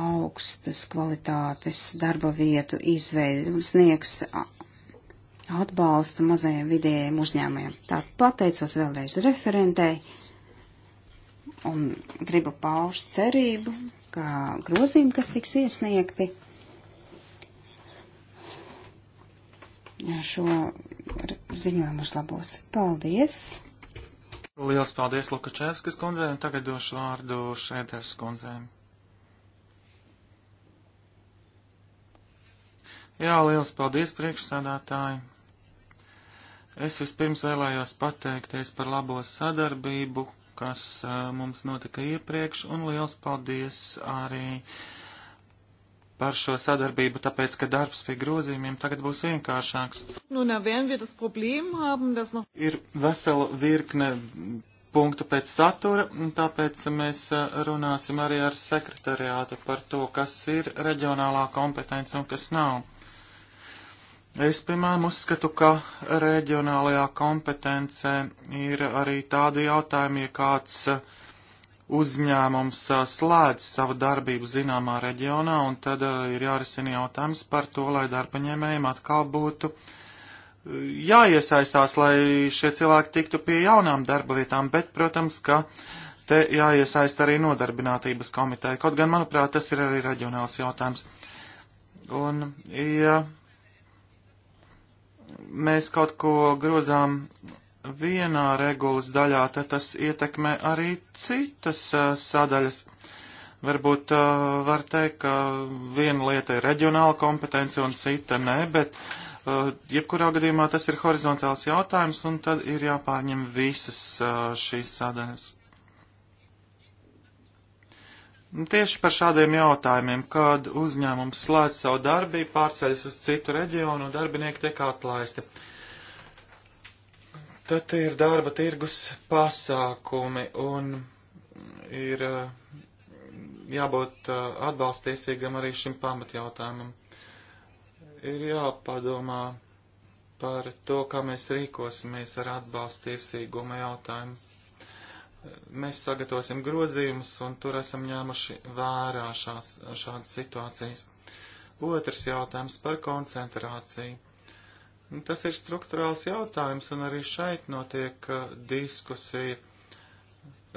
augstas kvalitātes darba vietu izveidi un sniegs atbalstu mazajiem vidējiem uzņēmējiem. Tātad pateicos vēlreiz referentei un gribu paust cerību, kā grozījumi, kas tiks iesniegti. Šo ziņojumu uzlabos. Paldies! Lielas paldies Lukačevskas kundzei, un tagad došu vārdu Šēters kundzei. Jā, liels paldies priekšsādātāji! Es vispirms vēlējos pateikties par labo sadarbību, kas mums notika iepriekš, un liels paldies arī par šo sadarbību, tāpēc, ka darbs pie grozījumiem tagad būs vienkāršāks. Nu, nevien, wir das Problem haben, das noch... Nu- ir vesela virkne punktu pēc satura, un tāpēc mēs runāsim arī ar sekretariātu par to, kas ir reģionālā kompetence un kas nav. Es, piemēram, uzskatu, ka reģionālajā kompetencē ir arī tādi jautājumi, ja kāds eh, uzņēmums eh, slēdz savu darbību zināmā reģionā, un tad eh, ir jārisina jautājums par to, lai darbaņēmējiem atkal būtu jāiesaistās, lai šie cilvēki tiktu pie jaunām darba vietām, bet, protams, ka te jāiesaist arī nodarbinātības komiteja. Kaut gan, manuprāt, tas ir arī reģionāls jautājums. Un, ja mēs kaut ko grozām vienā regulas daļā, tad tas ietekmē arī citas uh, sadaļas. Varbūt uh, var teikt, ka viena lieta ir reģionāla kompetence un cita nē, bet uh, jebkurā gadījumā tas ir horizontāls jautājums un tad ir jāpārņem visas šīs sadaļas. Tieši par šādiem jautājumiem, kad uzņēmums slēdz savu darbību, pārceļas uz citu reģionu un darbinieki tiek atlaisti. Tad ir darba tirgus pasākumi un ir eh, jābūt eh, atbalstīsīgam arī šim pamatjautājumam. Ir jāpadomā par to, kā mēs rīkosimies ar atbalstīsīgumu jautājumu mēs sagatavosim grozījumus un tur esam ņēmuši vērā šās, šādas situācijas. Otrs jautājums par koncentrāciju. Nu, tas ir struktūrāls jautājums, un arī šeit notiek uh, diskusija.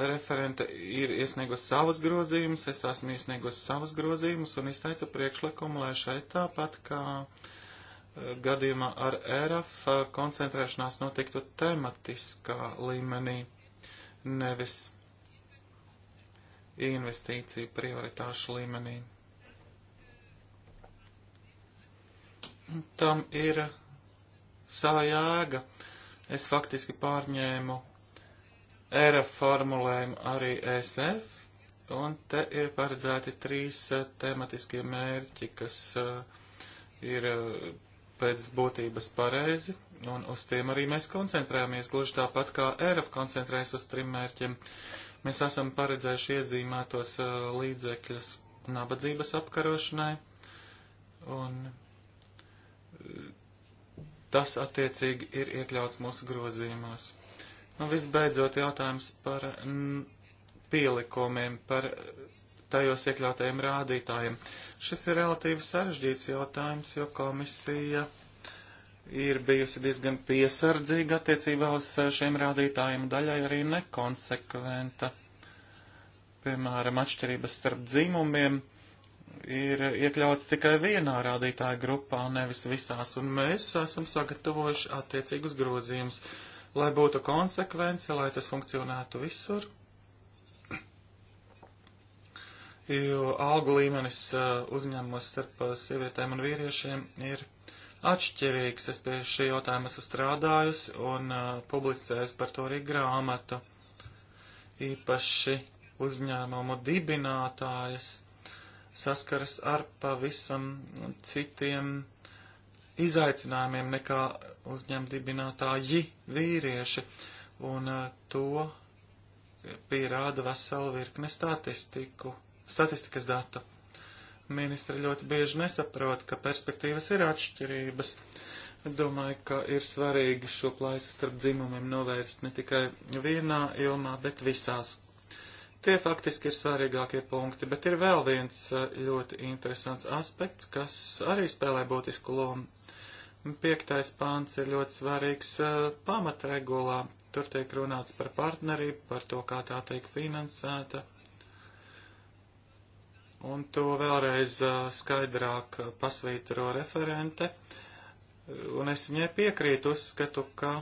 Referente ir iesniegusi savas grozījumus, es esmu iesniegusi savas grozījumus un izteicu priekšlikumu, lai šeit tāpat kā uh, gadījumā ar ERAF uh, koncentrēšanās notiktu tematiskā līmenī nevis investīciju prioritāšu līmenī. Tam ir savā jēga. Es faktiski pārņēmu ERA formulējumu arī e SF, un te ir paredzēti trīs eh, tematiskie mērķi, kas uh, ir eh, pēc būtības pareizi un uz tiem arī mēs koncentrējamies, gluži tāpat kā ERF koncentrējas uz trim mērķiem. Mēs esam paredzējuši iezīmētos uh, līdzekļus nabadzības apkarošanai, un uh, tas attiecīgi ir iekļauts mūsu grozījumos. Nu, visbeidzot, jautājums par m, mm, pielikumiem, par tajos iekļautajiem rādītājiem. Šis ir relatīvi sarežģīts jautājums, jo komisija uh, ir bijusi diezgan piesardzīga attiecībā uz eh, šiem rādītājiem, daļai arī nekonsekventa. Piemēram, atšķirības starp dzimumiem ir iekļauts tikai vienā rādītāja grupā, nevis visās, un mēs esam sagatavojuši attiecīgus grozījumus, lai būtu konsekvence, lai tas funkcionētu visur. Jo algu līmenis eh, uzņēmumos starp eh, sievietēm un vīriešiem ir atšķirīgs. Es pie šī jautājuma esmu strādājusi un uh, publicējusi par to arī grāmatu. Īpaši uzņēmumu dibinātājas saskaras ar pavisam citiem izaicinājumiem nekā uzņēmuma dibinātāji vīrieši. Un uh, to pierāda vesela virkne statistiku, statistikas datu. Ministri ļoti bieži nesaprot, ka perspektīvas ir atšķirības. Domāju, ka ir svarīgi šo plaisu starp dzimumiem novērst ne tikai vienā jomā, bet visās. Tie faktiski ir svarīgākie punkti, bet ir vēl viens eh, ļoti interesants aspekts, kas arī spēlē būtisku lomu. Piektais pāns ir ļoti svarīgs eh, pamatregulā. Tur tiek runāts par partnerību, par to, kā tā tiek finansēta, un to vēlreiz skaidrāk pasvītro referente, un es viņai piekrītu, uzskatu, ka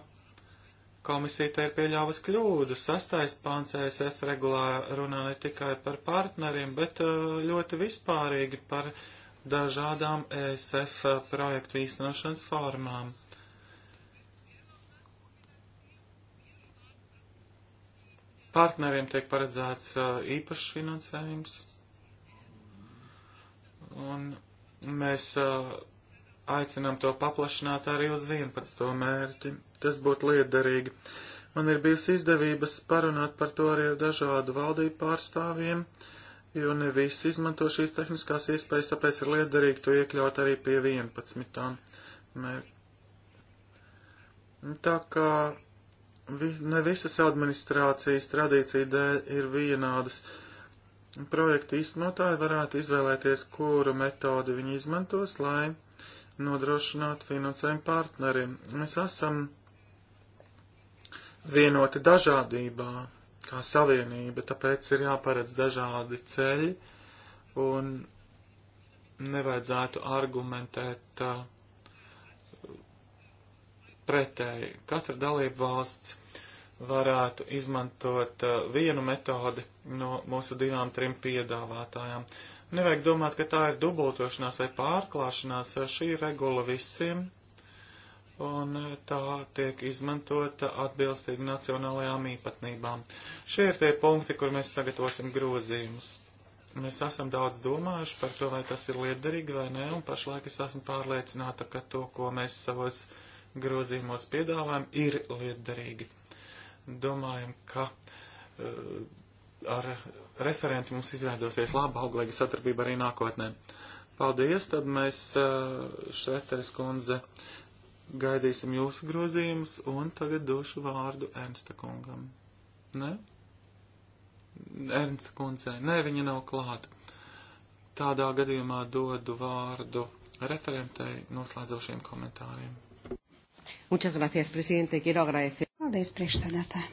komisija te ir pieļāvusi kļūdu. Sastais pāns ESF regulā runā ne tikai par partneriem, bet ļoti vispārīgi par dažādām ESF projektu īstenošanas formām. Partneriem tiek paredzēts īpašs finansējums Un mēs uh, aicinām to paplašināt arī uz 11. mērķi. Tas būtu liederīgi. Man ir bijusi izdevības parunāt par to arī ar dažādu valdību pārstāvjiem, jo ne visi izmanto šīs tehniskās iespējas, tāpēc ir liederīgi to iekļaut arī pie 11. mērķa. Tā kā vi, ne visas administrācijas tradīcija dēļ ir vienādas. Uh, projekta īstenotāji varētu izvēlēties, kuru metodi viņi izmantos, lai nodrošinātu finansējumu partneriem. Mēs esam vienoti dažādībā, kā savienība, tāpēc ir jāparedz dažādi ceļi un nevajadzētu argumentēt uh, pretēji. Katra dalība valsts varētu izmantot uh, vienu metodi no mūsu divām, trim piedāvātājām. Nevajag domāt, ka tā ir dubultošanās vai pārklāšanās, šī regula visiem, un uh, tā tiek izmantota atbilstīgi nacionālajām īpatnībām. Šie ir tie punkti, kur mēs sagatavosim grozījumus. Mēs esam daudz domājuši par to, vai tas ir liederīgi vai nē, un pašlaik es esmu pārliecināta, ka to, ko mēs savos grozījumos piedāvājam, ir liederīgi Domājam, ka uh, ar referenti mums izveidosies laba auglīga satarbība arī nākotnē. Paldies, tad mēs uh, eh, Šreteres kundze gaidīsim jūsu grozījumus un tagad došu vārdu Ernsta kungam. Ne? Ernsta kundzei. Nē, viņa nav klāta. Tādā gadījumā dodu vārdu referentei noslēdzošiem komentāriem. Muchas gracias, presidente. Quiero agradecer. Paldies, priekšsēdētāji!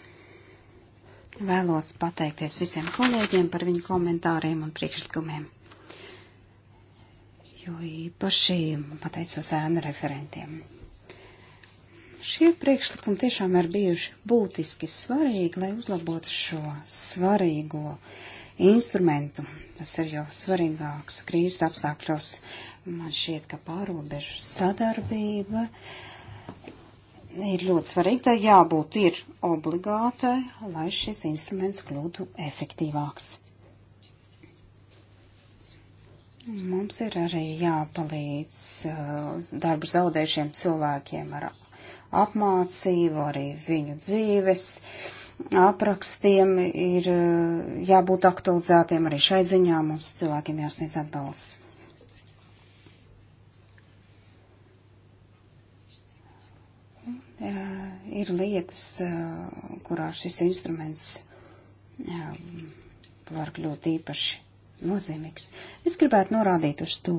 Vēlos pateikties visiem kolēģiem par viņu komentāriem un priekšlikumiem, jo īpaši pateicos ēna referentiem. Šie priekšlikumi tiešām ir bijuši būtiski svarīgi, lai uzlabotu šo svarīgo instrumentu. Tas ir jau svarīgāks krīzes apstākļos. Man šķiet, ka pārobežu sadarbība. Uh, ir ļoti svarīgi, tai jābūt ir obligātai, lai šis instruments kļūtu efektīvāks. Mums ir arī jāpalīdz uh, darbu zaudējušiem cilvēkiem ar apmācību, arī viņu dzīves aprakstiem ir uh, jābūt aktualizētiem. Arī šai ziņā mums cilvēkiem jāsniedz atbalsts. ir lietas, kurā šis instruments var kļūt īpaši nozīmīgs. Es gribētu norādīt uz to,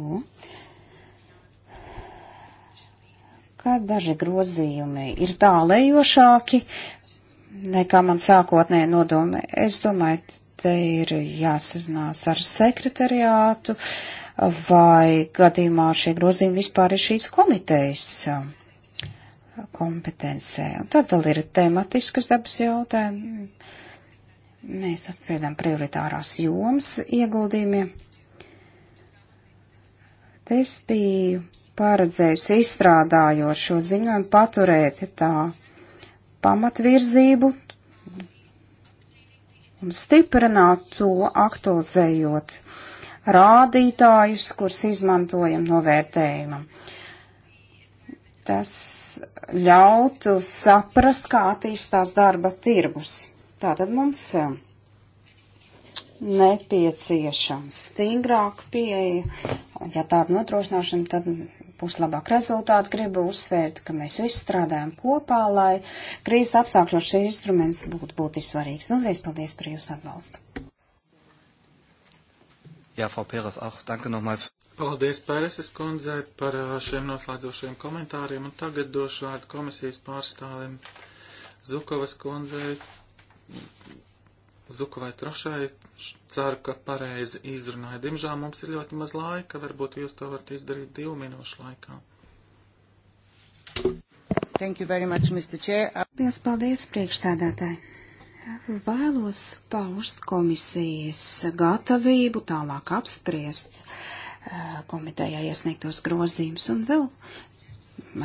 ka daži grozījumi ir tālējošāki nekā man sākotnēji nodomi. Es domāju, te ir jāsazinās ar sekretariātu, vai gadījumā šie grozījumi vispār ir šīs komitejas kompetencē. Un tad vēl ir tematiskas dabas jautājumi. Mēs apspriedām prioritārās jomas ieguldījumiem. Te es biju paredzējusi izstrādājot šo ziņojumu paturēt tā pamatvirzību un stiprināt to, aktualizējot rādītājus, kurus izmantojam novērtējumam. Tas ļautu saprast, kā attīstās darba tirgus. Tātad mums eh, nepieciešama stingrāka pieeja. Ja tāda nodrošināšana, tad būs labāk rezultāti. Gribu uzsvērt, ka mēs visi strādājam kopā, lai krīzes apstākļos šī instruments būtu būtiski svarīgs. Vēlreiz paldies par jūsu atbalstu. Jā, Frau Pēras, auch danke nochmal. Paldies Pēreses kundzei par šiem noslēdzošiem komentāriem, un tagad došu vārdu komisijas pārstāvim Zukovas kundzei. Zukovai Trošai, ceru, ka pareizi izrunāju. Diemžēl mums ir ļoti maz laika, varbūt jūs to varat izdarīt divu minūšu laikā. Thank you very much, Mr. Chair. Liels paldies, priekšstādātāji. Vēlos paust komisijas gatavību tālāk apspriest komitejā iesniegtos grozījumus. Un vēl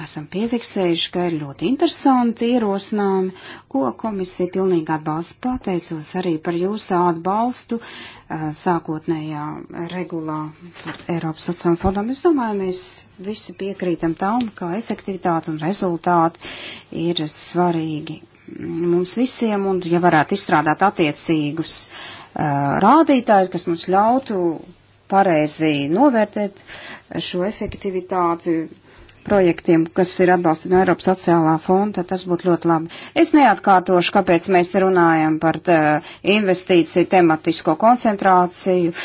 esam piefiksējuši, ka ir ļoti interesanti ierosinājumi, ko komisija pilnīgi atbalsta. Pateicos arī par jūsu atbalstu sākotnējā regulā par Eiropas sociālo fondam. Es domāju, mēs visi piekrītam tam, ka efektivitāte un rezultāti ir svarīgi mums visiem, un ja varētu izstrādāt attiecīgus uh, rādītājus, kas mums ļautu pareizi novērtēt šo efektivitāti projektiem, kas ir atbalstīti no Eiropas sociālā fonda, tas būtu ļoti labi. Es neatkārtošu, kāpēc mēs runājam par tā, investīciju tematisko koncentrāciju.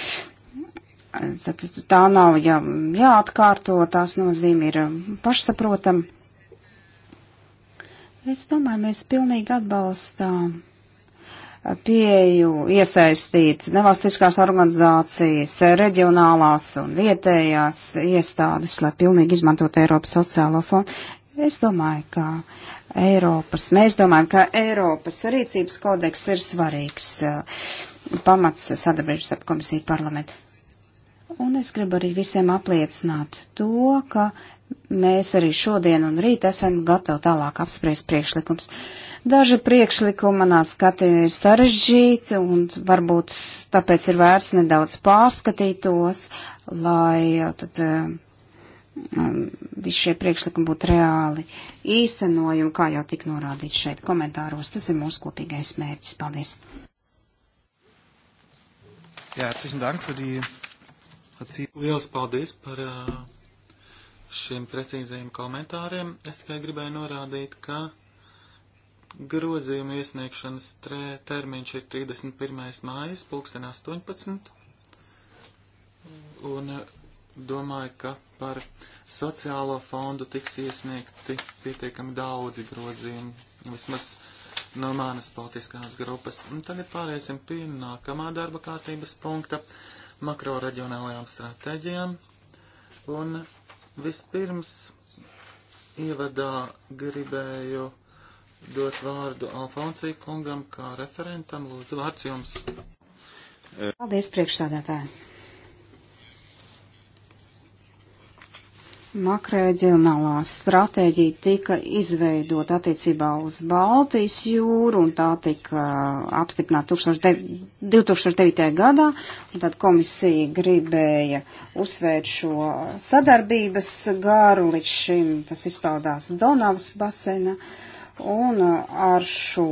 Tad tā nav jā, jāatkārto, tās nozīme ir pašsaprotam. Es domāju, mēs pilnīgi atbalstām pieju iesaistīt nevalstiskās organizācijas, reģionālās un vietējās iestādes, lai pilnīgi izmantot Eiropas sociālo fondu. Es domāju, ka Eiropas, mēs domājam, ka Eiropas rīcības kodeks ir svarīgs uh, pamats sadarbības ar komisiju parlamentu. Un es gribu arī visiem apliecināt to, ka mēs arī šodien un rīt esam gatavi tālāk apspriest priekšlikums. Daži priekšlikumi manā skatījumā ir sarežģīti un varbūt tāpēc ir vērts nedaudz pārskatīt tos, lai tad, um, visi šie priekšlikumi būtu reāli īstenojumi, kā jau tik norādīts šeit komentāros. Tas ir mūsu kopīgais mērķis. Paldies! Jā, Liels paldies par uh, šiem precīzajiem komentāriem. Es tikai gribēju norādīt, ka grozījuma iesniegšanas tre, termiņš ir 31. mājas, pulksten 18. Un eh, domāju, ka par sociālo fondu tiks iesniegti pietiekami daudzi grozījumi, vismaz no manas politiskās grupas. Un tagad pāriesim pie nākamā darba kārtības punkta - makroreģionālajām stratēģijām. Un Vispirms ievadā gribēju dot vārdu Alfonsī kungam kā referentam. Lūdzu, vārds jums. Paldies, priekšstādātāji. Makroreģionālā stratēģija tika izveidota attiecībā uz Baltijas jūru, un tā tika apstiprināta 2009. gadā, un tad komisija gribēja uzsvērt šo sadarbības garu, līdz šim tas izpaudās Donavas basēna. Uh, Un uh, ar šo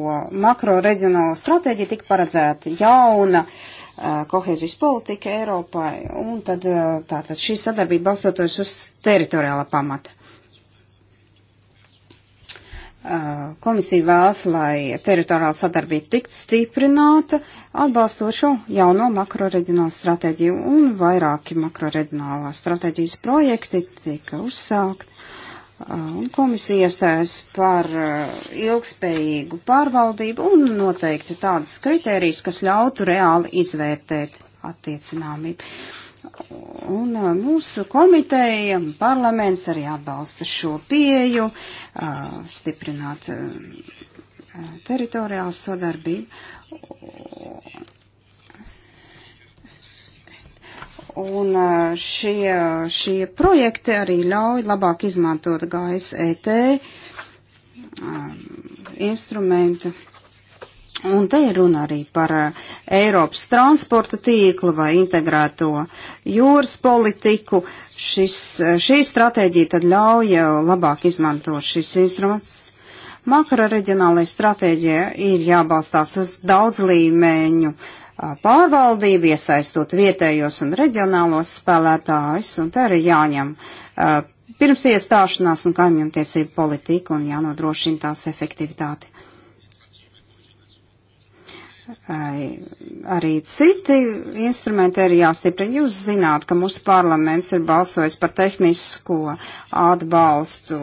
makro reģionālo stratēģiju tika paredzēta jauna uh, kohēzijas politika Eiropai, un tad uh, tātad šī sadarbība balstoties uz teritoriāla pamata. Uh, komisija vēlas, lai teritoriāla sadarbība tiktu stiprināta, atbalstot šo jauno makroreģionālu stratēģiju, un vairāki makroreģionālā stratēģijas projekti tika uzsākt Komisija iestājas par ilgspējīgu pārvaldību un noteikti tādas kritērijas, kas ļautu reāli izvērtēt attiecināmību. Un mūsu komiteja, parlaments arī atbalsta šo pieju, stiprināt teritoriālas sadarbību Un šie, šie projekti arī ļauj labāk izmantot GSET instrumentu. Un te ir runa arī par Eiropas transporta tīklu vai integrēto jūras politiku. Šis, šī stratēģija tad ļauj labāk izmantot šis instruments. Makara reģionālajai stratēģijai ir jābalstās uz daudz līmeņu uh, pārvaldību, iesaistot vietējos un reģionālos spēlētājus, un tā arī jāņem pirms iestāšanās un kaimiņtiesību politika un jānodrošina tās efektivitāti. Arī citi instrumenti ir jāstiprina. Jūs zināt, ka mūsu parlaments ir balsojis par tehnisko atbalstu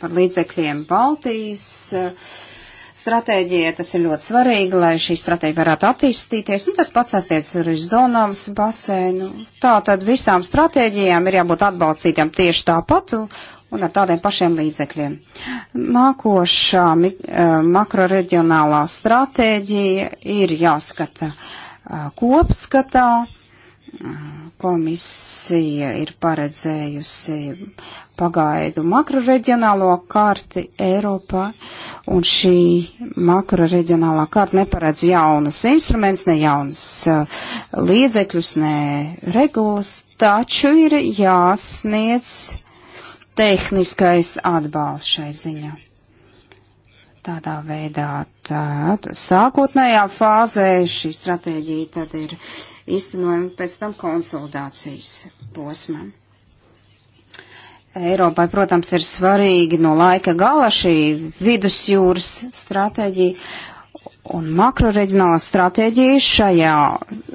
par līdzekļiem Baltijas stratēģijai. Tas ir ļoti svarīgi, lai šī stratēģija varētu attīstīties, un tas pats attiec arī uz Donavas basēnu. Tā tad visām stratēģijām ir jābūt atbalstītām tieši tāpat un ar tādiem pašiem līdzekļiem. Nākošā eh, makroreģionālā stratēģija ir jāskata eh, kopskatā Komisija ir paredzējusi pagaidu makroreģionālo karti Eiropā, un šī makroreģionālā karta neparedz jaunus instrumentus, ne jaunus uh, līdzekļus, ne regulas, taču ir jāsniedz tehniskais atbalsts šai ziņā. Tādā veidā tād, sākotnējā fāzē šī stratēģija tad ir īstenojam pēc tam konsultācijas posmam. Eiropai, protams, ir svarīgi no laika gala šī vidusjūras stratēģija un makroreģionāla stratēģija šajā eh,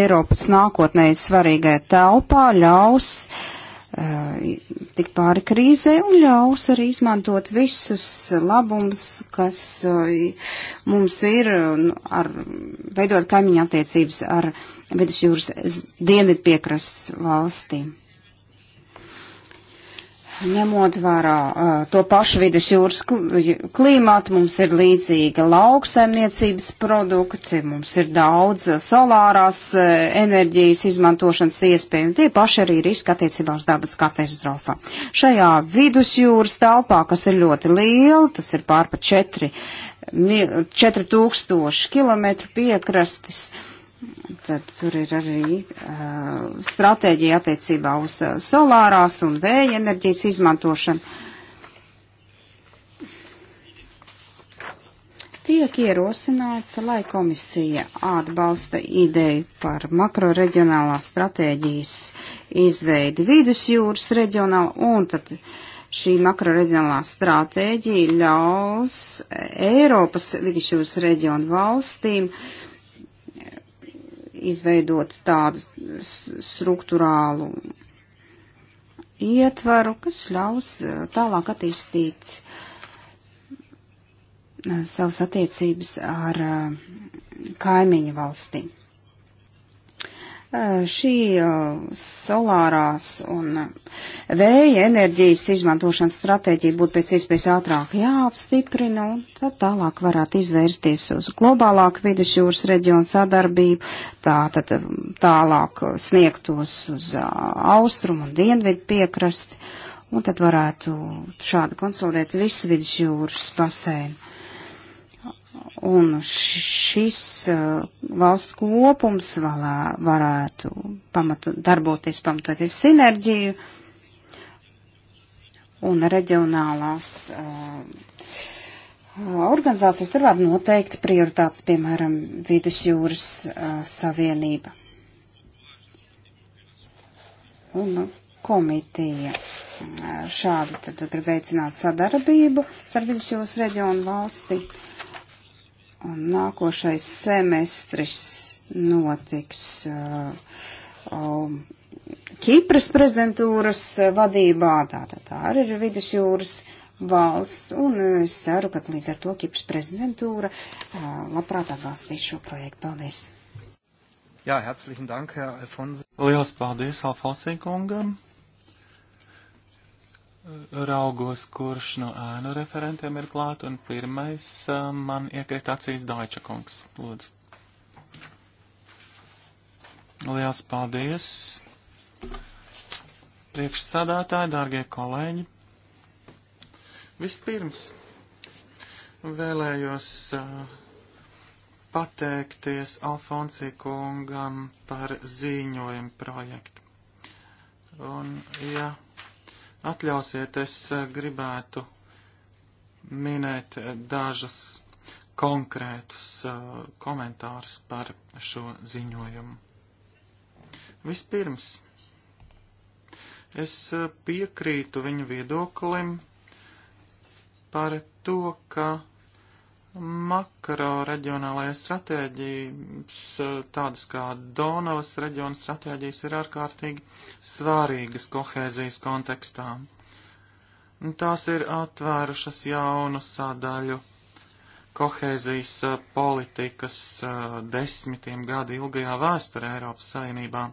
Eiropas nākotnē svarīgai telpā ļaus uh, tikt pāri krīzē un ļaus arī izmantot visus labums, kas uh, mums ir, ar, veidot kaimiņu attiecības ar vidusjūras dienvidu piekrasts valstīm. Ņemot vērā uh, to pašu vidusjūras klīmatu, mums ir līdzīga lauksaimniecības produkti, mums ir daudz solārās uh, enerģijas izmantošanas iespēju, un tie paši arī riski attiecībā uz dabas katastrofām. Šajā vidusjūras telpā, kas ir ļoti liela, tas ir pārpa 4, 4000 km piekrastes, uh, Tad tur ir arī uh, stratēģija attiecībā uz uh, solārās un vēja enerģijas izmantošanu. Tiek ierosināts, lai komisija atbalsta ideju par makroreģionālās stratēģijas izveidi vidusjūras reģionā, un tad šī makroreģionālā stratēģija ļaus Eiropas vidusjūras reģionu valstīm uh, izveidot tādu struktūrālu ietvaru, kas ļaus eh, tālāk attīstīt eh, savas attiecības ar eh, kaimiņu valstīm. Eh, šī eh, solārās un eh, vēja enerģijas izmantošanas stratēģija būtu pēc iespējas ātrāk jāapstiprina, un tad tālāk varētu izvērsties uz globālāku vidusjūras reģionu sadarbību, tā tad tālāk sniegtos uz austrumu un dienvidu piekrasti, un tad varētu šādi konsolidēt visu vidusjūras basēnu. Un šis uh, valstu kopums valā, varētu pamatu, darboties pamatoties sinerģiju un reģionālās uh, organizācijas tur var noteikt prioritātes, piemēram, vidusjūras uh, savienība un uh, komitija. Uh, šādi tad grib veicināt sadarbību starp vidusjūras reģionu valsti. Uh, Un nākošais semestris notiks uh, um, Kipras prezidentūras uh, vadībā, tātad tā arī ir vidusjūras valsts, un es ceru, ka līdz ar to Kipras prezidentūra uh, labprāt atbalstīs šo projektu. Paldies! Jā, herzlichen dank, Herr Alfonsi. Lielas paldies Alfonsī kungam! raugos, kurš no ēnu referentiem ir klāt, un pirmais man iekrīt acīs Daiča kungs. Lūdzu. Lielas paldies. Priekšsādātāji, dārgie kolēģi. Vispirms vēlējos uh, pateikties Alfonsī kungam par ziņojumu projektu. Un, ja Atļausiet, es eh, gribētu minēt eh, dažus konkrētus uh, eh, komentārus par šo ziņojumu. Vispirms, es piekrītu viņu viedoklim par to, ka makro reģionālajai stratēģijas, tādas kā Donavas reģiona stratēģijas, ir ārkārtīgi svārīgas kohēzijas kontekstā. Tās ir atvērušas jaunu sadaļu kohēzijas eh, politikas eh, desmitiem gadu ilgajā vēsturē Eiropas Savienībā.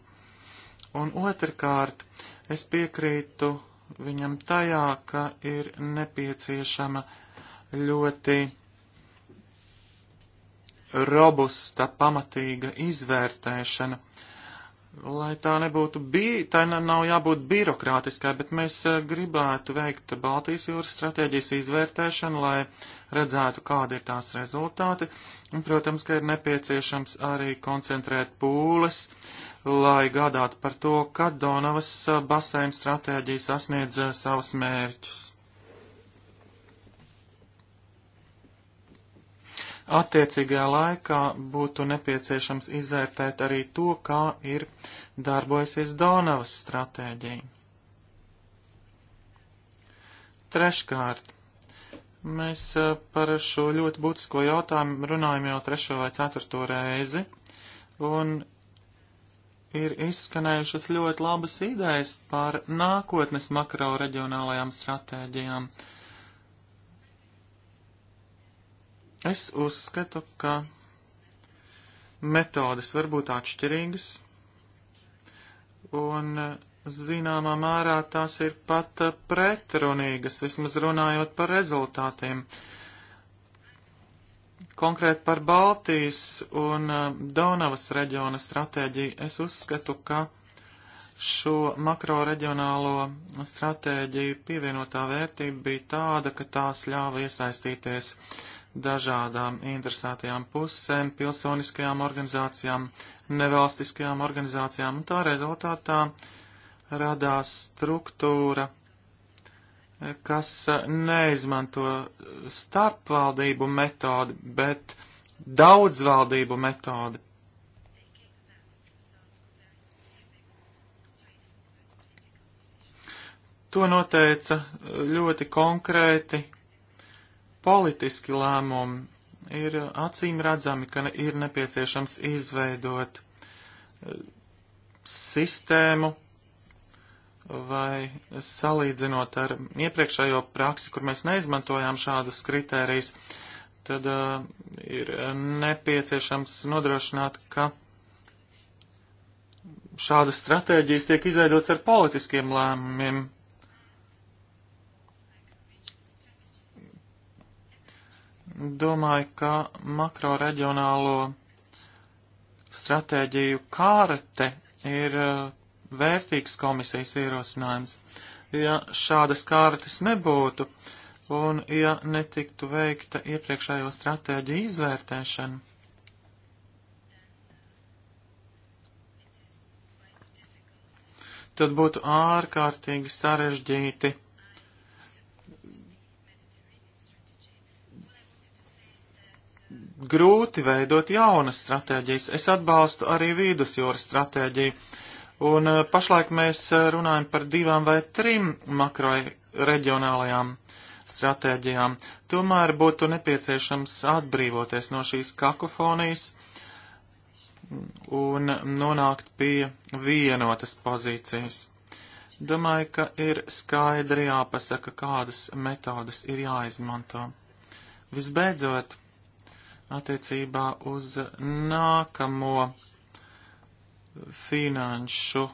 Un otrkārt, es piekrītu viņam tajā, ka ir nepieciešama ļoti robusta, pamatīga izvērtēšana. Lai tā nebūtu, bi tā nav jābūt birokrātiskai, bet mēs eh, gribētu veikt Baltijas jūras stratēģijas izvērtēšanu, lai redzētu, kādi ir tās rezultāti. Un, protams, ka ir nepieciešams arī koncentrēt pūles, lai gādātu par to, kad Donavas eh, baseina stratēģija sasniedz eh, savus mērķus. Attiecīgajā laikā būtu nepieciešams izvērtēt arī to, kā ir darbojusies Donavas stratēģija. Treškārt, mēs e, par šo ļoti būtisko jautājumu runājam jau trešo vai ceturto reizi, un ir izskanējušas ļoti labas idejas par nākotnes makro reģionālajām stratēģijām. Uh, Es uzskatu, ka metodes var būt atšķirīgas, un zināmā mērā tās ir pat pretrunīgas, vismaz runājot par rezultātiem. Konkrēt par Baltijas un Daunavas reģiona stratēģiju es uzskatu, ka šo makroreģionālo stratēģiju pievienotā vērtība bija tāda, ka tās ļāva iesaistīties dažādām interesētajām pusēm, pilsoniskajām organizācijām, nevalstiskajām organizācijām, un tā rezultātā radās struktūra, kas neizmanto starpvaldību metodi, bet daudzvaldību metodi. To noteica ļoti konkrēti politiski lēmumi, ir acīm redzami, ka ir nepieciešams izveidot e, sistēmu vai salīdzinot ar iepriekšējo praksi, kur mēs neizmantojām šādus kritērijus, tad uh, ir nepieciešams nodrošināt, ka šādas stratēģijas tiek izveidotas ar politiskiem lēmumiem. domāju, ka makro reģionālo stratēģiju kārte ir uh, vērtīgs komisijas ierosinājums. Ja šādas kārtas nebūtu, un ja netiktu veikta iepriekšējo stratēģiju izvērtēšana, tad būtu ārkārtīgi sarežģīti grūti veidot jaunas stratēģijas. Es atbalstu arī vīdusjūras stratēģiju. Un eh, pašlaik mēs eh, runājam par divām vai trim makroreģionālajām stratēģijām. Tomēr būtu nepieciešams atbrīvoties no šīs kakofonijas un nonākt pie vienotas pozīcijas. Domāju, ka ir skaidri jāpasaka, kādas metodas ir jāizmanto. Visbeidzot, attiecībā uz nākamo finanšu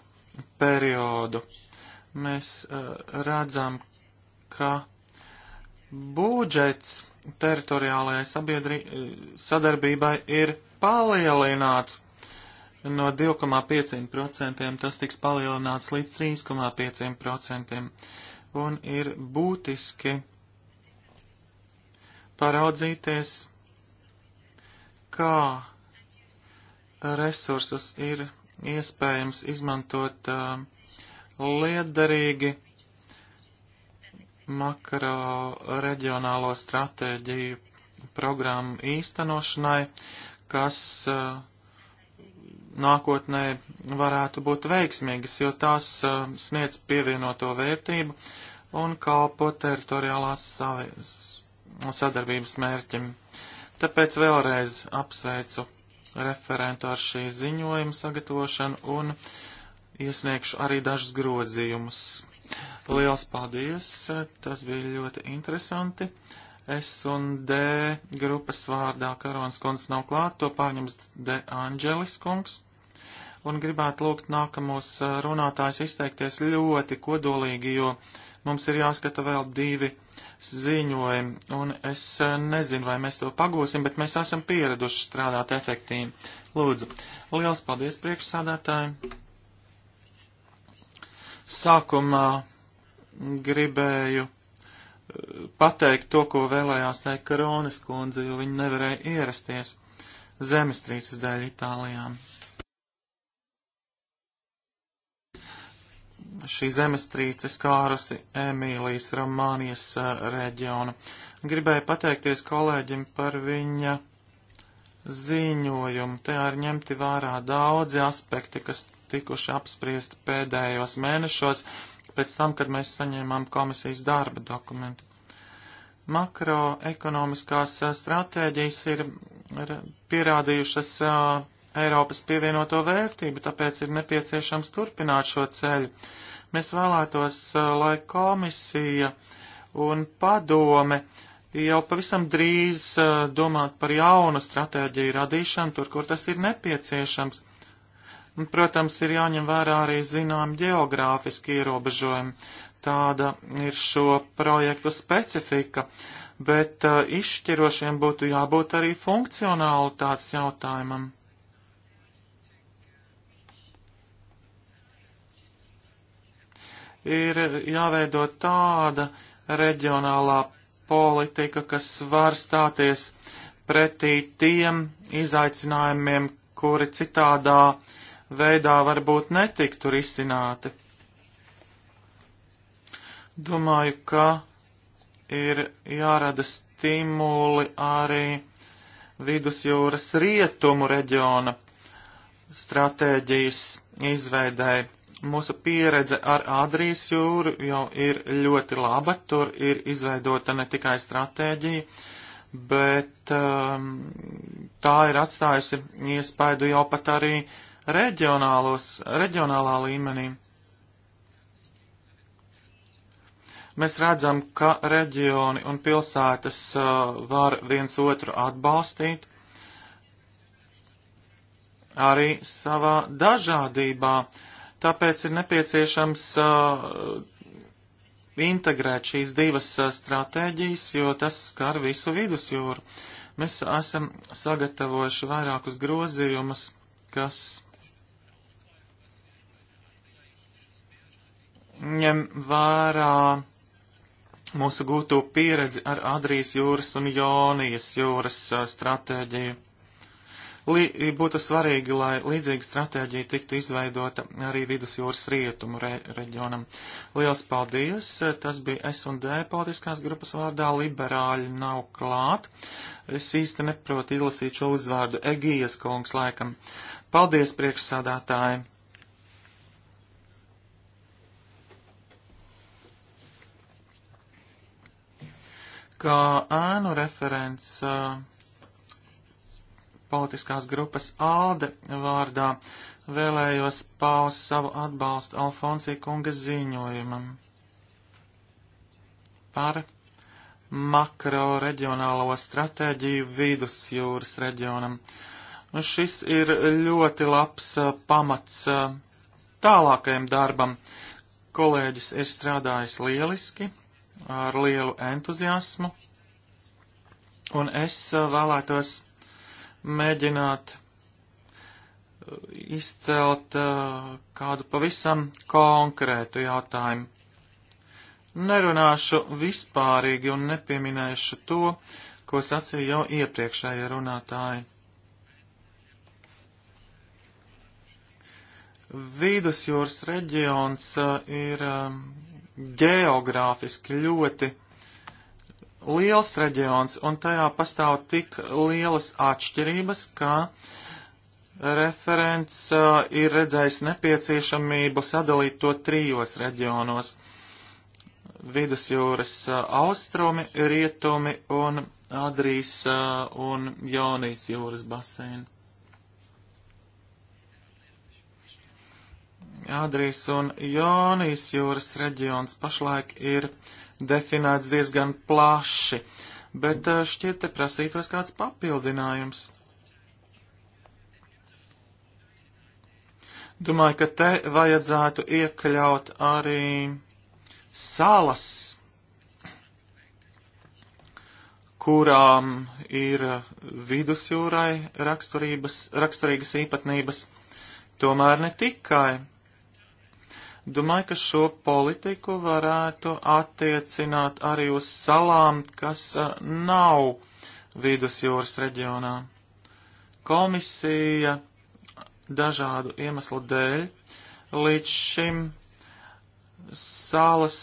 periodu. Mēs uh, redzam, ka budžets teritoriālajai sadarbībai ir palielināts no 2,5%, tas tiks palielināts līdz 3,5% un ir būtiski paraudzīties kā resursus ir iespējams izmantot uh, liederīgi makro reģionālo stratēģiju programmu īstenošanai, kas uh, nākotnē varētu būt veiksmīgas, jo tās uh, sniedz pievienoto vērtību un kalpo teritoriālās sadarbības mērķim. Tāpēc vēlreiz apsveicu referentu ar šī ziņojuma sagatavošanu un iesniegšu arī dažus grozījumus. Liels paldies! Tas bija ļoti interesanti. S un D grupas vārdā Karons kundze nav klāt, to pārņems De Anģelis kungs. Un gribētu lūgt nākamos runātājs izteikties ļoti kodolīgi, jo mums ir jāskata vēl divi ziņojumi, un es eh, nezinu, vai mēs to pagūsim, bet mēs esam pieraduši strādāt efektīvi. Lūdzu, liels paldies priekšsādātājiem. Sākumā gribēju eh, pateikt to, ko vēlējās teikt Karonas kundze, jo viņa nevarēja ierasties zemestrīces dēļ Itālijām. šī zemestrīce skārusi Emīlijas Romānijas reģionu. Gribēju pateikties kolēģim par viņa ziņojumu. Te ir ņemti vērā daudzi aspekti, kas tikuši apspriesti pēdējos mēnešos, pēc tam, kad mēs saņēmām komisijas darba dokumentu. Makroekonomiskās stratēģijas ir pierādījušas Eiropas pievienoto vērtību, tāpēc ir nepieciešams turpināt šo ceļu. Mēs vēlētos, uh, lai komisija un padome jau pavisam drīz uh, domāt par jaunu stratēģiju radīšanu, tur, kur tas ir nepieciešams. Un, protams, ir jāņem vērā arī zinām geogrāfiski ierobežojumi. Tāda ir šo projektu specifika, bet uh, izšķirošiem būtu jābūt arī funkcionālu tāds jautājumam. ir jāveido tāda reģionālā politika, kas var stāties pretī tiem izaicinājumiem, kuri citādā veidā varbūt netiktu risināti. Domāju, ka ir jārada stimuli arī vidusjūras rietumu reģiona stratēģijas izveidēji Mūsu pieredze ar Adrijas jūru jau ir ļoti laba, tur ir izveidota ne tikai stratēģija, bet um, tā ir atstājusi iespaidu jau pat arī reģionālā līmenī. Mēs redzam, ka reģioni un pilsētas uh, var viens otru atbalstīt arī savā dažādībā. Uh, Tāpēc ir nepieciešams uh, integrēt šīs divas uh, stratēģijas, jo tas skar visu vidusjūru. Mēs esam sagatavojuši vairākus grozījumus, kas ņem vērā mūsu gūto pieredzi ar Adrijas jūras un Jonijas jūras uh, stratēģiju. Lī, būtu svarīgi, lai līdzīga stratēģija tiktu izveidota arī vidus jūras rietumu re, reģionam. Liels paldies! Tas bija S&D politiskās grupas vārdā. Liberāļi nav klāt. Es īsti neprotu izlasīt šo uzvārdu. Egijas kungs laikam. Paldies, priekšsādātāji! Kā ēnu referents. Uh, politiskās grupas ALDE vārdā vēlējos paust savu atbalstu Alfonsī kunga ziņojumam par makro reģionālo stratēģiju vidusjūras reģionam. Nu, šis ir ļoti labs pamats tālākajam darbam. Kolēģis ir strādājis lieliski, ar lielu entuziasmu, un es vēlētos mēģināt uh, izcelt uh, kādu pavisam konkrētu jautājumu. Nerunāšu vispārīgi un nepieminēšu to, ko sacīja jau iepriekšējie runātāji. Vīdusjūras reģions uh, ir uh, geogrāfiski ļoti liels reģions, un tajā pastāv tik lielas atšķirības, ka referents uh, ir redzējis nepieciešamību sadalīt to trijos reģionos - vidusjūras uh, austrumi, rietumi un Adrijas uh, un Jaunijas jūras basēni. Adrijas un Jaunijas jūras reģions pašlaik ir uh, definēts diezgan plaši, bet eh, šķiet te prasītos kāds papildinājums. Domāju, ka te vajadzētu iekļaut arī salas, kurām ir vidusjūrai raksturīgas īpatnības, tomēr ne tikai. Domāju, ka šo politiku varētu attiecināt arī uz salām, kas nav vidusjūras reģionā. Komisija dažādu iemeslu dēļ līdz šim salas,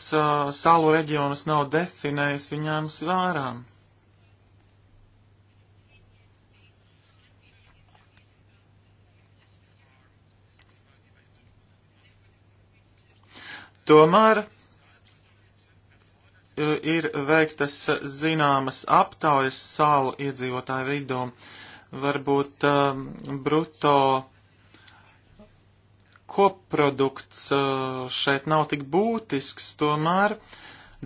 salu reģionus nav definējis viņām svārām. Tomēr e, ir veiktas zināmas aptaujas salu iedzīvotāju vidū. Varbūt um, bruto koprodukts uh, šeit nav tik būtisks, tomēr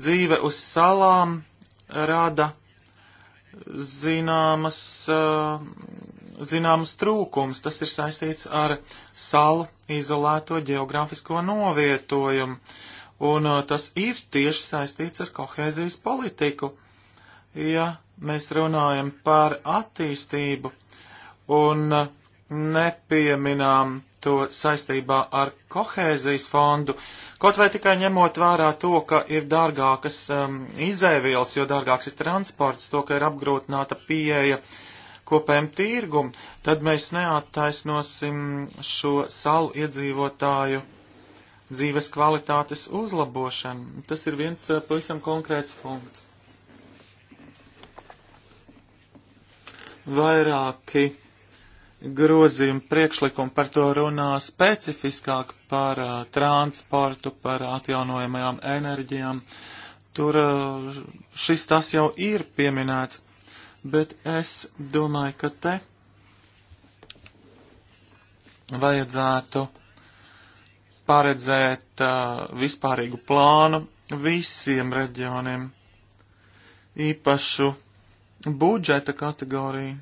dzīve uz salām rada zināmas uh, zināms trūkums. Tas ir saistīts ar salu izolēto geogrāfisko novietojumu, un uh, tas ir tieši saistīts ar kohēzijas politiku. Ja mēs runājam par attīstību un uh, nepieminām to saistībā ar kohēzijas fondu, kaut vai tikai ņemot vērā to, ka ir dārgākas um, izēvielas, jo dārgāks ir transports, to, ka ir apgrūtināta pieeja uh, kopējam tirgum, tad mēs neattaisnosim šo salu iedzīvotāju dzīves kvalitātes uzlabošanu. Tas ir viens eh, pavisam konkrēts punkts. Vairāki grozījumi priekšlikumi par to runā specifiskāk par uh, transportu, par atjaunojamajām enerģijām. Tur uh, šis tas jau ir pieminēts bet es domāju, ka te vajadzētu paredzēt uh, vispārīgu plānu visiem reģioniem, īpašu budžeta kategoriju.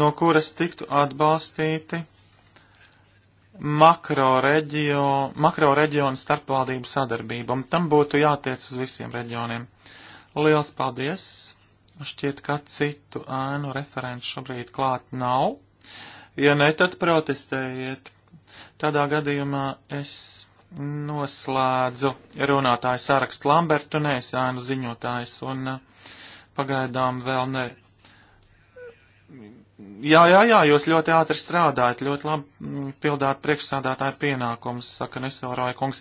no kuras tiktu atbalstīti makro reģionu, makro reģionu starpvaldību sadarbību, un tam būtu jātiec uz visiem reģioniem. Liels paldies! Šķiet, ka citu ēnu referentu šobrīd klāt nav. Ja ne, tad protestējiet. Tādā gadījumā es noslēdzu runātāju sarakstu Lambertu, nē, es ēnu ziņotājs, un uh, pagaidām vēl ne Jā, jā, jā, jūs ļoti ātri strādājat, ļoti labi mm, pildāt priekšsādātāju pienākumus, saka Nisilroja kungs.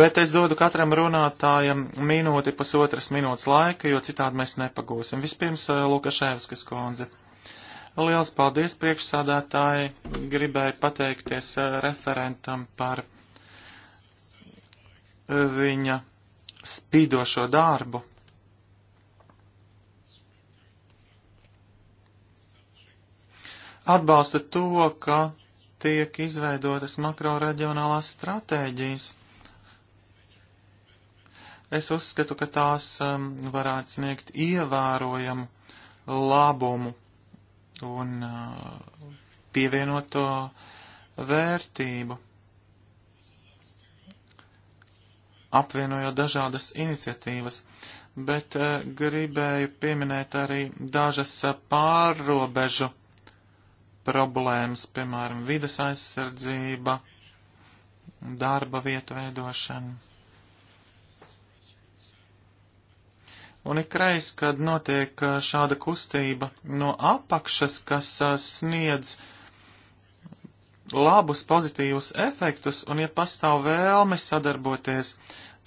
Bet es dodu katram runātājam minūti, pusotras minūtes laika, jo citādi mēs nepagūsim. Vispirms eh, Lukaševskas kundze. Liels paldies priekšsādātāji. Gribēju pateikties eh, referentam par eh, viņa spīdošo darbu. atbalsta to, ka tiek izveidotas makroreģionālās stratēģijas. Es uzskatu, ka tās um, varētu sniegt ievērojamu labumu un uh, pievienoto vērtību, apvienojot dažādas iniciatīvas bet uh, gribēju pieminēt arī dažas uh, pārrobežu problēmas, piemēram, vidas aizsardzība, darba vietu veidošana. Un ikreiz, kad notiek šāda kustība no apakšas, kas sniedz labus pozitīvus efektus, un ja pastāv vēlme sadarboties,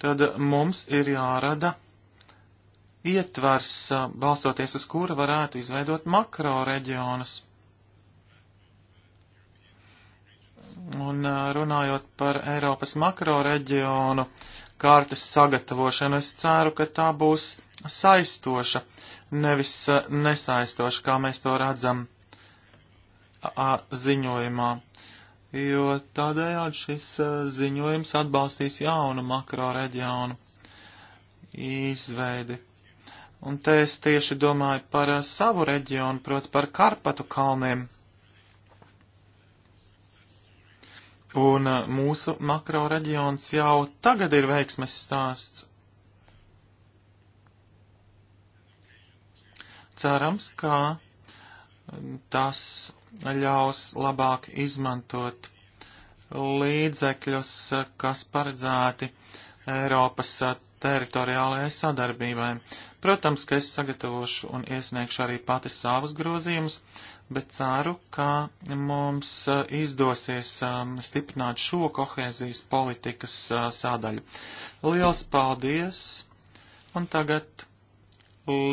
tad mums ir jārada ietvars, balstoties uz kura varētu izveidot makro reģionus. Un runājot par Eiropas makro reģionu kārtas sagatavošanu, es ceru, ka tā būs saistoša, nevis nesaistoša, kā mēs to redzam ziņojumā. Jo tādējādi šis ziņojums atbalstīs jaunu makro reģionu izveidi. Un te es tieši domāju par savu reģionu, proti par Karpatu kalniem Un uh, mūsu makro reģions jau tagad ir veiksmes stāsts. Cerams, ka tas ļaus labāk izmantot līdzekļus, kas paredzēti Eiropas teritoriālajai sadarbībai. Protams, ka es sagatavošu un iesniegšu arī pati savus grozījumus, bet ceru, ka mums eh, izdosies eh, stiprināt šo kohēzijas politikas eh, sādaļu. Liels paldies! Un tagad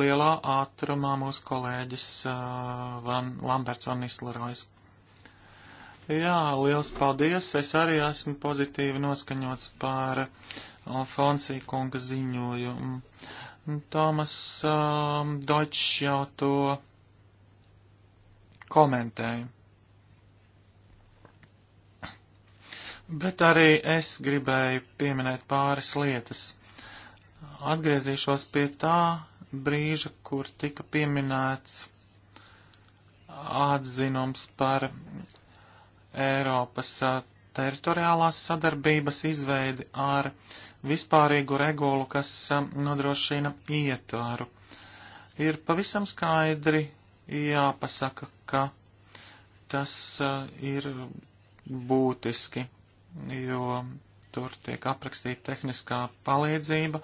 lielā ātrumā mūsu kolēģis Van Lamberts un Islerojas. Jā, liels paldies! Es arī esmu pozitīvi noskaņots par Alfonsī kunga ziņojumu. Tomas um, Deutsch jau to komentēju. Bet arī es gribēju pieminēt pāris lietas. Atgriezīšos pie tā brīža, kur tika pieminēts atzinums par Eiropas teritoriālās sadarbības izveidi ar vispārīgu regulu, kas nodrošina ietvaru. Ir pavisam skaidri jāpasaka, ka tas ir būtiski, jo tur tiek aprakstīta tehniskā palīdzība.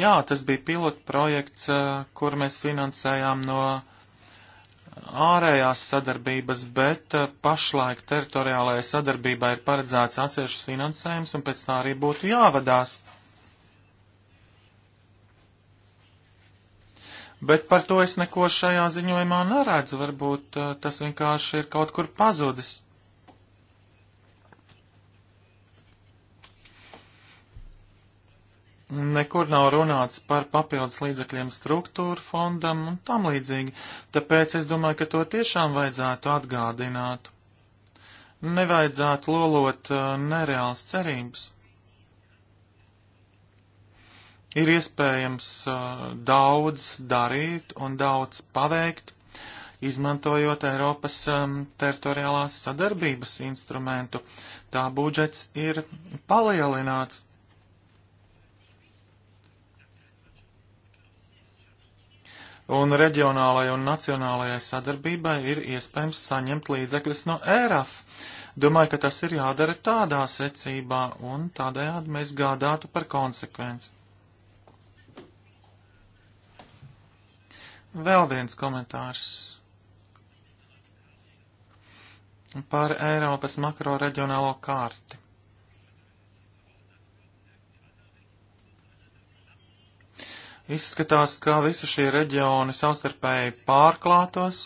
Jā, tas bija pilota projekts, kur mēs finansējām no ārējās sadarbības, bet pašlaik teritoriālajai sadarbībai ir paredzēts atsevišķs finansējums, un pēc tā arī būtu jāvadās. bet par to es neko šajā ziņojumā neredzu. Varbūt uh, tas vienkārši ir kaut kur pazudis. Nekur nav runāts par papildus līdzekļiem struktūra fondam un tam līdzīgi, tāpēc es domāju, ka to tiešām vajadzētu atgādināt. Nevajadzētu lolot uh, nereāls cerības ir iespējams uh, daudz darīt un daudz paveikt, izmantojot Eiropas um, teritoriālās sadarbības instrumentu. Tā budžets ir palielināts. Un reģionālajai un nacionālajai sadarbībai ir iespējams saņemt līdzekļus no ERAF. Domāju, ka tas ir jādara tādā secībā, un tādējādi mēs gādātu par konsekvenci. Vēl viens komentārs par Eiropas makro reģionālo kārti. Izskatās, ka visi šie reģioni savstarpēji pārklātos,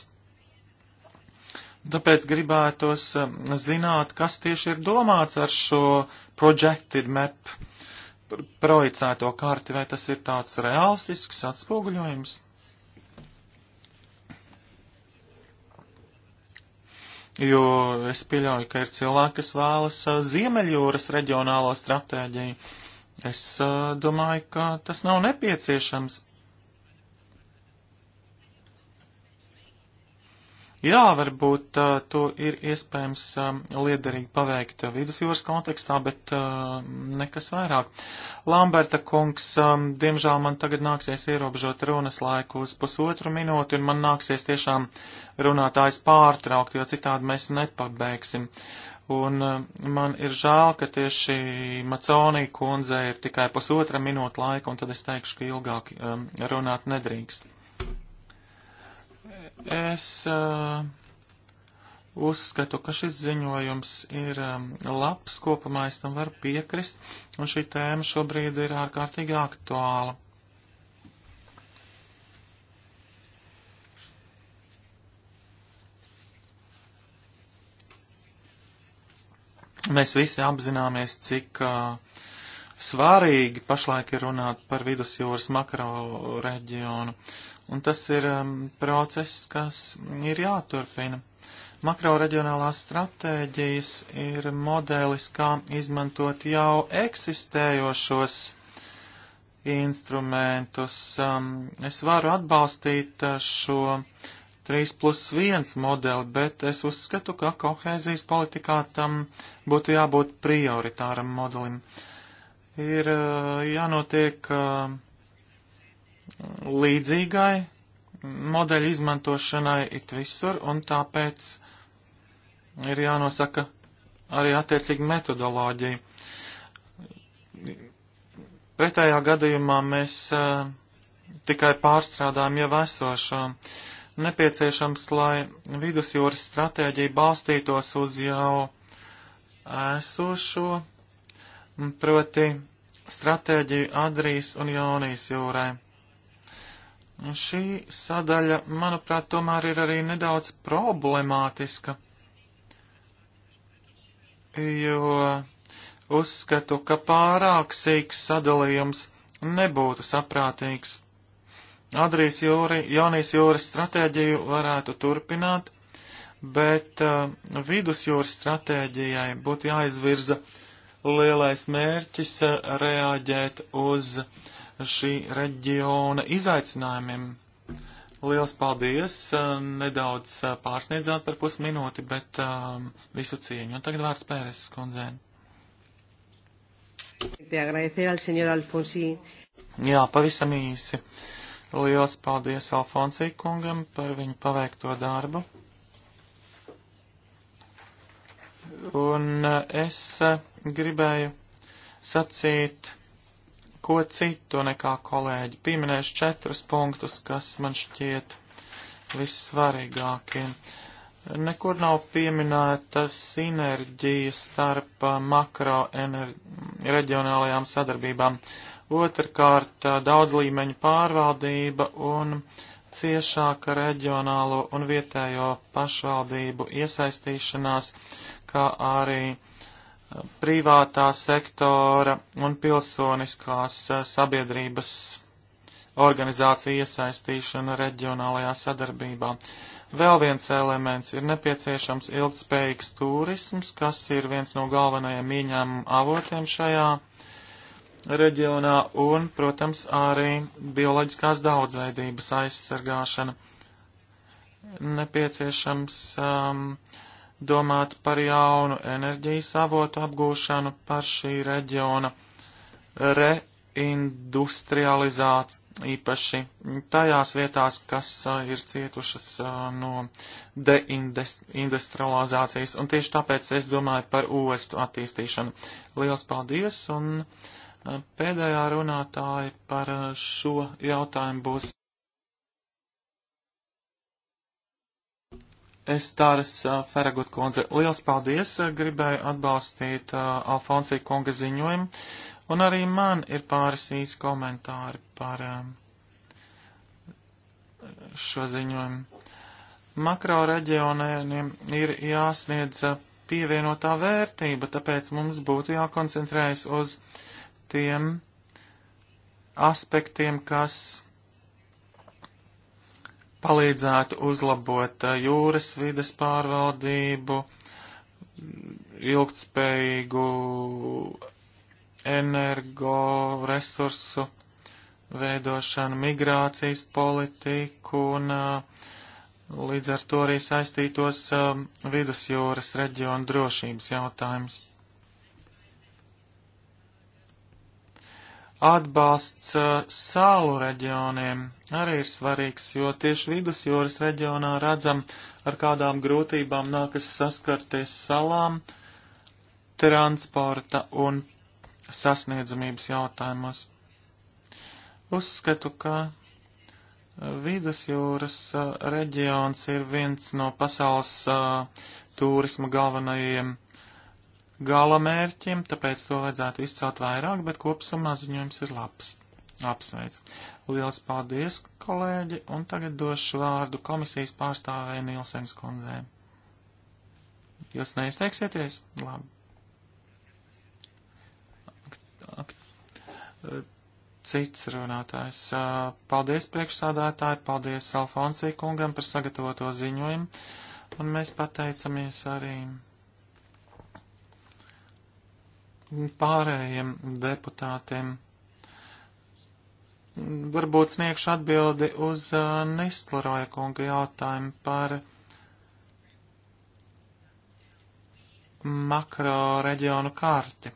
tāpēc gribētos um, zināt, kas tieši ir domāts ar šo projected map projicēto karti, vai tas ir tāds realistisks atspoguļojums? jo es pieļauju, ka ir cilvēki, kas vēlas Ziemeļjūras reģionālo stratēģiju. Es domāju, ka tas nav nepieciešams. Jā, varbūt uh, to ir iespējams um, liederīgi paveikt uh, vidusjūras kontekstā, bet uh, nekas vairāk. Lamberta kungs, um, diemžēl man tagad nāksies ierobežot runas laiku uz pusotru minūti, un man nāksies tiešām runātājs pārtraukt, jo citādi mēs nepabeigsim. Un uh, man ir žēl, ka tieši Maconī kundze ir tikai pusotra minūte laika, un tad es teikšu, ka ilgāk um, runāt nedrīkst. Es uh, uzskatu, ka šis ziņojums ir um, labs, kopumā es tam varu piekrist, un šī tēma šobrīd ir ārkārtīgi aktuāla. Mēs visi apzināmies, cik uh, svarīgi pašlaik ir runāt par vidusjūras makro reģionu. Uh, un tas ir um, process, kas ir jāturpina. Makroreģionālās stratēģijas ir modelis, kā izmantot jau eksistējošos instrumentus. Um, es varu atbalstīt uh, šo 3 plus 1 modeli, bet es uzskatu, ka kohēzijas politikā tam būtu jābūt prioritāram modelim. Ir uh, jānotiek uh, līdzīgai modeļu izmantošanai it visur, un tāpēc ir jānosaka arī attiecīgi metodoloģija. Pretējā gadījumā mēs uh, tikai pārstrādājam jau esošo. Nepieciešams, lai vidusjūras stratēģija balstītos uz jau esošo, proti stratēģiju Adrijas un Jaunijas jūrai. Šī sadaļa, manuprāt, tomēr ir arī nedaudz problemātiska, jo uzskatu, ka pārāk sīks sadalījums nebūtu saprātīgs. Adrijas jūri, jaunīs jūras stratēģiju varētu turpināt, bet uh, vidusjūras stratēģijai būtu jāizvirza lielais mērķis uh, reaģēt uz uh, šī reģiona izaicinājumiem. Liels paldies! Eh, nedaudz eh, pārsniedzāt par pusminūti, bet um, visu cieņu. Un tagad vārds Pēres skundzēm. Jā, pavisam īsi. Liels paldies Alfonsī kungam par viņu paveikto darbu. Un es gribēju sacīt, ko citu nekā kolēģi. Pieminēšu četrus punktus, kas man šķiet vissvarīgākie. Nekur nav pieminēta sinerģija starp makro reģionālajām sadarbībām. Otrkārt, daudz līmeņu pārvaldība un ciešāka reģionālo un vietējo pašvaldību iesaistīšanās, kā arī uh, privātā sektora un pilsoniskās eh, sabiedrības organizācija iesaistīšana reģionālajā sadarbībā. Vēl viens elements ir nepieciešams ilgtspējīgs turisms, kas ir viens no galvenajiem ieņēmumu avotiem šajā reģionā un, protams, arī bioloģiskās daudzveidības aizsargāšana. Nepieciešams um, uh, domāt par jaunu enerģijas avotu apgūšanu, par šī reģiona reindustrializāciju, īpaši tajās vietās, kas uh, ir cietušas uh, no deindustrializācijas. Un tieši tāpēc es domāju par ostu attīstīšanu. Liels paldies! Un uh, pēdējā runātāja par šo jautājumu būs. Estāras Feragut kundze. Liels paldies! Gribēju atbalstīt Alfonsija kunga ziņojumu. Un arī man ir pāris īsi komentāri par šo ziņojumu. Makro reģioniem ir jāsniedz pievienotā vērtība, tāpēc mums būtu jākoncentrējas uz tiem aspektiem, kas palīdzētu uzlabot eh, jūras vides pārvaldību, ilgtspējīgu energoresursu veidošanu, migrācijas politiku un eh, līdz ar to arī saistītos eh, vidusjūras reģionu drošības jautājums. Atbalsts uh, salu reģioniem arī ir svarīgs, jo tieši vidusjūras reģionā redzam, ar kādām grūtībām nākas saskarties salām transporta un sasniedzamības jautājumos. Uzskatu, ka Vidusjūras uh, reģions ir viens no pasaules uh, turisma galvenajiem gala mērķiem, tāpēc to vajadzētu izcelt vairāk, bet kopsumā ziņojums ir labs. Apsveic. Lielas paldies, kolēģi, un tagad došu vārdu komisijas pārstāvēja Nilsens kundzē. Jūs neizteiksieties? Labi. Cits runātājs. Paldies priekšsādātāji, paldies Alfonsī kungam par sagatavoto ziņojumu, un mēs pateicamies arī pārējiem deputātiem. Varbūt sniegšu atbildi uz uh, Nestlaroja kunga jautājumu par makro reģionu karti.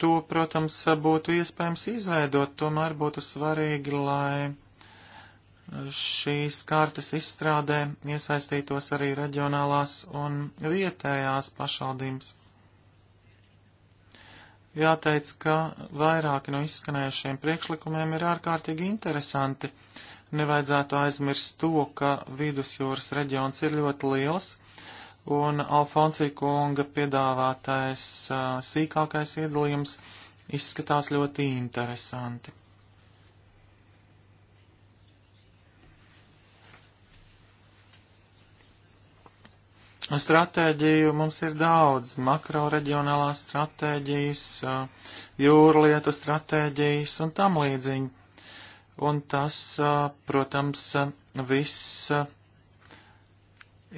To, protams, būtu iespējams izveidot, tomēr būtu svarīgi, lai šīs kartes izstrādē iesaistītos arī reģionālās un vietējās pašvaldības. Jāteic, ka vairāki no izskanējušiem priekšlikumiem ir ārkārtīgi interesanti. Nevajadzētu aizmirst to, ka vidusjūras reģions ir ļoti liels, un Alfonsija kunga piedāvātais sīkākais iedalījums izskatās ļoti interesanti. Stratēģiju mums ir daudz - makroreģionālās stratēģijas, jūrlietu stratēģijas un tam līdzīgi. Un tas, protams, viss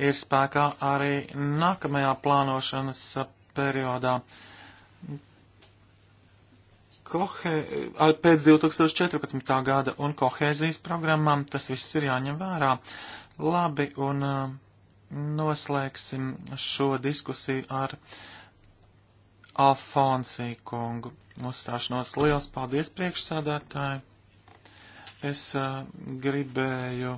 ir spēkā arī nākamajā plānošanas periodā. Kohe, pēc 2014. gada un kohēzijas programmām tas viss ir jāņem vērā. Labi, un uh, noslēgsim šo diskusiju ar Alfonsī kungu uzstāšanos. Liels paldies priekšsādātāji! Es uh, gribēju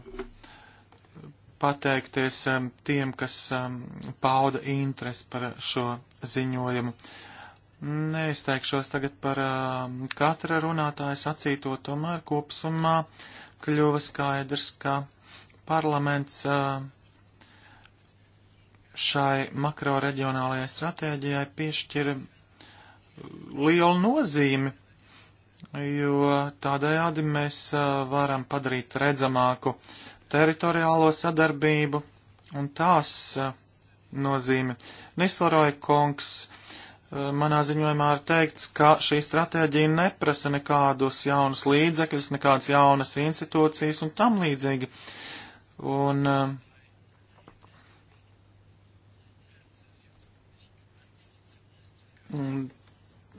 pateikties um, tiem, kas um, pauda interesi par šo ziņojumu. Neizteikšos tagad par uh, katra runātāja sacīto, tomēr kopsumā kļuva skaidrs, ka parlaments uh, šai makroreģionālajai stratēģijai piešķir lielu nozīmi, jo tādējādi mēs varam padarīt redzamāku teritoriālo sadarbību un tās nozīmi. Nisvaroja kungs manā ziņojumā ir teikts, ka šī stratēģija neprasa nekādus jaunus līdzekļus, nekādas jaunas institūcijas un tam līdzīgi. Un uh,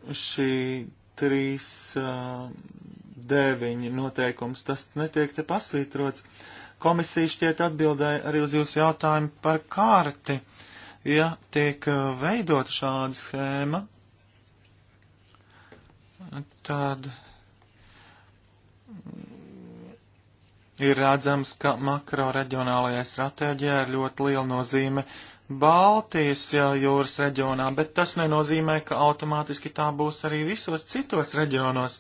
šī 3.9 noteikums, tas netiek te pasvītrots. Komisija šķiet atbildēja arī uz jūsu jautājumu par kārti. Ja tiek veidota šāda schēma, tad ir redzams, ka makro reģionālajai stratēģijai ir ļoti liela nozīme uh, Baltijas jūras reģionā, bet tas nenozīmē, ka automātiski tā būs arī visos citos reģionos.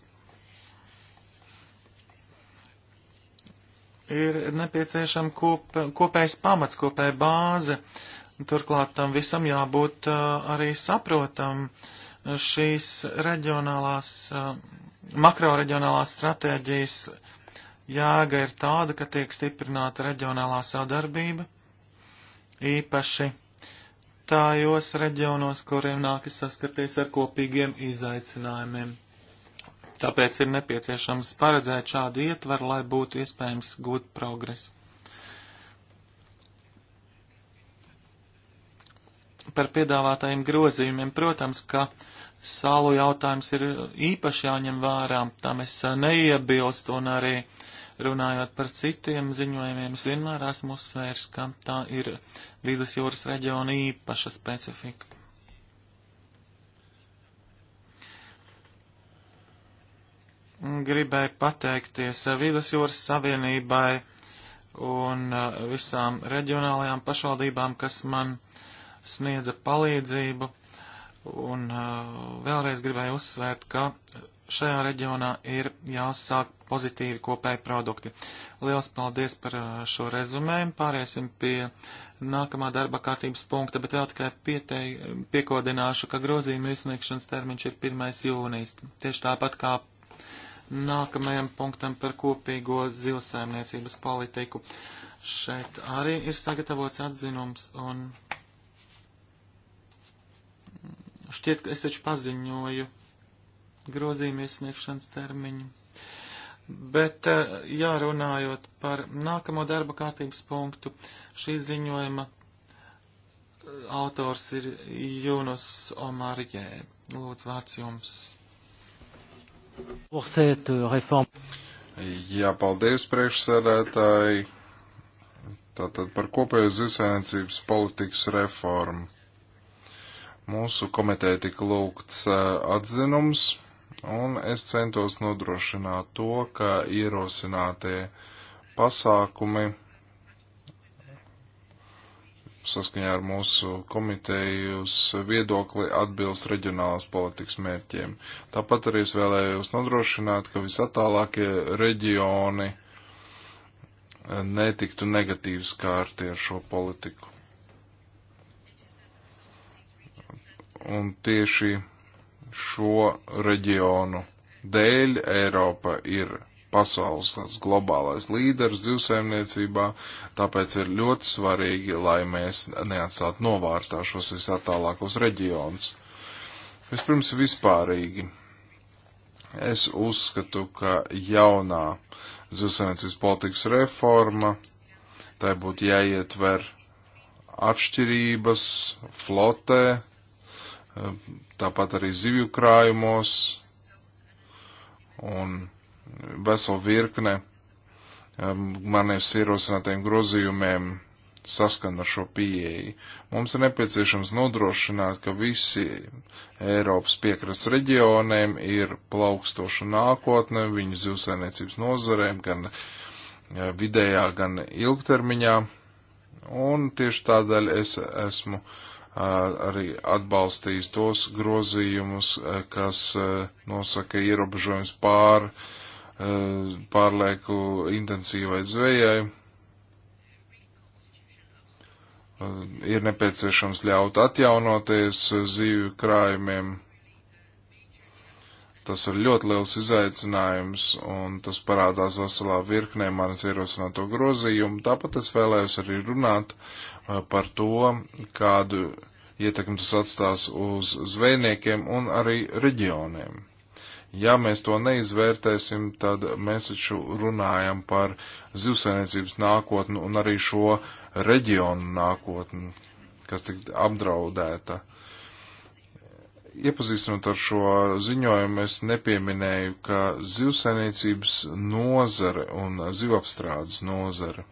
Ir nepieciešama kop, kopējs pamats, kopēja bāze. Turklāt tam visam jābūt uh, arī saprotam. Šīs reģionālās, uh, makroreģionālās stratēģijas jēga ir tāda, ka tiek stiprināta reģionālā sadarbība īpaši tajos reģionos, kuriem nākas saskarties ar kopīgiem izaicinājumiem. Tāpēc ir nepieciešams paredzēt šādu ietvaru, lai būtu iespējams gūt progresu. Par piedāvātajiem grozījumiem, protams, ka salu jautājums ir īpaši jāņem vērā, tam es neiebilstu un arī uh, Runājot par citiem ziņojumiem, es vienmēr esmu uzsvērs, ka tā ir vidus jūras reģiona īpaša specifika. Gribēju pateikties Vīdas jūras savienībai un uh, visām reģionālajām pašvaldībām, kas man sniedza palīdzību. Un uh, vēlreiz gribēju uzsvērt, ka šajā reģionā ir jāsāk pozitīvi kopēji produkti. Lielas paldies par uh, šo rezumējumu. Pāriesim pie nākamā darba kārtības punkta, bet vēl tikai pietei, piekodināšu, ka grozījuma izsniegšanas termiņš ir 1. jūnijas. Tieši tāpat kā nākamajam punktam par kopīgo zilsēmniecības politiku. Šeit arī ir sagatavots atzinums un šķiet, ka es taču paziņoju grozījuma iesniegšanas termiņu. Bet eh, jārunājot par nākamo darba kārtības punktu, šī ziņojuma eh, autors ir Jūnus Omarjē. Lūdzu, vārds jums. Jā, paldies priekšsēdētāji. Tātad par kopējo zilsēniecības politikas reformu. Mūsu komitē tika lūgts eh, atzinums un es centos nodrošināt to, ka ierosinātie pasākumi saskaņā ar mūsu komitejas viedokli atbilst reģionālās politikas mērķiem. Tāpat arī es vēlējos nodrošināt, ka visatālākie reģioni netiktu negatīvi skārti ar šo politiku. Un tieši šo reģionu dēļ Eiropa ir pasaules globālais līderis zivsaimniecībā, tāpēc ir ļoti svarīgi, lai mēs neatstātu novārtā šos visatālākos reģionus. Vispirms vispārīgi. Es uzskatu, ka jaunā zivsaimniecības politikas reforma, tai būtu jāietver atšķirības flotē, tāpat arī zivju krājumos un vesela virkne um, manis ierosinātiem grozījumiem saskana ar šo pieeju. Mums ir nepieciešams nodrošināt, ka visi Eiropas piekrasts reģioniem ir plaukstoša nākotne viņu zivsainiecības nozarēm, gan uh, vidējā, gan ilgtermiņā. Un tieši tādēļ es esmu uh, arī atbalstījis tos grozījumus, kas nosaka ierobežojums pār pārlieku intensīvai zvejai. Ir nepieciešams ļaut atjaunoties zīvju krājumiem. Tas ir ļoti liels izaicinājums, un tas parādās veselā virknē manis ierosināto grozījumu. Tāpat es vēlējos arī runāt par to, kādu ietekmi tas atstās uz zvejniekiem un arī reģioniem. Ja mēs to neizvērtēsim, tad mēs taču runājam par zivsainiecības nākotni un arī šo reģionu nākotni, kas tik apdraudēta. Iepazīstinot ar šo ziņojumu, es nepieminēju, ka zivsainiecības nozare un zivapstrādes nozare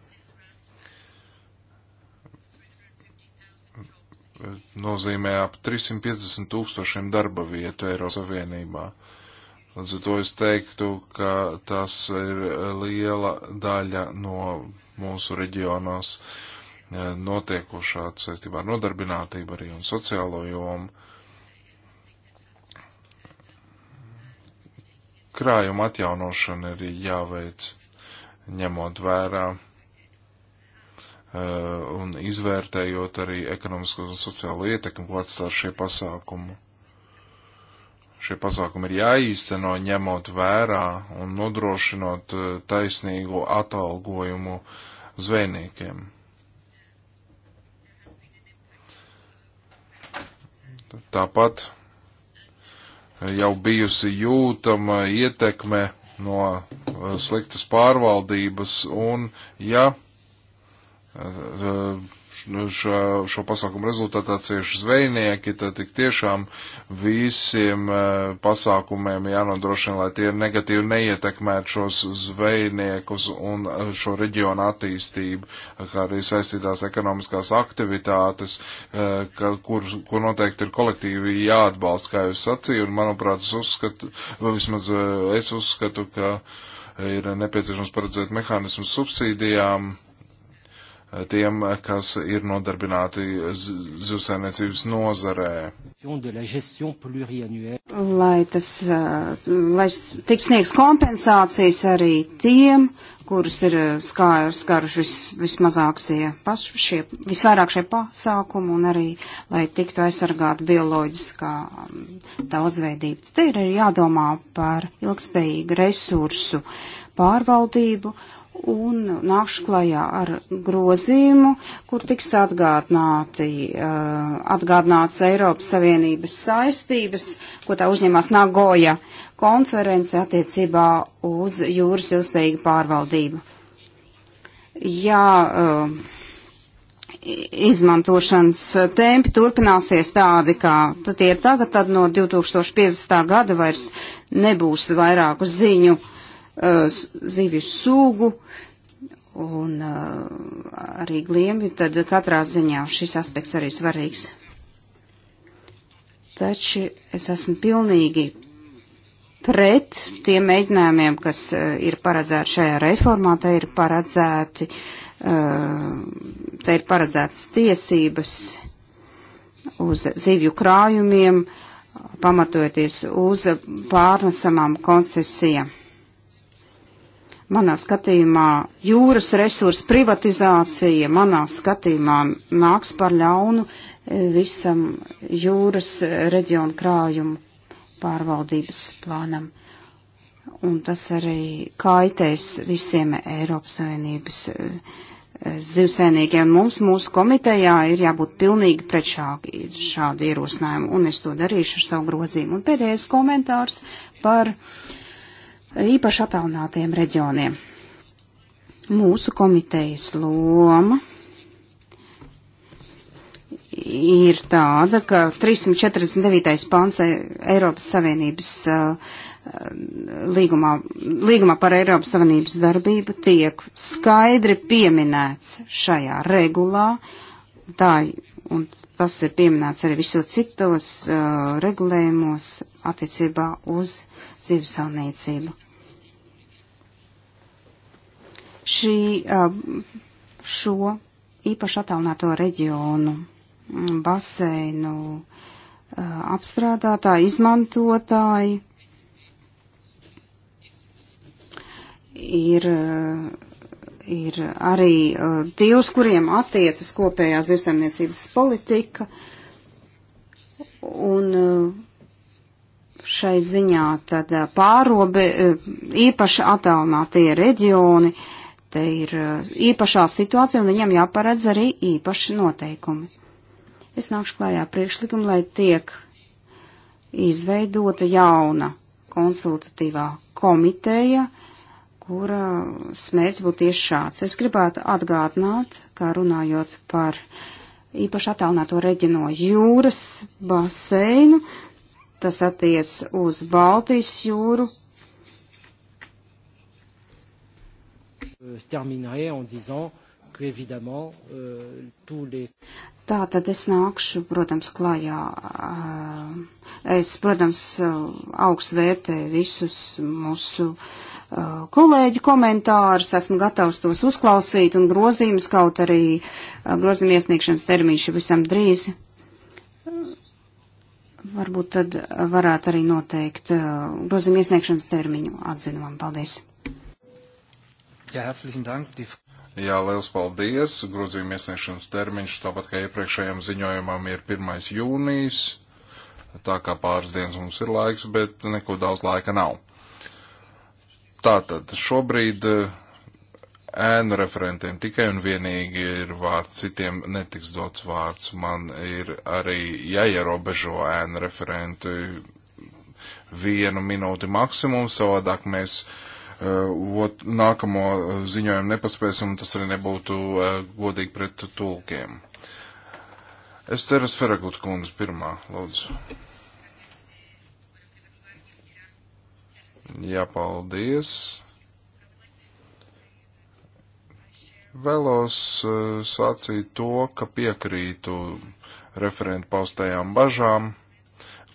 nozīmē ap 350 tūkstošiem darba vietu Eiropas Savienībā. Līdz ar to es teiktu, ka tas ir e, liela daļa no mūsu reģionos e, notiekošā saistībā ar nodarbinātību arī un sociālo jomu. Krājuma atjaunošana ir jāveic ņemot vērā Eh, un izvērtējot arī ekonomisko un sociālo ietekmi, ko atstāv šie pasākumi. Šie pasākumi ir jāīsteno, ņemot vērā un nodrošinot eh, taisnīgu atalgojumu zvejniekiem. Tāpat jau bijusi jūtama ietekme no eh, sliktas pārvaldības, un ja šo, šo pasākumu rezultātā cieši zvejnieki, tad tik tiešām visiem pasākumiem jānodrošina, lai tie negatīvi neietekmētu šos zvejniekus un šo reģionu attīstību, kā arī saistītās ekonomiskās aktivitātes, ka, kur, kur noteikti ir kolektīvi jāatbalsta, kā jūs sacījāt, un manuprāt, es uzskatu, nu, vismaz es uzskatu, ka ir nepieciešams paredzēt mehānismu subsīdijām tiem, kas ir nodarbināti zivsainiecības nozarē. Lai tas, lai tiks sniegs kompensācijas arī tiem, kurus ir skār, skāruši vis, vismazākie paši šie, visvairāk šie pasākumi un arī, lai tiktu aizsargāta bioloģiskā daudzveidība. Te ir jādomā par ilgspējīgu resursu pārvaldību un nākšu klajā ar grozījumu, kur tiks atgādināti, uh, eh, atgādināts Eiropas Savienības saistības, ko tā uzņemās Nagoja konference attiecībā uz jūras ilgspējīgu pārvaldību. Jā, uh, izmantošanas tempi turpināsies tādi, kā tie ir tagad, tad no 2050. gada vairs nebūs vairāku ziņu Uh, zivju sugu un uh, arī gliemju, tad katrā ziņā šis aspekts arī svarīgs. Taču es esmu pilnīgi pret tiem mēģinājumiem, kas uh, ir paredzēti šajā reformā, te ir paredzēti, te ir paredzētas tiesības uz zivju krājumiem, pamatojoties uz pārnesamām koncesijām. Manā skatījumā jūras resursu privatizācija, manā skatījumā nāks par ļaunu e, visam jūras e, reģionu krājumu pārvaldības plānam. Un tas arī kaitēs visiem Eiropas Savienības e, zivsēnīgiem. Mums mūsu komitejā ir jābūt pilnīgi pret šādu, šādu ierosinājumu, un es to darīšu ar savu grozīmu. Un pēdējais komentārs par uh, īpaši attālinātiem reģioniem. Mūsu komitejas loma ir tāda, ka 349. pāns e- Eiropas Savienības uh, līgumā, līgumā par Eiropas Savienības darbību tiek skaidri pieminēts šajā regulā. Tā, un tas ir pieminēts arī visos citos uh, regulējumos attiecībā uz zivsaunīcību šī, um, šo īpaši attālināto reģionu mm, baseinu uh, apstrādātāji, izmantotāji ir, uh, ir arī uh, tie, uz kuriem attiecas kopējā zivsaimniecības politika. Un šai ziņā tad pārobe, īpaši attālinātie reģioni, uh, te ir eh, īpašā situācija un viņam jāparedz arī īpaši noteikumi. Es nākšu klājā priekšlikumu, lai tiek izveidota jauna konsultatīvā komiteja, kura smērķis būtu tieši šāds. Es gribētu atgādināt, kā runājot par īpaši attālināto reģino jūras baseinu, tas attiec uz Baltijas jūru, Euh, terminerai en disant qu'évidemment, euh, tous les. Tā tad es nākšu, protams, klājā. Es, protams, augstu vērtēju visus mūsu kolēģi komentārus, esmu gatavs tos uzklausīt un grozījumus, kaut arī grozījuma iesniegšanas termiņš ir visam drīz. Varbūt tad varētu arī noteikt grozījuma iesniegšanas termiņu atzinumam. Paldies! Jā, herzlichen Dank. Jā, liels paldies. Grozījuma iesniegšanas termiņš, tāpat kā iepriekšējam ziņojumam, ir 1. jūnijas. Tā kā pāris dienas mums ir laiks, bet neko daudz laika nav. Tātad šobrīd eh, ēnu referentiem tikai un vienīgi ir vārds, citiem netiks dots vārds. Man ir arī jāierobežo ēnu referentu vienu minūti maksimums, savādāk mēs. Uh, Uh, ot, nākamo ziņojumu nepaspēsim, un tas arī nebūtu uh, godīgi pret tulkiem. Es ceru, es Feragut kundze pirmā, lūdzu. Jā, paldies. Vēlos uh, sacīt to, ka piekrītu referentu paustajām bažām,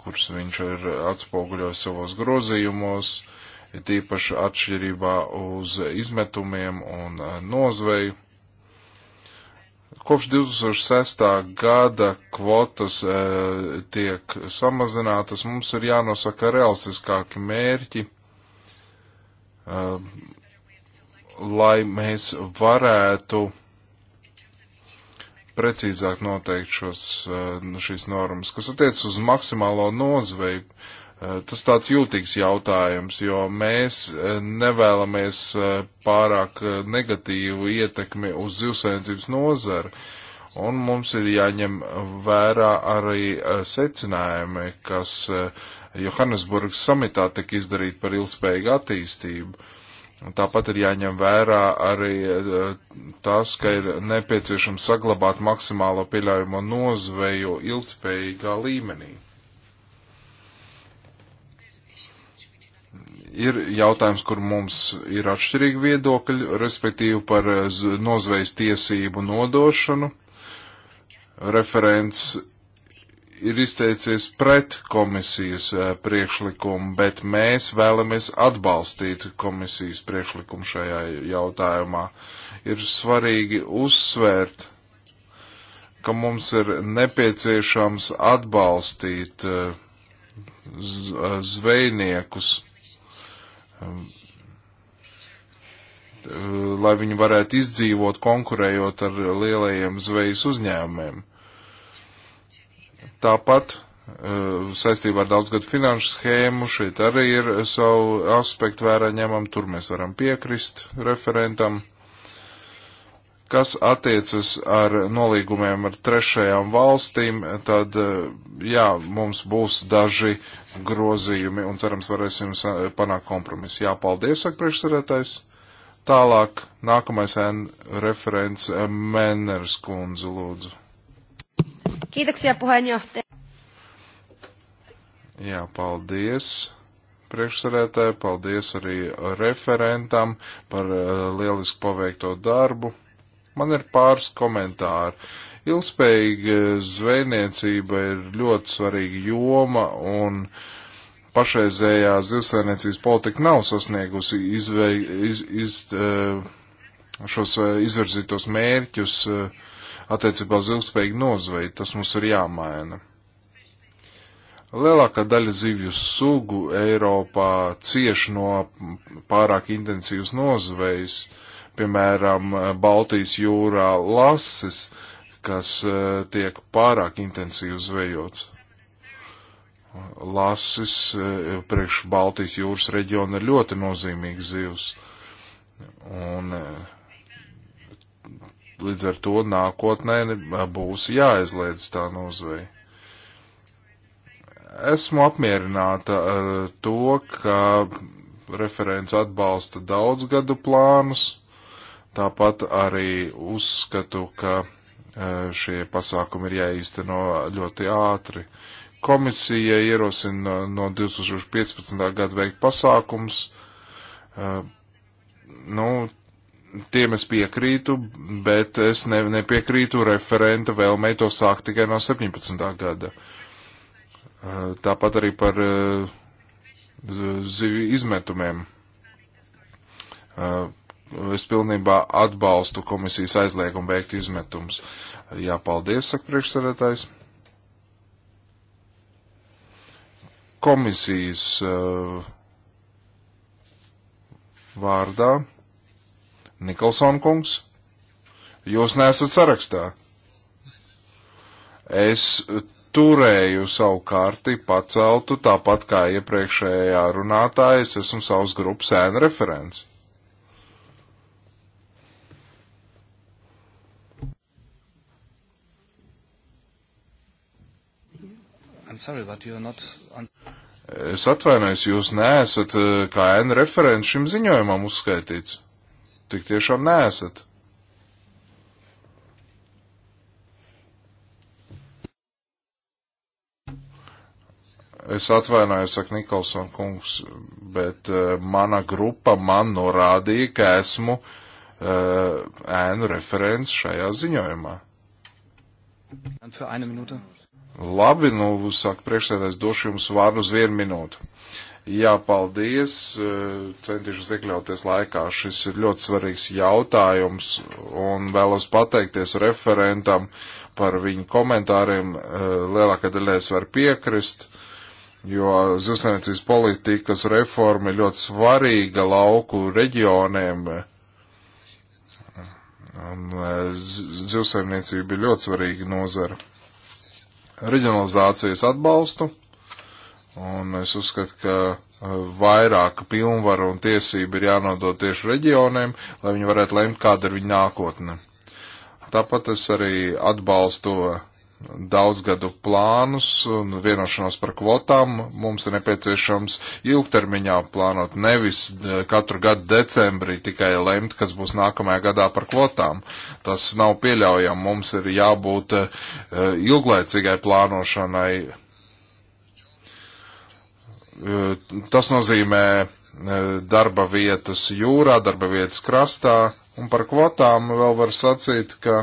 kuras viņš ir atspoguļojis savos grozījumos. Uh, ir tīpaši atšķirībā uz izmetumiem un eh, nozveju. Kopš 2006. gada kvotas e, tiek samazinātas, mums ir jānosaka realistiskāki mērķi, e, lai mēs varētu precīzāk noteikt šos, šīs normas, kas attiec uz maksimālo nozveju. E, Eh, tas tāds jūtīgs jautājums, jo mēs eh, nevēlamies eh, pārāk negatīvu ietekmi uz zivsainicības nozari. Un mums ir jāņem vērā arī secinājumi, kas Johannesburgas samitā tika izdarīti par ilgspējīgu attīstību. Tāpat ir jāņem vērā arī tas, ka ir nepieciešams saglabāt maksimālo pieļaujamo nozveju ilgspējīgā līmenī. ir jautājums, kur mums ir atšķirīgi viedokļi, respektīvi par eh, nozvejas tiesību nodošanu. Referents ir izteicies pret komisijas eh, priekšlikumu, bet mēs vēlamies atbalstīt komisijas priekšlikumu šajā jautājumā. Ir svarīgi uzsvērt, ka mums ir nepieciešams atbalstīt eh, zvejniekus Um, lai viņi varētu izdzīvot, konkurējot ar lielajiem zvejas uzņēmumiem. Tāpat uh, saistībā ar daudzgadu finanšu schēmu šeit arī ir savu aspektu vērā ņemam, tur mēs varam piekrist referentam. Kas attiecas ar nolīgumiem ar trešajām valstīm, tad eh, jā, mums būs daži grozījumi un cerams varēsim panākt kompromisu. Jā, paldies, saka priekšsarētājs. Tālāk nākamais N referents eh, Menners kundze lūdzu. Kiitoksia puheenjohtaja. Jā, paldies priekšsarētāji, paldies arī referentam par eh, lielisku paveikto darbu. Man ir pāris komentāri. Ilgspējīga zvejniecība ir ļoti svarīga joma un pašreizējā zivsēniecības politika nav sasniegusi izvei, iz, iz, eh, šos eh, izvirzītos mērķus eh, attiecībā uz ilgspējīgu nozveju. Tas mums ir jāmaina. Lielākā daļa zivju sugu Eiropā cieš no pārāk intensīvas nozvejas. Uh, piemēram, Baltijas jūrā lases, kas eh, tiek pārāk intensīvi zvejots. Lases eh, priekš Baltijas jūras reģiona ir ļoti nozīmīgs zivs. Un eh, līdz ar to nākotnē būs jāizliedz tā nozveja. Esmu apmierināta ar to, ka referents atbalsta daudzgadu plānus Tāpat arī uzskatu, ka e, šie pasākumi ir jāīsteno ļoti ātri. Komisija ierosina no 2015. gada veikt pasākums. E, nu, tiem es piekrītu, bet es ne, nepiekrītu referenta vēlmei to sākt tikai no 17. gada. E, tāpat arī par zivju izmetumiem es pilnībā atbalstu komisijas aizliegumu veikt izmetumus. Jā, paldies, saka priekšsarētājs. Komisijas uh, vārdā Nikolson kungs, jūs nesat sarakstā. Es turēju savu karti paceltu, tāpat kā iepriekšējā runātāja, es esmu savas grupas ēna referents. sorry, but you're not on... Es atvainojos, jūs neesat eh, kā N referents šim ziņojumam uzskaitīts. Tik tiešām neesat. Es atvainojos, saka Nikolson kungs, bet uh, mana grupa man norādīja, ka esmu uh, eh, ēnu referents šajā ziņojumā. Für eine Minute. Labi, nu, saka priekšsēdājs, došu jums vārnu uz vienu minūtu. Jā, paldies. Eh, centīšos iekļauties laikā. Šis ir ļoti svarīgs jautājums un vēlos pateikties referentam par viņu komentāriem. Eh, Lielākā daļa es varu piekrist, jo zivsainicības politikas reforma ir ļoti svarīga lauku reģioniem. Eh, zivsainiecība ir ļoti svarīga nozara reģionalizācijas atbalstu, un es uzskatu, ka uh, vairāk pilnvaru un tiesību ir jānodod tieši reģioniem, lai viņi varētu lemt, kāda ir viņa nākotne. Tāpat es arī atbalstu daudzgadu plānus un vienošanos par kvotām, mums ir nepieciešams ilgtermiņā plānot, nevis e, katru gadu decembrī tikai lemt, kas būs nākamajā gadā par kvotām. Tas nav pieļaujami, mums ir jābūt e, e, ilglaicīgai plānošanai. Tas nozīmē darba vietas jūrā, darba vietas krastā, un par kvotām vēl var sacīt, ka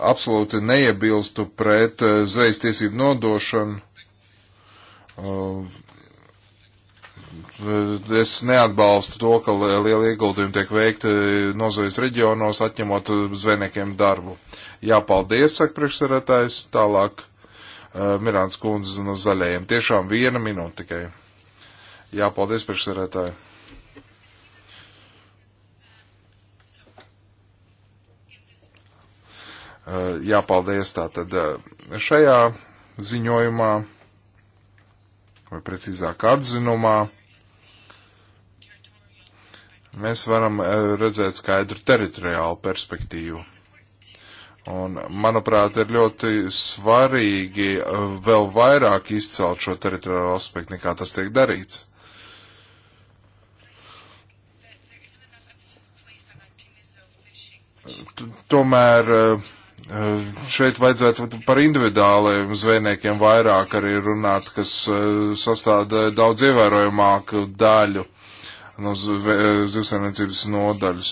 absolūti neiebilstu pret eh, zvejas tiesību nodošanu. Eh, es neatbalstu to, ka liela ieguldījuma tiek veikta eh, nozvejas reģionos, atņemot zvejniekiem darbu. Jāpaldies, saka priekšsarētājs, tālāk Mirāns Kundze no zaļajiem. Tiešām viena minūte tikai. Jāpaldies, priekšsarētāji. Eh, jāpaldies tātad eh, šajā ziņojumā, vai precīzāk atzinumā. Mēs varam eh, redzēt skaidru teritoriālu perspektīvu. Un, manuprāt, ir ļoti svarīgi vēl vairāk izcelt šo teritoriālo aspektu, nekā tas tiek darīts. T Tomēr uh, Eh, šeit vajadzētu par individuāliem zvejniekiem vairāk arī runāt, kas eh, sastāda daudz ievērojamāku daļu no zivsainiecības nodaļas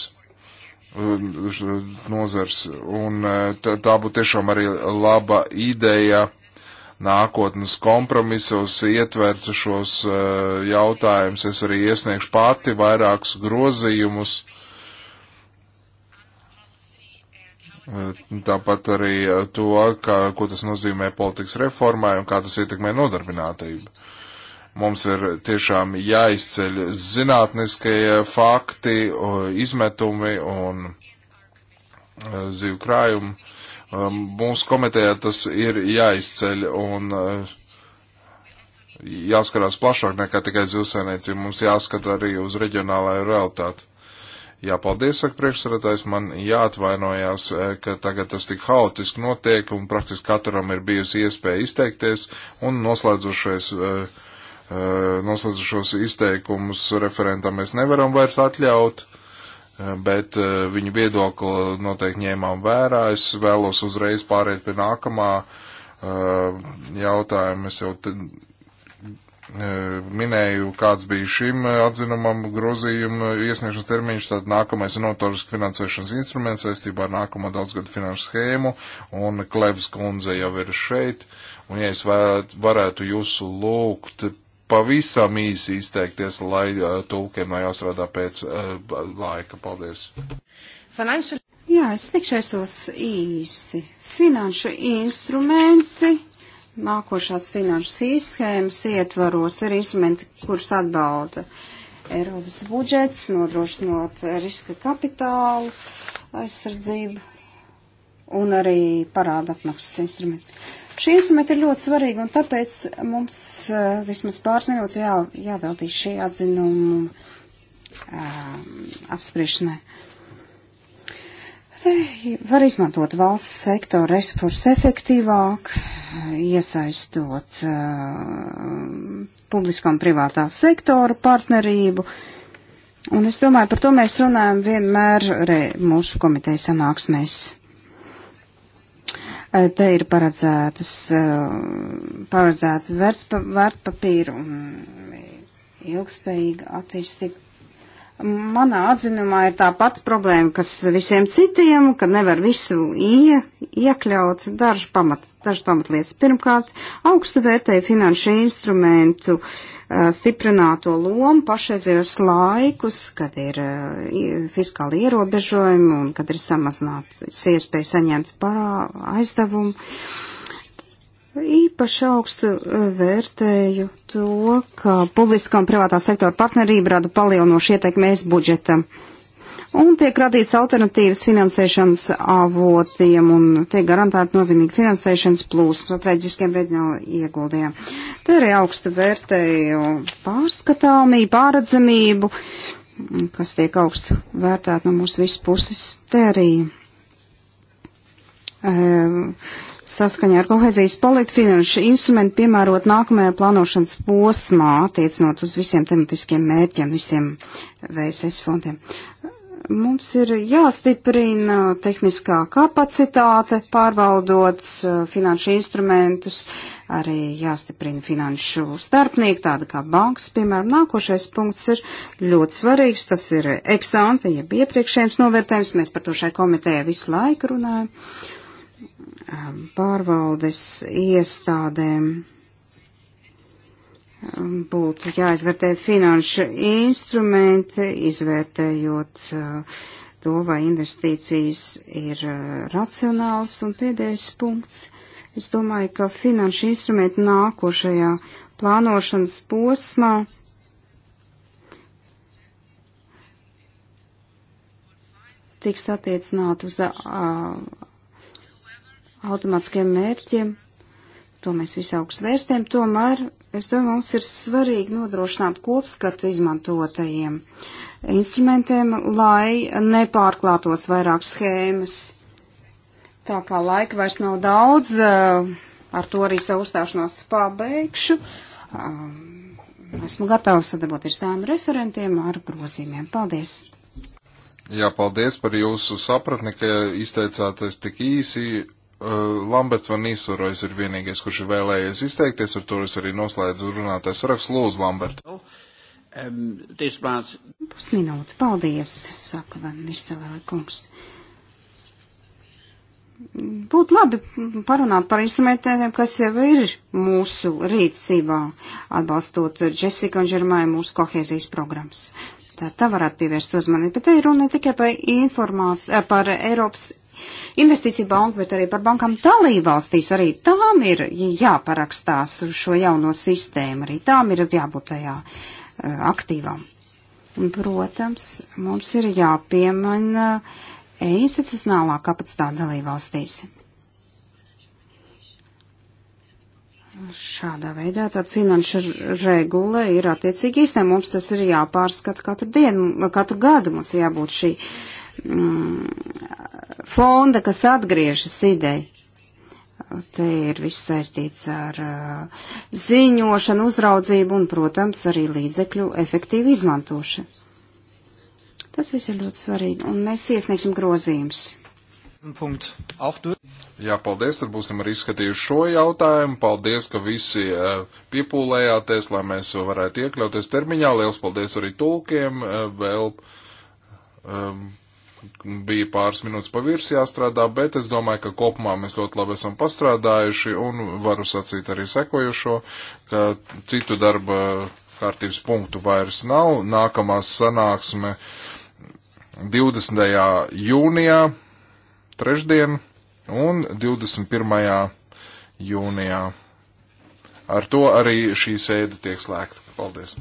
eh, nozars. Un tā būtu tiešām arī laba ideja nākotnes kompromisos ietvert šos jautājumus. Es arī iesniegšu pati vairākus grozījumus Tāpat arī eh, to, ka, ko tas nozīmē politikas reformai un kā tas ietekmē nodarbinātību. Mums ir tiešām jāizceļ zinātniskie fakti, izmetumi un eh, zīvu krājumi. Um, mūsu komitejā tas ir jāizceļ un eh, jāskarās plašāk nekā tikai zivsēniecība. Mums jāskata arī uz reģionālajā realitāti. Jā, paldies, saka priekšsarētājs, man jāatvainojās, eh, ka tagad tas tik haotiski notiek un praktiski katram ir bijusi iespēja izteikties un noslēdzušais. Eh, eh, Noslēdzušos izteikumus referentam mēs nevaram vairs atļaut, bet viņu viedokli noteikti ņēmām vērā. Es vēlos uzreiz pāriet pie nākamā jautājuma. Es jau minēju, kāds bija šim atzinumam grozījuma iesniegšanas termiņš, tad nākamais ir notoriski finansēšanas instruments saistībā ar nākamo daudzgadu finanšu schēmu, un Klevs kundze jau ir šeit, un ja es varētu jūsu lūgt pavisam īsi izteikties, lai tulkiem nav jāstrādā pēc laika. Paldies! Financial... Jā, es tikšaisos īsi. Finanšu instrumenti nākošās finanšu sīschēmas ietvaros ir instrumenti, kurus atbalda Eiropas budžets, nodrošinot riska kapitālu aizsardzību un arī parāda apmaksas instruments. Šie instrumenti ir ļoti svarīgi, un tāpēc mums uh, vismaz pāris minūtes jā, jāveltīs šī atzinuma uh, apspriešanai. Var izmantot valsts sektora resursus efektīvāk, iesaistot uh, publiskā un privātā sektora partnerību. Un es domāju, par to mēs runājam vienmēr re, mūsu komitejas sanāksmēs. Eh, te ir paredzētas, uh, paredzēta vērtspapīra un ilgspējīga attīstība Manā atzinumā ir tā pati problēma, kas visiem citiem, ka nevar visu ie, iekļaut dažas pamat, dažas pamatlietas. Pirmkārt, augstu vērtēja finanšu instrumentu stiprināto lomu pašreizējos laikus, kad ir fiskāli ierobežojumi un kad ir samazināts iespēja saņemt parā aizdevumu. Uh, Īpaši augstu e, vērtēju to, ka publiskā un privātā sektora partnerība rada palielinošu ietekmēs budžetam. Un tiek radīts alternatīvas finansēšanas avotiem un tiek garantēta nozīmīga finansēšanas plūsma strateģiskiem reģionāla ieguldījumiem. Te arī augstu vērtēju pārskatāmību, pārredzamību, kas tiek augstu vērtēta no mūsu visu puses. Te arī. Um, e, saskaņā ar kohēzijas politiku finanšu instrumentu piemērot nākamajā plānošanas posmā, attiecinot uz visiem tematiskiem mērķiem, visiem VSS fondiem. Mums ir jāstiprina tehniskā kapacitāte, pārvaldot uh, finanšu instrumentus, arī jāstiprina finanšu starpnieki, tāda kā bankas, piemēram, nākošais punkts ir ļoti svarīgs, tas ir eksante, jeb iepriekšējums novērtējums, mēs par to šai komitejai visu laiku runājam. Uh, Um, pārvaldes iestādēm um, būtu jāizvērtē finanšu instrumenti, izvērtējot uh, to, vai investīcijas ir uh, racionāls. Un pēdējais punkts. Es domāju, ka finanšu instrumenti nākošajā plānošanas posmā tiks attiecināt uz uh, automātiskiem mērķiem. To mēs visu augstu vērstiem. Tomēr, es domāju, mums ir svarīgi nodrošināt kopskatu izmantotajiem instrumentiem, lai nepārklātos vairāk schēmas. Tā kā laika vairs nav daudz, eh, ar to arī savu uzstāšanos pabeigšu. Eh, esmu gatava sadarboties ar tām referentiem, ar grozījumiem. Paldies! Jā, paldies par jūsu sapratni, ka izteicāties tik īsi Eh, Lamberts van Nīsorojas ir vienīgais, kurš ir vēlējies izteikties, ar to es arī noslēdzu runātais saraksts. Lūdzu, Lambert. Oh, Pusminūte, paldies, saka van Nīsoroja kungs. Būtu labi parunāt par instrumentiem, kas jau ir mūsu rīcībā, atbalstot Jessica un Žermāju mūsu kohēzijas programmas. Tā, tā varētu pievērst uzmanību, bet te ir runa ne tikai par informāciju, eh, par Eiropas investīciju banku, bet arī par bankām dalībvalstīs. Arī tām ir jāparakstās uz šo jauno sistēmu, arī tām ir jābūt tajā eh, aktīvām. Protams, mums ir jāpiemana eh, institucionālā kapacitāte dalībvalstīs. Šādā veidā tad finanšu regula ir attiecīgi īstenē. Mums tas ir jāpārskata katru dienu, katru gadu mums jābūt šī mm, fonda, kas atgriežas ideja. Te ir viss saistīts ar uh, ziņošanu, uzraudzību un, protams, arī līdzekļu efektīvu izmantošanu. Tas viss ir ļoti svarīgi, un mēs iesniegsim grozījumus. Jā, paldies, tad būsim arī izskatījuši šo jautājumu. Paldies, ka visi uh, piepūlējāties, lai mēs varētu iekļauties termiņā. Liels paldies arī tulkiem. Uh, vēl um, bija pāris minūtes pavirs jāstrādā, bet es domāju, ka kopumā mēs ļoti labi esam pastrādājuši un varu sacīt arī sekojušo, ka citu darba kārtības punktu vairs nav. Nākamā sanāksme 20. jūnijā, trešdien un 21. jūnijā. Ar to arī šī sēde tiek slēgta. Paldies!